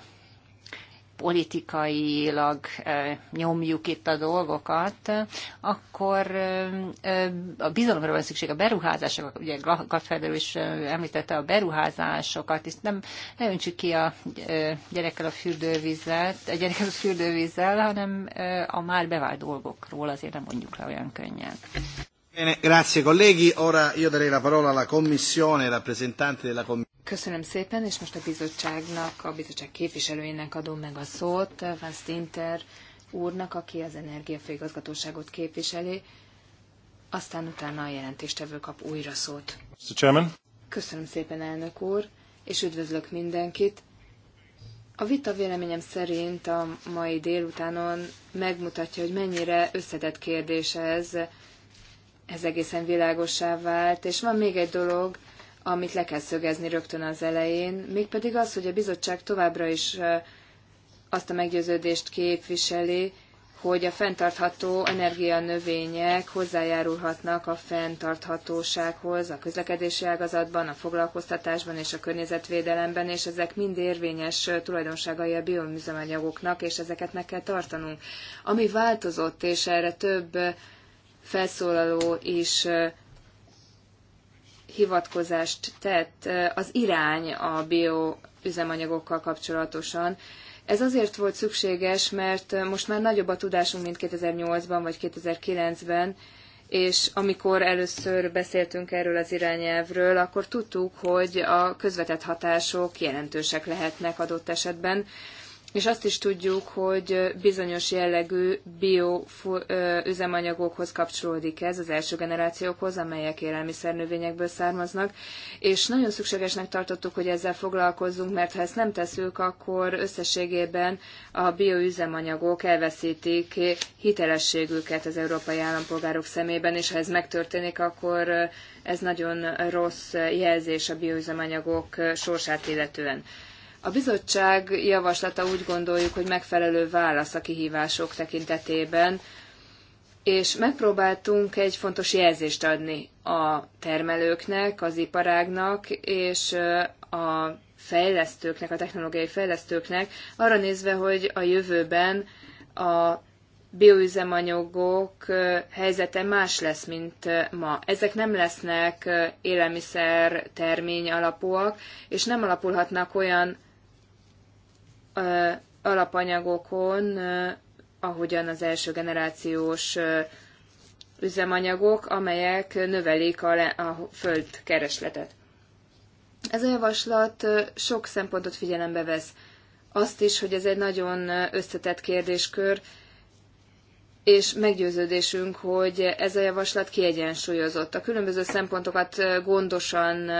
politikailag nyomjuk itt a dolgokat, akkor a bizalomra van szükség a beruházások, ugye Gattfelder is említette a beruházásokat, és nem, ne öntsük ki a gyerekkel a fürdővizet, a gyerekkel a fürdővízzel, hanem a már bevált dolgokról azért nem mondjuk le olyan könnyen. Köszönöm szépen, és most a bizottságnak, a bizottság képviselőjének adom meg a szót, Van Stinter úrnak, aki az Energiafőigazgatóságot képviseli, aztán utána a jelentéstevő kap újra szót. Mr. Chairman. Köszönöm szépen, elnök úr, és üdvözlök mindenkit. A vita véleményem szerint a mai délutánon megmutatja, hogy mennyire összetett kérdés ez, ez egészen világosá vált, és van még egy dolog, amit le kell szögezni rögtön az elején, mégpedig az, hogy a bizottság továbbra is azt a meggyőződést képviseli, hogy a fenntartható energianövények hozzájárulhatnak a fenntarthatósághoz a közlekedési ágazatban, a foglalkoztatásban és a környezetvédelemben, és ezek mind érvényes tulajdonságai a bioműzemanyagoknak, és ezeket meg kell tartanunk. Ami változott, és erre több felszólaló is hivatkozást tett az irány a bioüzemanyagokkal kapcsolatosan. Ez azért volt szükséges, mert most már nagyobb a tudásunk, mint 2008-ban vagy 2009-ben, és amikor először beszéltünk erről az irányelvről, akkor tudtuk, hogy a közvetett hatások jelentősek lehetnek adott esetben, és azt is tudjuk, hogy bizonyos jellegű bioüzemanyagokhoz kapcsolódik ez, az első generációkhoz, amelyek élelmiszernövényekből származnak, és nagyon szükségesnek tartottuk, hogy ezzel foglalkozzunk, mert ha ezt nem teszünk, akkor összességében a bioüzemanyagok elveszítik hitelességüket az európai állampolgárok szemében, és ha ez megtörténik, akkor ez nagyon rossz jelzés a bioüzemanyagok sorsát illetően. A bizottság javaslata úgy gondoljuk, hogy megfelelő válasz a kihívások tekintetében, és megpróbáltunk egy fontos jelzést adni a termelőknek, az iparágnak és a fejlesztőknek, a technológiai fejlesztőknek, arra nézve, hogy a jövőben a bioüzemanyagok helyzete más lesz, mint ma. Ezek nem lesznek élelmiszer termény alapúak, és nem alapulhatnak olyan alapanyagokon, ahogyan az első generációs üzemanyagok, amelyek növelik a, le, a föld keresletet. Ez a javaslat sok szempontot figyelembe vesz. Azt is, hogy ez egy nagyon összetett kérdéskör, és meggyőződésünk, hogy ez a javaslat kiegyensúlyozott. A különböző szempontokat gondosan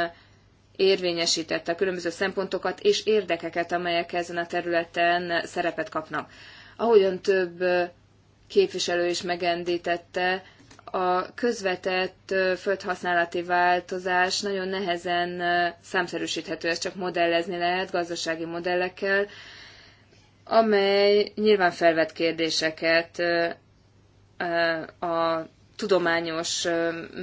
érvényesítette a különböző szempontokat és érdekeket, amelyek ezen a területen szerepet kapnak. Ahogyan több képviselő is megendítette, a közvetett földhasználati változás nagyon nehezen számszerűsíthető, ezt csak modellezni lehet gazdasági modellekkel, amely nyilván felvet kérdéseket a tudományos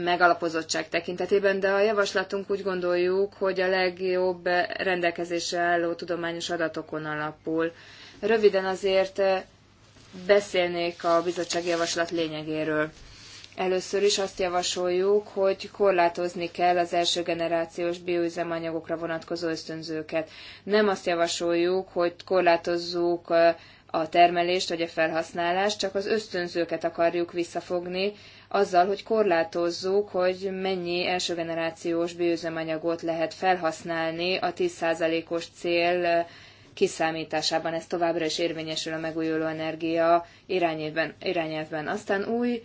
megalapozottság tekintetében, de a javaslatunk úgy gondoljuk, hogy a legjobb rendelkezésre álló tudományos adatokon alapul. Röviden azért beszélnék a bizottság javaslat lényegéről. Először is azt javasoljuk, hogy korlátozni kell az első generációs bioüzemanyagokra vonatkozó ösztönzőket. Nem azt javasoljuk, hogy korlátozzuk a termelést vagy a felhasználást, csak az ösztönzőket akarjuk visszafogni, azzal, hogy korlátozzuk, hogy mennyi első generációs bőzömanyagot lehet felhasználni a 10%-os cél kiszámításában. Ez továbbra is érvényesül a megújuló energia irányelvben. irányelvben. Aztán új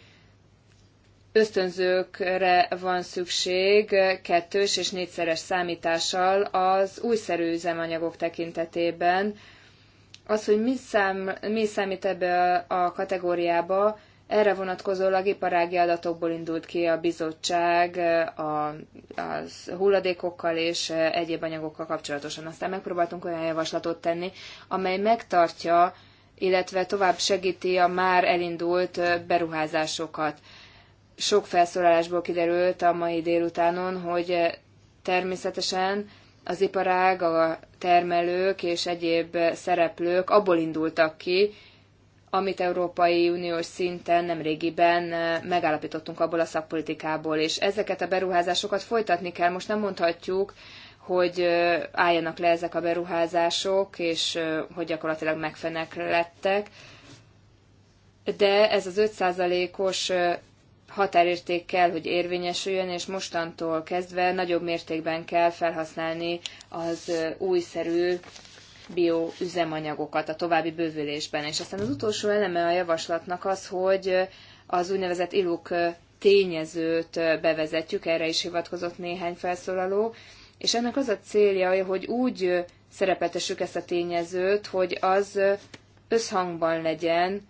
ösztönzőkre van szükség kettős és négyszeres számítással az újszerű üzemanyagok tekintetében. Az, hogy mi, szám, mi számít ebbe a kategóriába, erre vonatkozólag iparági adatokból indult ki a bizottság eh, a, hulladékokkal és eh, egyéb anyagokkal kapcsolatosan. Aztán megpróbáltunk olyan javaslatot tenni, amely megtartja, illetve tovább segíti a már elindult eh, beruházásokat. Sok felszólalásból kiderült a mai délutánon, hogy természetesen az iparág, a termelők és egyéb szereplők abból indultak ki, amit Európai Uniós szinten nemrégiben megállapítottunk abból a szakpolitikából, és ezeket a beruházásokat folytatni kell. Most nem mondhatjuk, hogy álljanak le ezek a beruházások, és hogy gyakorlatilag megfenek lettek. De ez az 5%-os határérték kell, hogy érvényesüljön, és mostantól kezdve nagyobb mértékben kell felhasználni az újszerű bioüzemanyagokat a további bővülésben. És aztán az utolsó eleme a javaslatnak az, hogy az úgynevezett iluk tényezőt bevezetjük, erre is hivatkozott néhány felszólaló, és ennek az a célja, hogy úgy szerepetessük ezt a tényezőt, hogy az összhangban legyen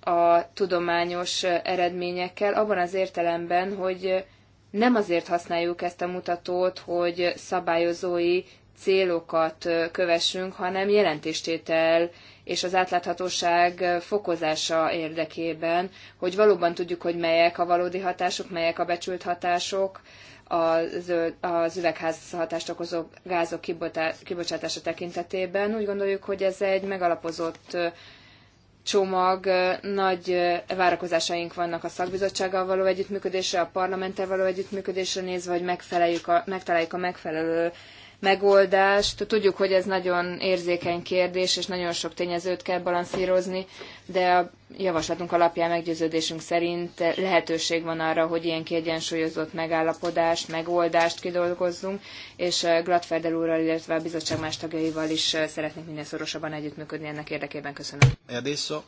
a tudományos eredményekkel, abban az értelemben, hogy nem azért használjuk ezt a mutatót, hogy szabályozói célokat kövessünk, hanem jelentéstétel és az átláthatóság fokozása érdekében, hogy valóban tudjuk, hogy melyek a valódi hatások, melyek a becsült hatások, az, üvegházhatást okozó gázok kibocsátása tekintetében. Úgy gondoljuk, hogy ez egy megalapozott csomag, nagy várakozásaink vannak a szakbizottsággal való együttműködésre, a parlamenttel való együttműködésre nézve, hogy megtaláljuk a megfelelő megoldást. Tudjuk, hogy ez nagyon érzékeny kérdés, és nagyon sok tényezőt kell balanszírozni, de a javaslatunk alapján meggyőződésünk szerint lehetőség van arra, hogy ilyen kiegyensúlyozott megállapodást, megoldást kidolgozzunk, és eh, Gladfelder úrral, illetve a bizottság más tagjaival is eh, szeretnék minél szorosabban együttműködni ennek érdekében. Köszönöm. Edészó.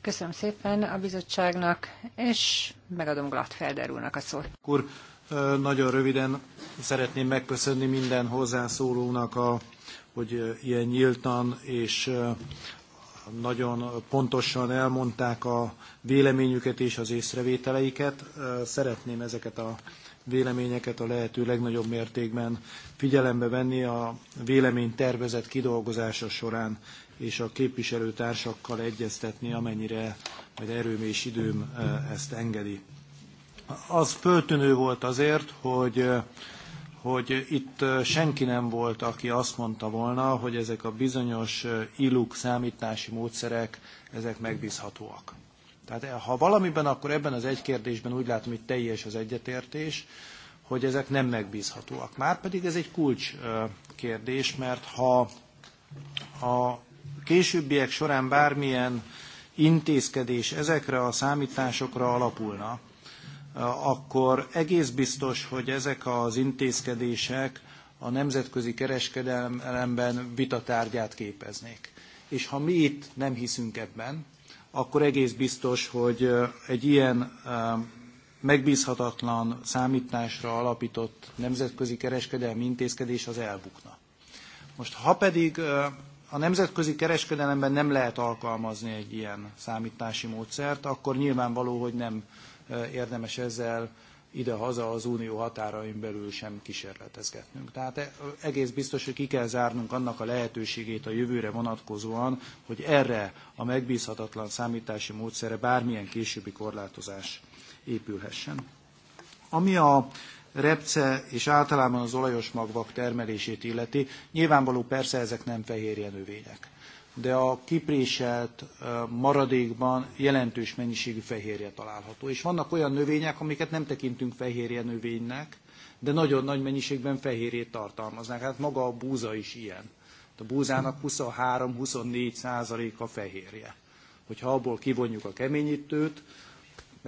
Köszönöm szépen a bizottságnak, és megadom Gladfelder úrnak a szót. Kur, nagyon röviden szeretném megköszönni minden hozzászólónak, a, hogy ilyen nyíltan és nagyon pontosan elmondták a véleményüket és az észrevételeiket. Szeretném ezeket a véleményeket a lehető legnagyobb mértékben figyelembe venni a véleménytervezet kidolgozása során, és a képviselőtársakkal egyeztetni, amennyire majd erőm és időm ezt engedi az föltűnő volt azért, hogy, eh, hogy itt eh, senki nem volt, aki azt mondta volna, hogy ezek a bizonyos eh, iluk számítási módszerek, ezek megbízhatóak. Tehát ha valamiben, akkor ebben az egy kérdésben úgy látom, hogy teljes az egyetértés, hogy ezek nem megbízhatóak. Márpedig ez egy kulcs kérdés, mert ha a későbbiek során bármilyen intézkedés ezekre a számításokra alapulna, akkor egész biztos, hogy ezek az intézkedések a nemzetközi kereskedelemben vitatárgyát képeznék. És ha mi itt nem hiszünk ebben, akkor egész biztos, hogy egy ilyen megbízhatatlan számításra alapított nemzetközi kereskedelmi intézkedés az elbukna. Most ha pedig a nemzetközi kereskedelemben nem lehet alkalmazni egy ilyen számítási módszert, akkor nyilvánvaló, hogy nem érdemes ezzel ide-haza az unió határain belül sem kísérletezgetnünk. Tehát e, egész biztos, hogy ki kell zárnunk annak a lehetőségét a jövőre vonatkozóan, hogy erre a megbízhatatlan számítási módszere bármilyen későbbi korlátozás épülhessen. Ami a repce és általában az olajos magvak termelését illeti, nyilvánvaló persze ezek nem fehérje növények de a kipréselt maradékban jelentős mennyiségű fehérje található. És vannak olyan növények, amiket nem tekintünk fehérje növénynek, de nagyon nagy mennyiségben fehérjét tartalmaznak. Hát maga a búza is ilyen. A búzának 23-24 százaléka fehérje. Hogyha abból kivonjuk a keményítőt,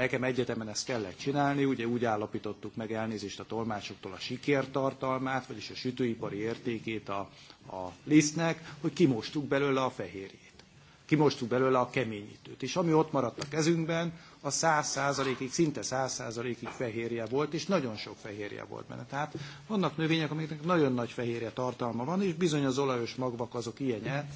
Nekem egyetemen ezt kellett csinálni, ugye úgy állapítottuk meg elnézést a tolmácsoktól a sikertartalmát, vagyis a sütőipari értékét a, a lisztnek, hogy kimostuk belőle a fehérjét. Kimostuk belőle a keményítőt. És ami ott maradt a kezünkben, a 100 százalékig, szinte 100 százalékig fehérje volt, és nagyon sok fehérje volt benne. Tehát vannak növények, amiknek nagyon nagy fehérje tartalma van, és bizony az olajos magvak azok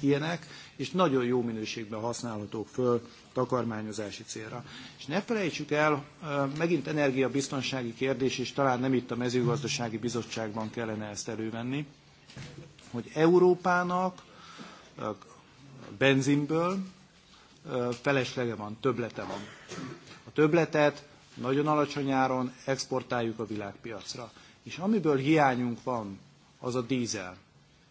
ilyenek, és nagyon jó minőségben használhatók föl takarmányozási célra. És ne felejtsük el, megint energiabiztonsági kérdés, és talán nem itt a mezőgazdasági bizottságban kellene ezt elővenni, hogy Európának benzinből, feleslege van, töblete van. A töbletet nagyon alacsony áron exportáljuk a világpiacra. És amiből hiányunk van, az a dízel.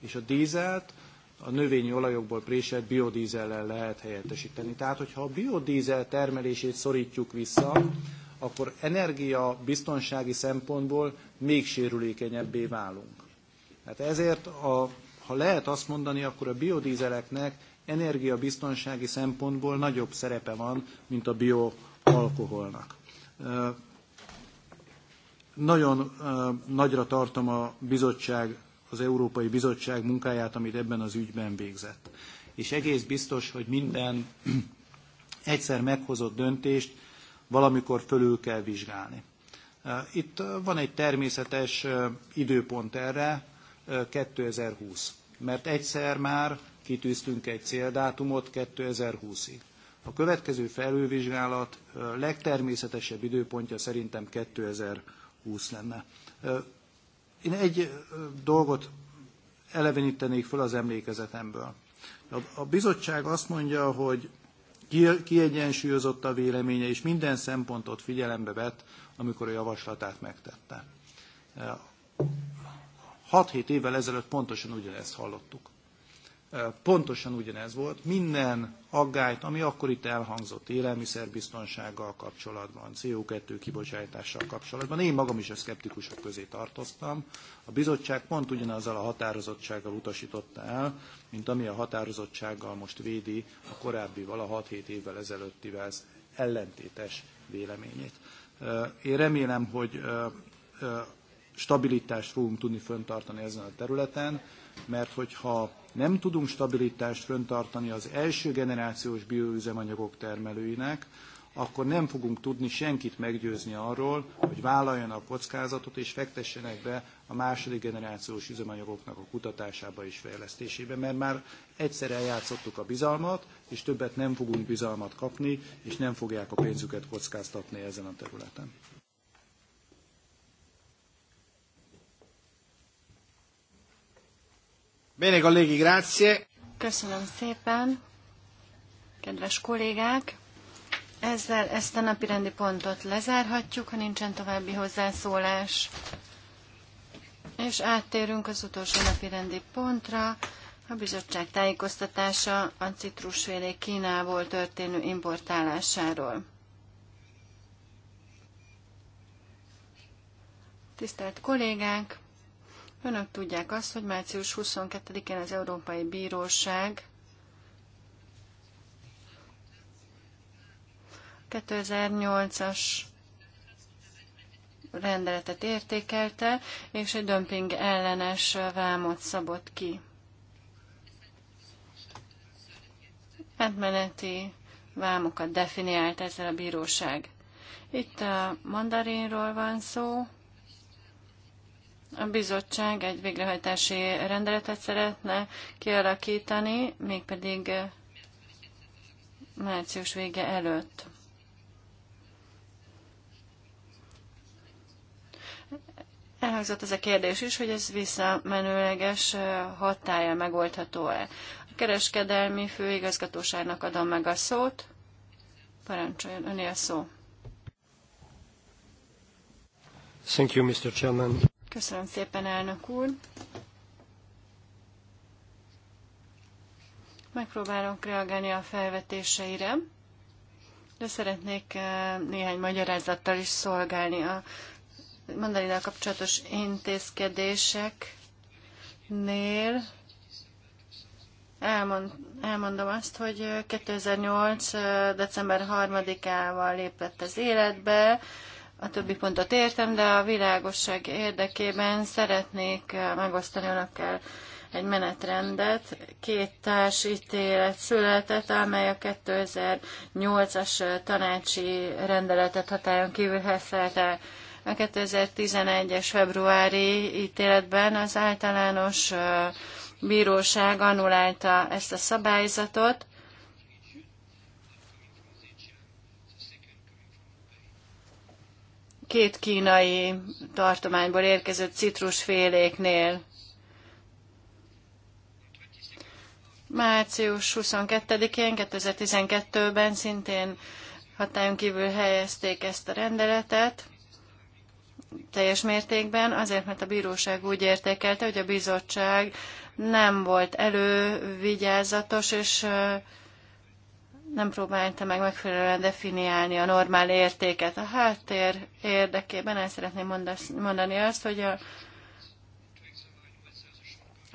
És a dízelt a növényi olajokból préselt biodízellel lehet helyettesíteni. Tehát, hogyha a biodízel termelését szorítjuk vissza, akkor energia biztonsági szempontból még sérülékenyebbé válunk. Hát ezért, a, ha lehet azt mondani, akkor a biodízeleknek energiabiztonsági szempontból nagyobb szerepe van, mint a bioalkoholnak. Nagyon nagyra tartom a bizottság, az Európai Bizottság munkáját, amit ebben az ügyben végzett. És egész biztos, hogy minden egyszer meghozott döntést valamikor fölül kell vizsgálni. Itt van egy természetes időpont erre, 2020. Mert egyszer már kitűztünk egy céldátumot 2020-ig. A következő felülvizsgálat legtermészetesebb időpontja szerintem 2020 lenne. Én egy dolgot elevenítenék föl az emlékezetemből. A bizottság azt mondja, hogy kiegyensúlyozott a véleménye, és minden szempontot figyelembe vett, amikor a javaslatát megtette. 6-7 évvel ezelőtt pontosan ugyanezt hallottuk pontosan ugyanez volt. Minden aggályt, ami akkor itt elhangzott élelmiszerbiztonsággal kapcsolatban, CO2 kibocsátással kapcsolatban, én magam is a szkeptikusok közé tartoztam. A bizottság pont ugyanazzal a határozottsággal utasította el, mint ami a határozottsággal most védi a korábbival, a 6-7 évvel ezelőttivel ellentétes véleményét. Én remélem, hogy stabilitást fogunk tudni föntartani ezen a területen, mert hogyha nem tudunk stabilitást föntartani az első generációs bioüzemanyagok termelőinek, akkor nem fogunk tudni senkit meggyőzni arról, hogy vállaljanak kockázatot és fektessenek be a második generációs üzemanyagoknak a kutatásába és fejlesztésébe, mert már egyszer eljátszottuk a bizalmat, és többet nem fogunk bizalmat kapni, és nem fogják a pénzüket kockáztatni ezen a területen. Bene, kollégi, grazie. Köszönöm szépen, kedves kollégák. Ezzel ezt a napi rendi pontot lezárhatjuk, ha nincsen további hozzászólás. És áttérünk az utolsó napi rendi pontra, a bizottság tájékoztatása a citrusfélék Kínából történő importálásáról. Tisztelt kollégák! Önök tudják azt, hogy március 22-én az Európai Bíróság 2008-as rendeletet értékelte, és egy dömping ellenes vámot szabott ki. Átmeneti vámokat definiált ezzel a bíróság. Itt a mandarinról van szó, a bizottság egy végrehajtási rendeletet szeretne kialakítani, mégpedig eh, március vége előtt. Elhangzott ez a kérdés is, hogy ez visszamenőleges eh, hatája megoldható-e. A kereskedelmi főigazgatóságnak adom meg a szót. Parancsoljon, öné a szó. Thank you, Mr. Chairman. Köszönöm szépen, elnök úr. Megpróbálok reagálni a felvetéseire, de szeretnék eh, néhány magyarázattal is szolgálni. A mandarinál kapcsolatos intézkedéseknél elmond, elmondom azt, hogy 2008. Eh, eh, december 3-ával lépett az életbe, a többi pontot értem, de a világosság érdekében szeretnék eh, megosztani önökkel egy menetrendet. Két társítélet született, amely a 2008-as eh, tanácsi rendeletet hatályon kívül heszelte. A 2011-es februári ítéletben az általános eh, bíróság annulálta ezt a szabályzatot, két kínai tartományból érkező citrusféléknél. Március 22-én, 2012-ben szintén hatályon kívül helyezték ezt a rendeletet teljes mértékben, azért, mert a bíróság úgy értékelte, hogy a bizottság nem volt elővigyázatos, és nem próbálta meg megfelelően definiálni a normál értéket. A háttér érdekében el szeretném mondani azt, hogy a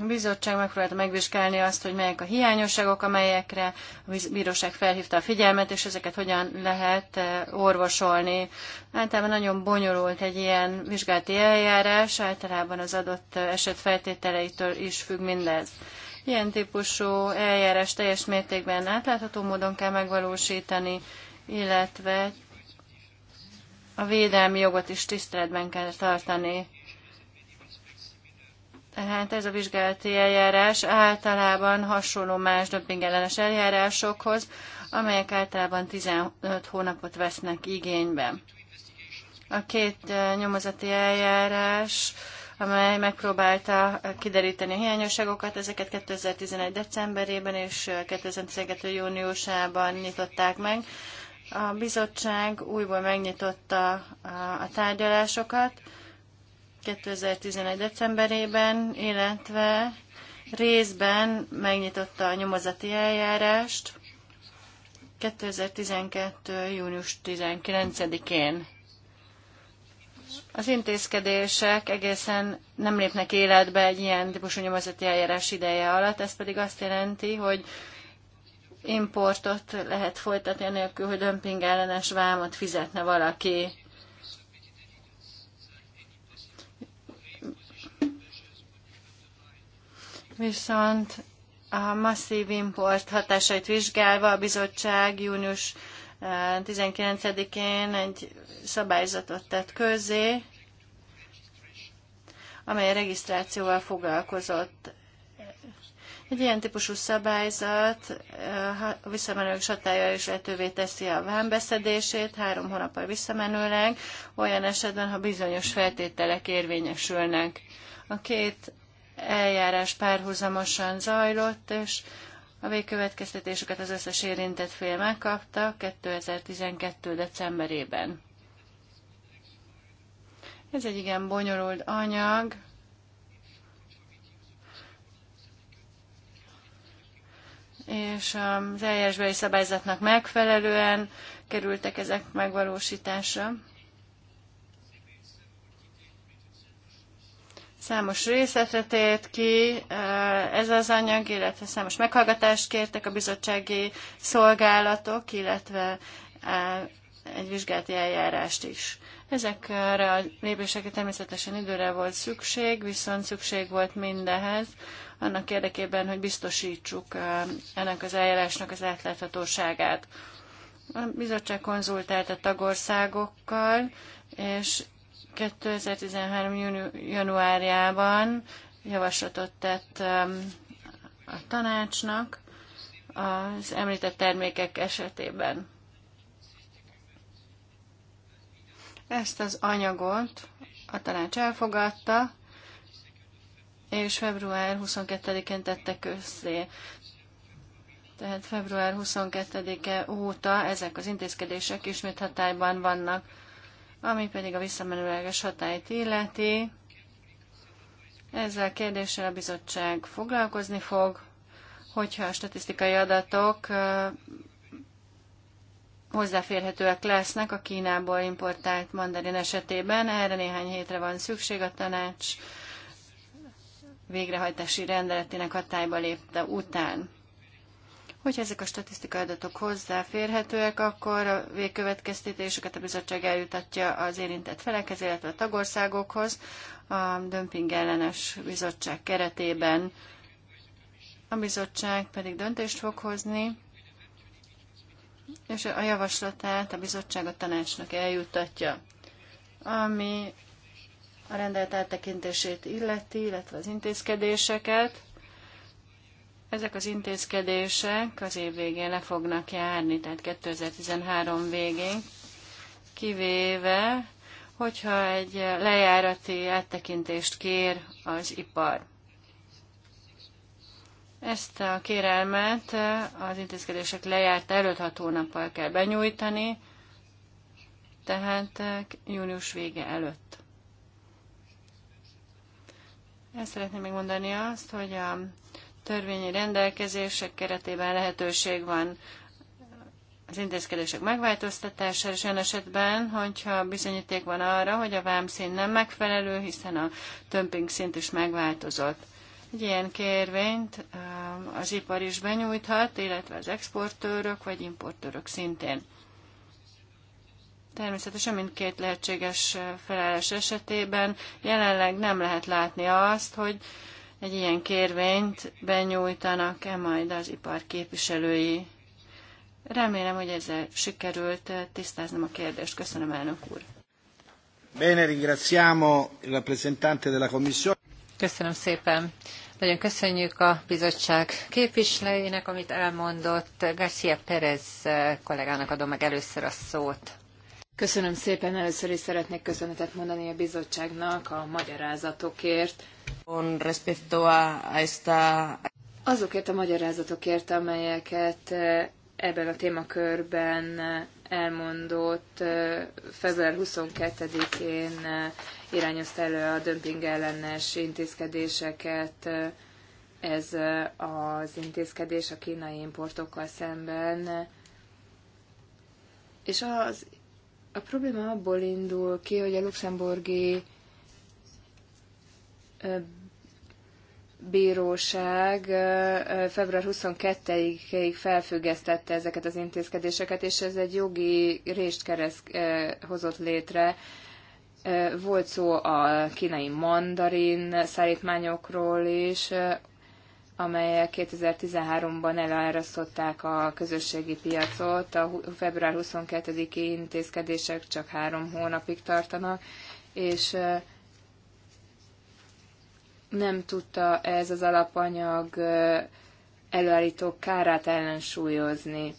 bizottság megpróbálta megvizsgálni azt, hogy melyek a hiányosságok, amelyekre a bíróság felhívta a figyelmet, és ezeket hogyan lehet eh, orvosolni. Általában nagyon bonyolult egy ilyen vizsgálati eljárás, általában az adott eh, eset feltételeitől is függ mindez. Ilyen típusú eljárás teljes mértékben átlátható módon kell megvalósítani, illetve a védelmi jogot is tiszteletben kell tartani. Tehát ez a vizsgálati eljárás általában hasonló más döbbingellenes eljárásokhoz, amelyek általában 15 hónapot vesznek igénybe. A két eh, nyomozati eljárás amely megpróbálta kideríteni a hiányosságokat. Ezeket 2011. decemberében és 2012. júniusában nyitották meg. A bizottság újból megnyitotta a tárgyalásokat 2011. decemberében, illetve részben megnyitotta a nyomozati eljárást 2012. június 19-én az intézkedések egészen nem lépnek életbe egy ilyen típusú nyomozati eljárás ideje alatt, ez pedig azt jelenti, hogy importot lehet folytatni, anélkül, hogy dömping ellenes vámot fizetne valaki. Viszont a masszív import hatásait vizsgálva a bizottság június 19-én egy szabályzatot tett közzé, amely a regisztrációval foglalkozott. Egy ilyen típusú szabályzat eh, visszamenőleg satája is lehetővé teszi a vámbeszedését három hónappal visszamenőleg, olyan esetben, ha bizonyos feltételek érvényesülnek. A két eljárás párhuzamosan zajlott, és a végkövetkeztetéseket az összes érintett fél megkapta 2012. decemberében. Ez egy igen bonyolult anyag. És az eljárásbeli szabályzatnak megfelelően kerültek ezek megvalósításra. Számos részletre tért ki eh, ez az anyag, illetve számos meghallgatást kértek a bizottsági szolgálatok, illetve eh, egy vizsgálati eljárást is. Ezekre a lépésekre természetesen időre volt szükség, viszont szükség volt mindehez, annak érdekében, hogy biztosítsuk eh, ennek az eljárásnak az átláthatóságát. A bizottság konzultált a tagországokkal, és 2013. januárjában javaslatot tett um, a tanácsnak az említett termékek esetében. Ezt az anyagot a tanács elfogadta, és február 22-én tette közzé. Tehát február 22-e óta ezek az intézkedések ismét hatályban vannak. Ami pedig a visszamenőleges hatályt illeti, ezzel a kérdéssel a bizottság foglalkozni fog, hogyha a statisztikai adatok hozzáférhetőek lesznek a Kínából importált mandarin esetében. Erre néhány hétre van szükség a tanács végrehajtási rendeletének hatályba lépte után. Hogyha ezek a statisztikai adatok hozzáférhetőek, akkor a végkövetkeztetéseket a bizottság eljutatja az érintett felekhez, illetve a tagországokhoz a dömping ellenes bizottság keretében. A bizottság pedig döntést fog hozni, és a javaslatát a bizottság a tanácsnak eljutatja, ami a rendelt áttekintését illeti, illetve az intézkedéseket. Ezek az intézkedések az év végén le fognak járni, tehát 2013 végén, kivéve, hogyha egy lejárati áttekintést kér az ipar. Ezt a kérelmet az intézkedések lejárt előtt hat hónappal kell benyújtani, tehát június vége előtt. Ezt szeretném még mondani azt, hogy a törvényi rendelkezések keretében lehetőség van az intézkedések megváltoztatására, és olyan esetben, hogyha bizonyíték van arra, hogy a vámszín nem megfelelő, hiszen a tömping szint is megváltozott. Egy ilyen kérvényt um, az ipar is benyújthat, illetve az exportőrök vagy importőrök szintén. Természetesen mindkét lehetséges uh, felállás esetében jelenleg nem lehet látni azt, hogy egy ilyen kérvényt benyújtanak-e majd az ipar képviselői. Remélem, hogy ezzel sikerült eh, tisztáznom a kérdést. Köszönöm, elnök úr. Bene, ringraziamo il rappresentante della Commissione. Köszönöm szépen. Nagyon köszönjük a bizottság képviselőjének, amit elmondott. Garcia Perez eh, kollégának adom meg először a szót. Köszönöm szépen, először is szeretnék köszönetet mondani a bizottságnak a magyarázatokért. On respecto a esta... Azokért a magyarázatokért, amelyeket eh, ebben a témakörben eh, elmondott eh, február 22-én irányozta elő a dömping ellenes intézkedéseket. Ez az intézkedés a kínai importokkal szemben. És az a probléma abból indul ki, hogy a luxemburgi bíróság február 22-ig felfüggesztette ezeket az intézkedéseket, és ez egy jogi rést kereszt hozott létre. Volt szó a kínai mandarin szállítmányokról is, amelyek 2013-ban elárasztották a közösségi piacot. A február 22-i intézkedések csak három hónapig tartanak, és nem tudta ez az alapanyag előállítók kárát ellensúlyozni.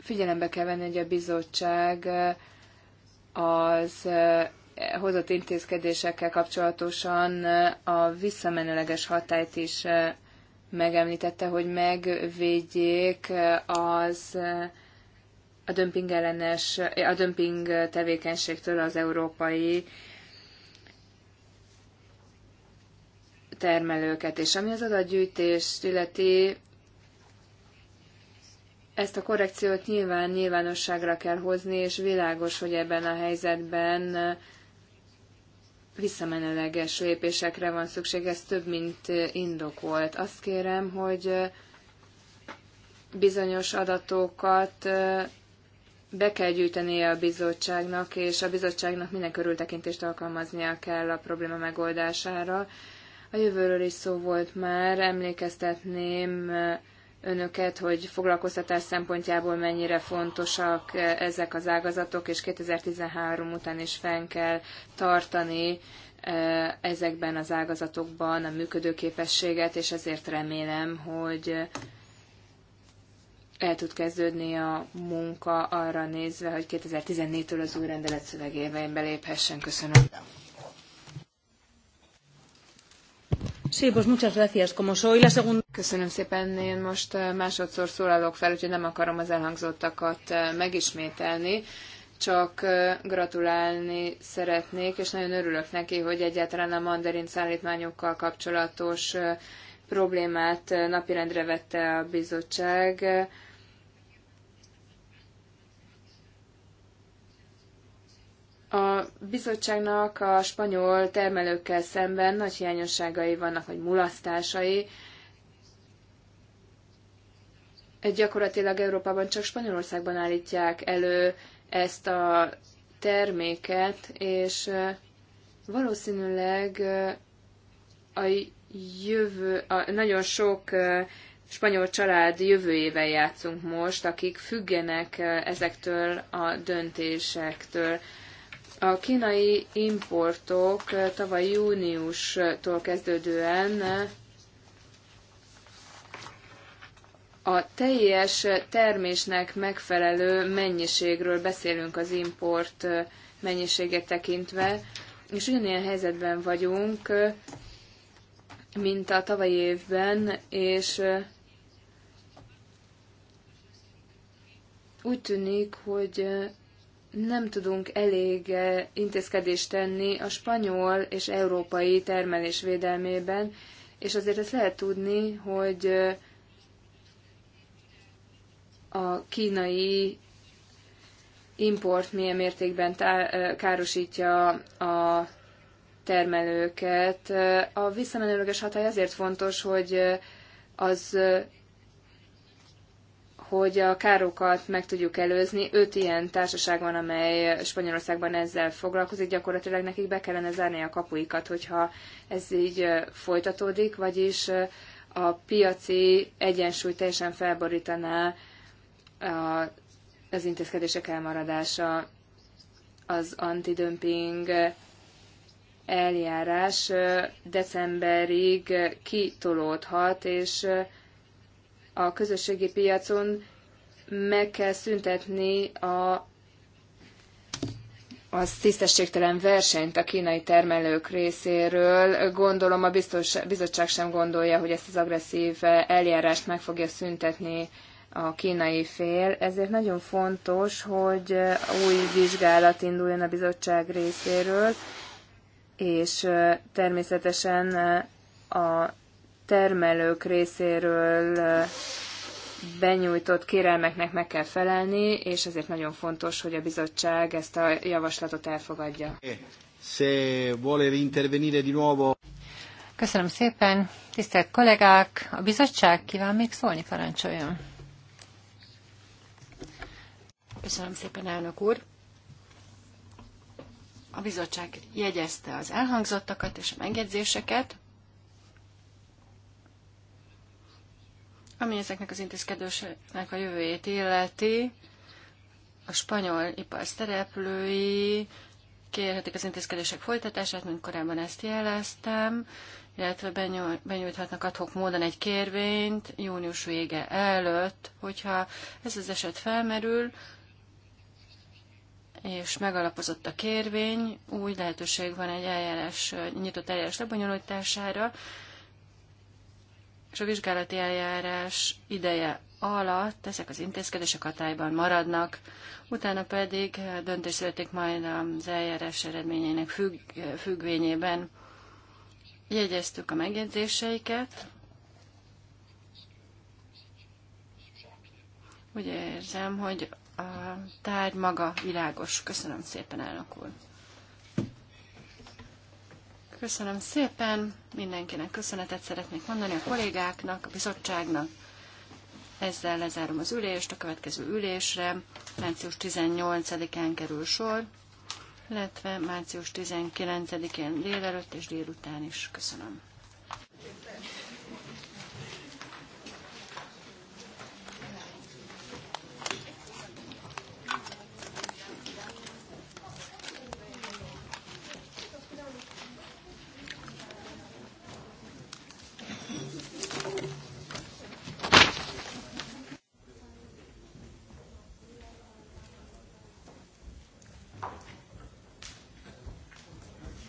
Figyelembe kell venni, hogy a bizottság az hozott intézkedésekkel kapcsolatosan a visszamenőleges hatályt is eh, megemlítette, hogy megvédjék az eh, a dömping ellenes, eh, a dömping tevékenységtől az európai termelőket. És ami az adatgyűjtést illeti, ezt a korrekciót nyilván nyilvánosságra kell hozni, és világos, hogy ebben a helyzetben visszamenőleges lépésekre van szükség, ez több, mint indokolt. Azt kérem, hogy bizonyos adatokat be kell gyűjtenie a bizottságnak, és a bizottságnak minden körültekintést alkalmaznia kell a probléma megoldására. A jövőről is szó volt már, emlékeztetném önöket, hogy foglalkoztatás szempontjából mennyire fontosak ezek az ágazatok, és 2013 után is fenn kell tartani e, ezekben az ágazatokban a működőképességet, és ezért remélem, hogy el tud kezdődni a munka arra nézve, hogy 2014-től az új rendelet szövegében beléphessen. Köszönöm. Köszönöm szépen, én most eh, másodszor szólalok fel, úgyhogy nem akarom az elhangzottakat eh, megismételni, csak eh, gratulálni szeretnék, és nagyon örülök neki, hogy egyáltalán a mandarin szállítmányokkal kapcsolatos problémát napirendre vette a bizottság A bizottságnak a spanyol termelőkkel szemben nagy hiányosságai vannak, vagy mulasztásai. Gyakorlatilag Európában csak Spanyolországban állítják elő ezt a terméket, és valószínűleg a jövő, a nagyon sok spanyol család jövőjével játszunk most, akik függenek ezektől a döntésektől. A kínai importok tavaly júniustól kezdődően a teljes termésnek megfelelő mennyiségről beszélünk az import mennyiséget tekintve, és ugyanilyen helyzetben vagyunk, mint a tavalyi évben, és úgy tűnik, hogy nem tudunk elég eh, intézkedést tenni a spanyol és európai termelés védelmében, és azért ezt lehet tudni, hogy eh, a kínai import milyen mértékben eh, károsítja a termelőket. A visszamenőleges hatály azért fontos, hogy az hogy a károkat meg tudjuk előzni. Öt ilyen társaság van, amely Spanyolországban ezzel foglalkozik, gyakorlatilag nekik be kellene zárni a kapuikat, hogyha ez így folytatódik, vagyis a piaci egyensúly teljesen felborítaná az intézkedések elmaradása, az antidömping eljárás decemberig kitolódhat, és a közösségi piacon meg kell szüntetni a az tisztességtelen versenyt a kínai termelők részéről. Gondolom a biztos, bizottság sem gondolja, hogy ezt az agresszív eljárást meg fogja szüntetni a kínai fél. Ezért nagyon fontos, hogy új vizsgálat induljon a bizottság részéről, és természetesen a termelők részéről benyújtott kérelmeknek meg kell felelni, és ezért nagyon fontos, hogy a bizottság ezt a javaslatot elfogadja. Eh, Köszönöm szépen. Tisztelt kollégák, a bizottság kíván még szólni, parancsoljon. Köszönöm szépen, elnök úr. A bizottság jegyezte az elhangzottakat és a megjegyzéseket. Ami ezeknek az intézkedőseknek a jövőjét illeti, a spanyol ipar szereplői kérhetik az intézkedések folytatását, mint korábban ezt jeleztem, illetve benyújthatnak adhok módon egy kérvényt június vége előtt, hogyha ez az eset felmerül, és megalapozott a kérvény, úgy lehetőség van egy eljárás, nyitott eljárás lebonyolítására, és a vizsgálati eljárás ideje alatt ezek az intézkedések hatályban maradnak, utána pedig döntés születik majd az eljárás eredményének függ, függvényében. Jegyeztük a megjegyzéseiket. Úgy érzem, hogy a tárgy maga világos. Köszönöm szépen, elnök úr. Köszönöm szépen, mindenkinek köszönetet szeretnék mondani a kollégáknak, a bizottságnak. Ezzel lezárom az ülést, a következő ülésre március 18-án kerül sor, illetve március 19-én délelőtt és délután is. Köszönöm.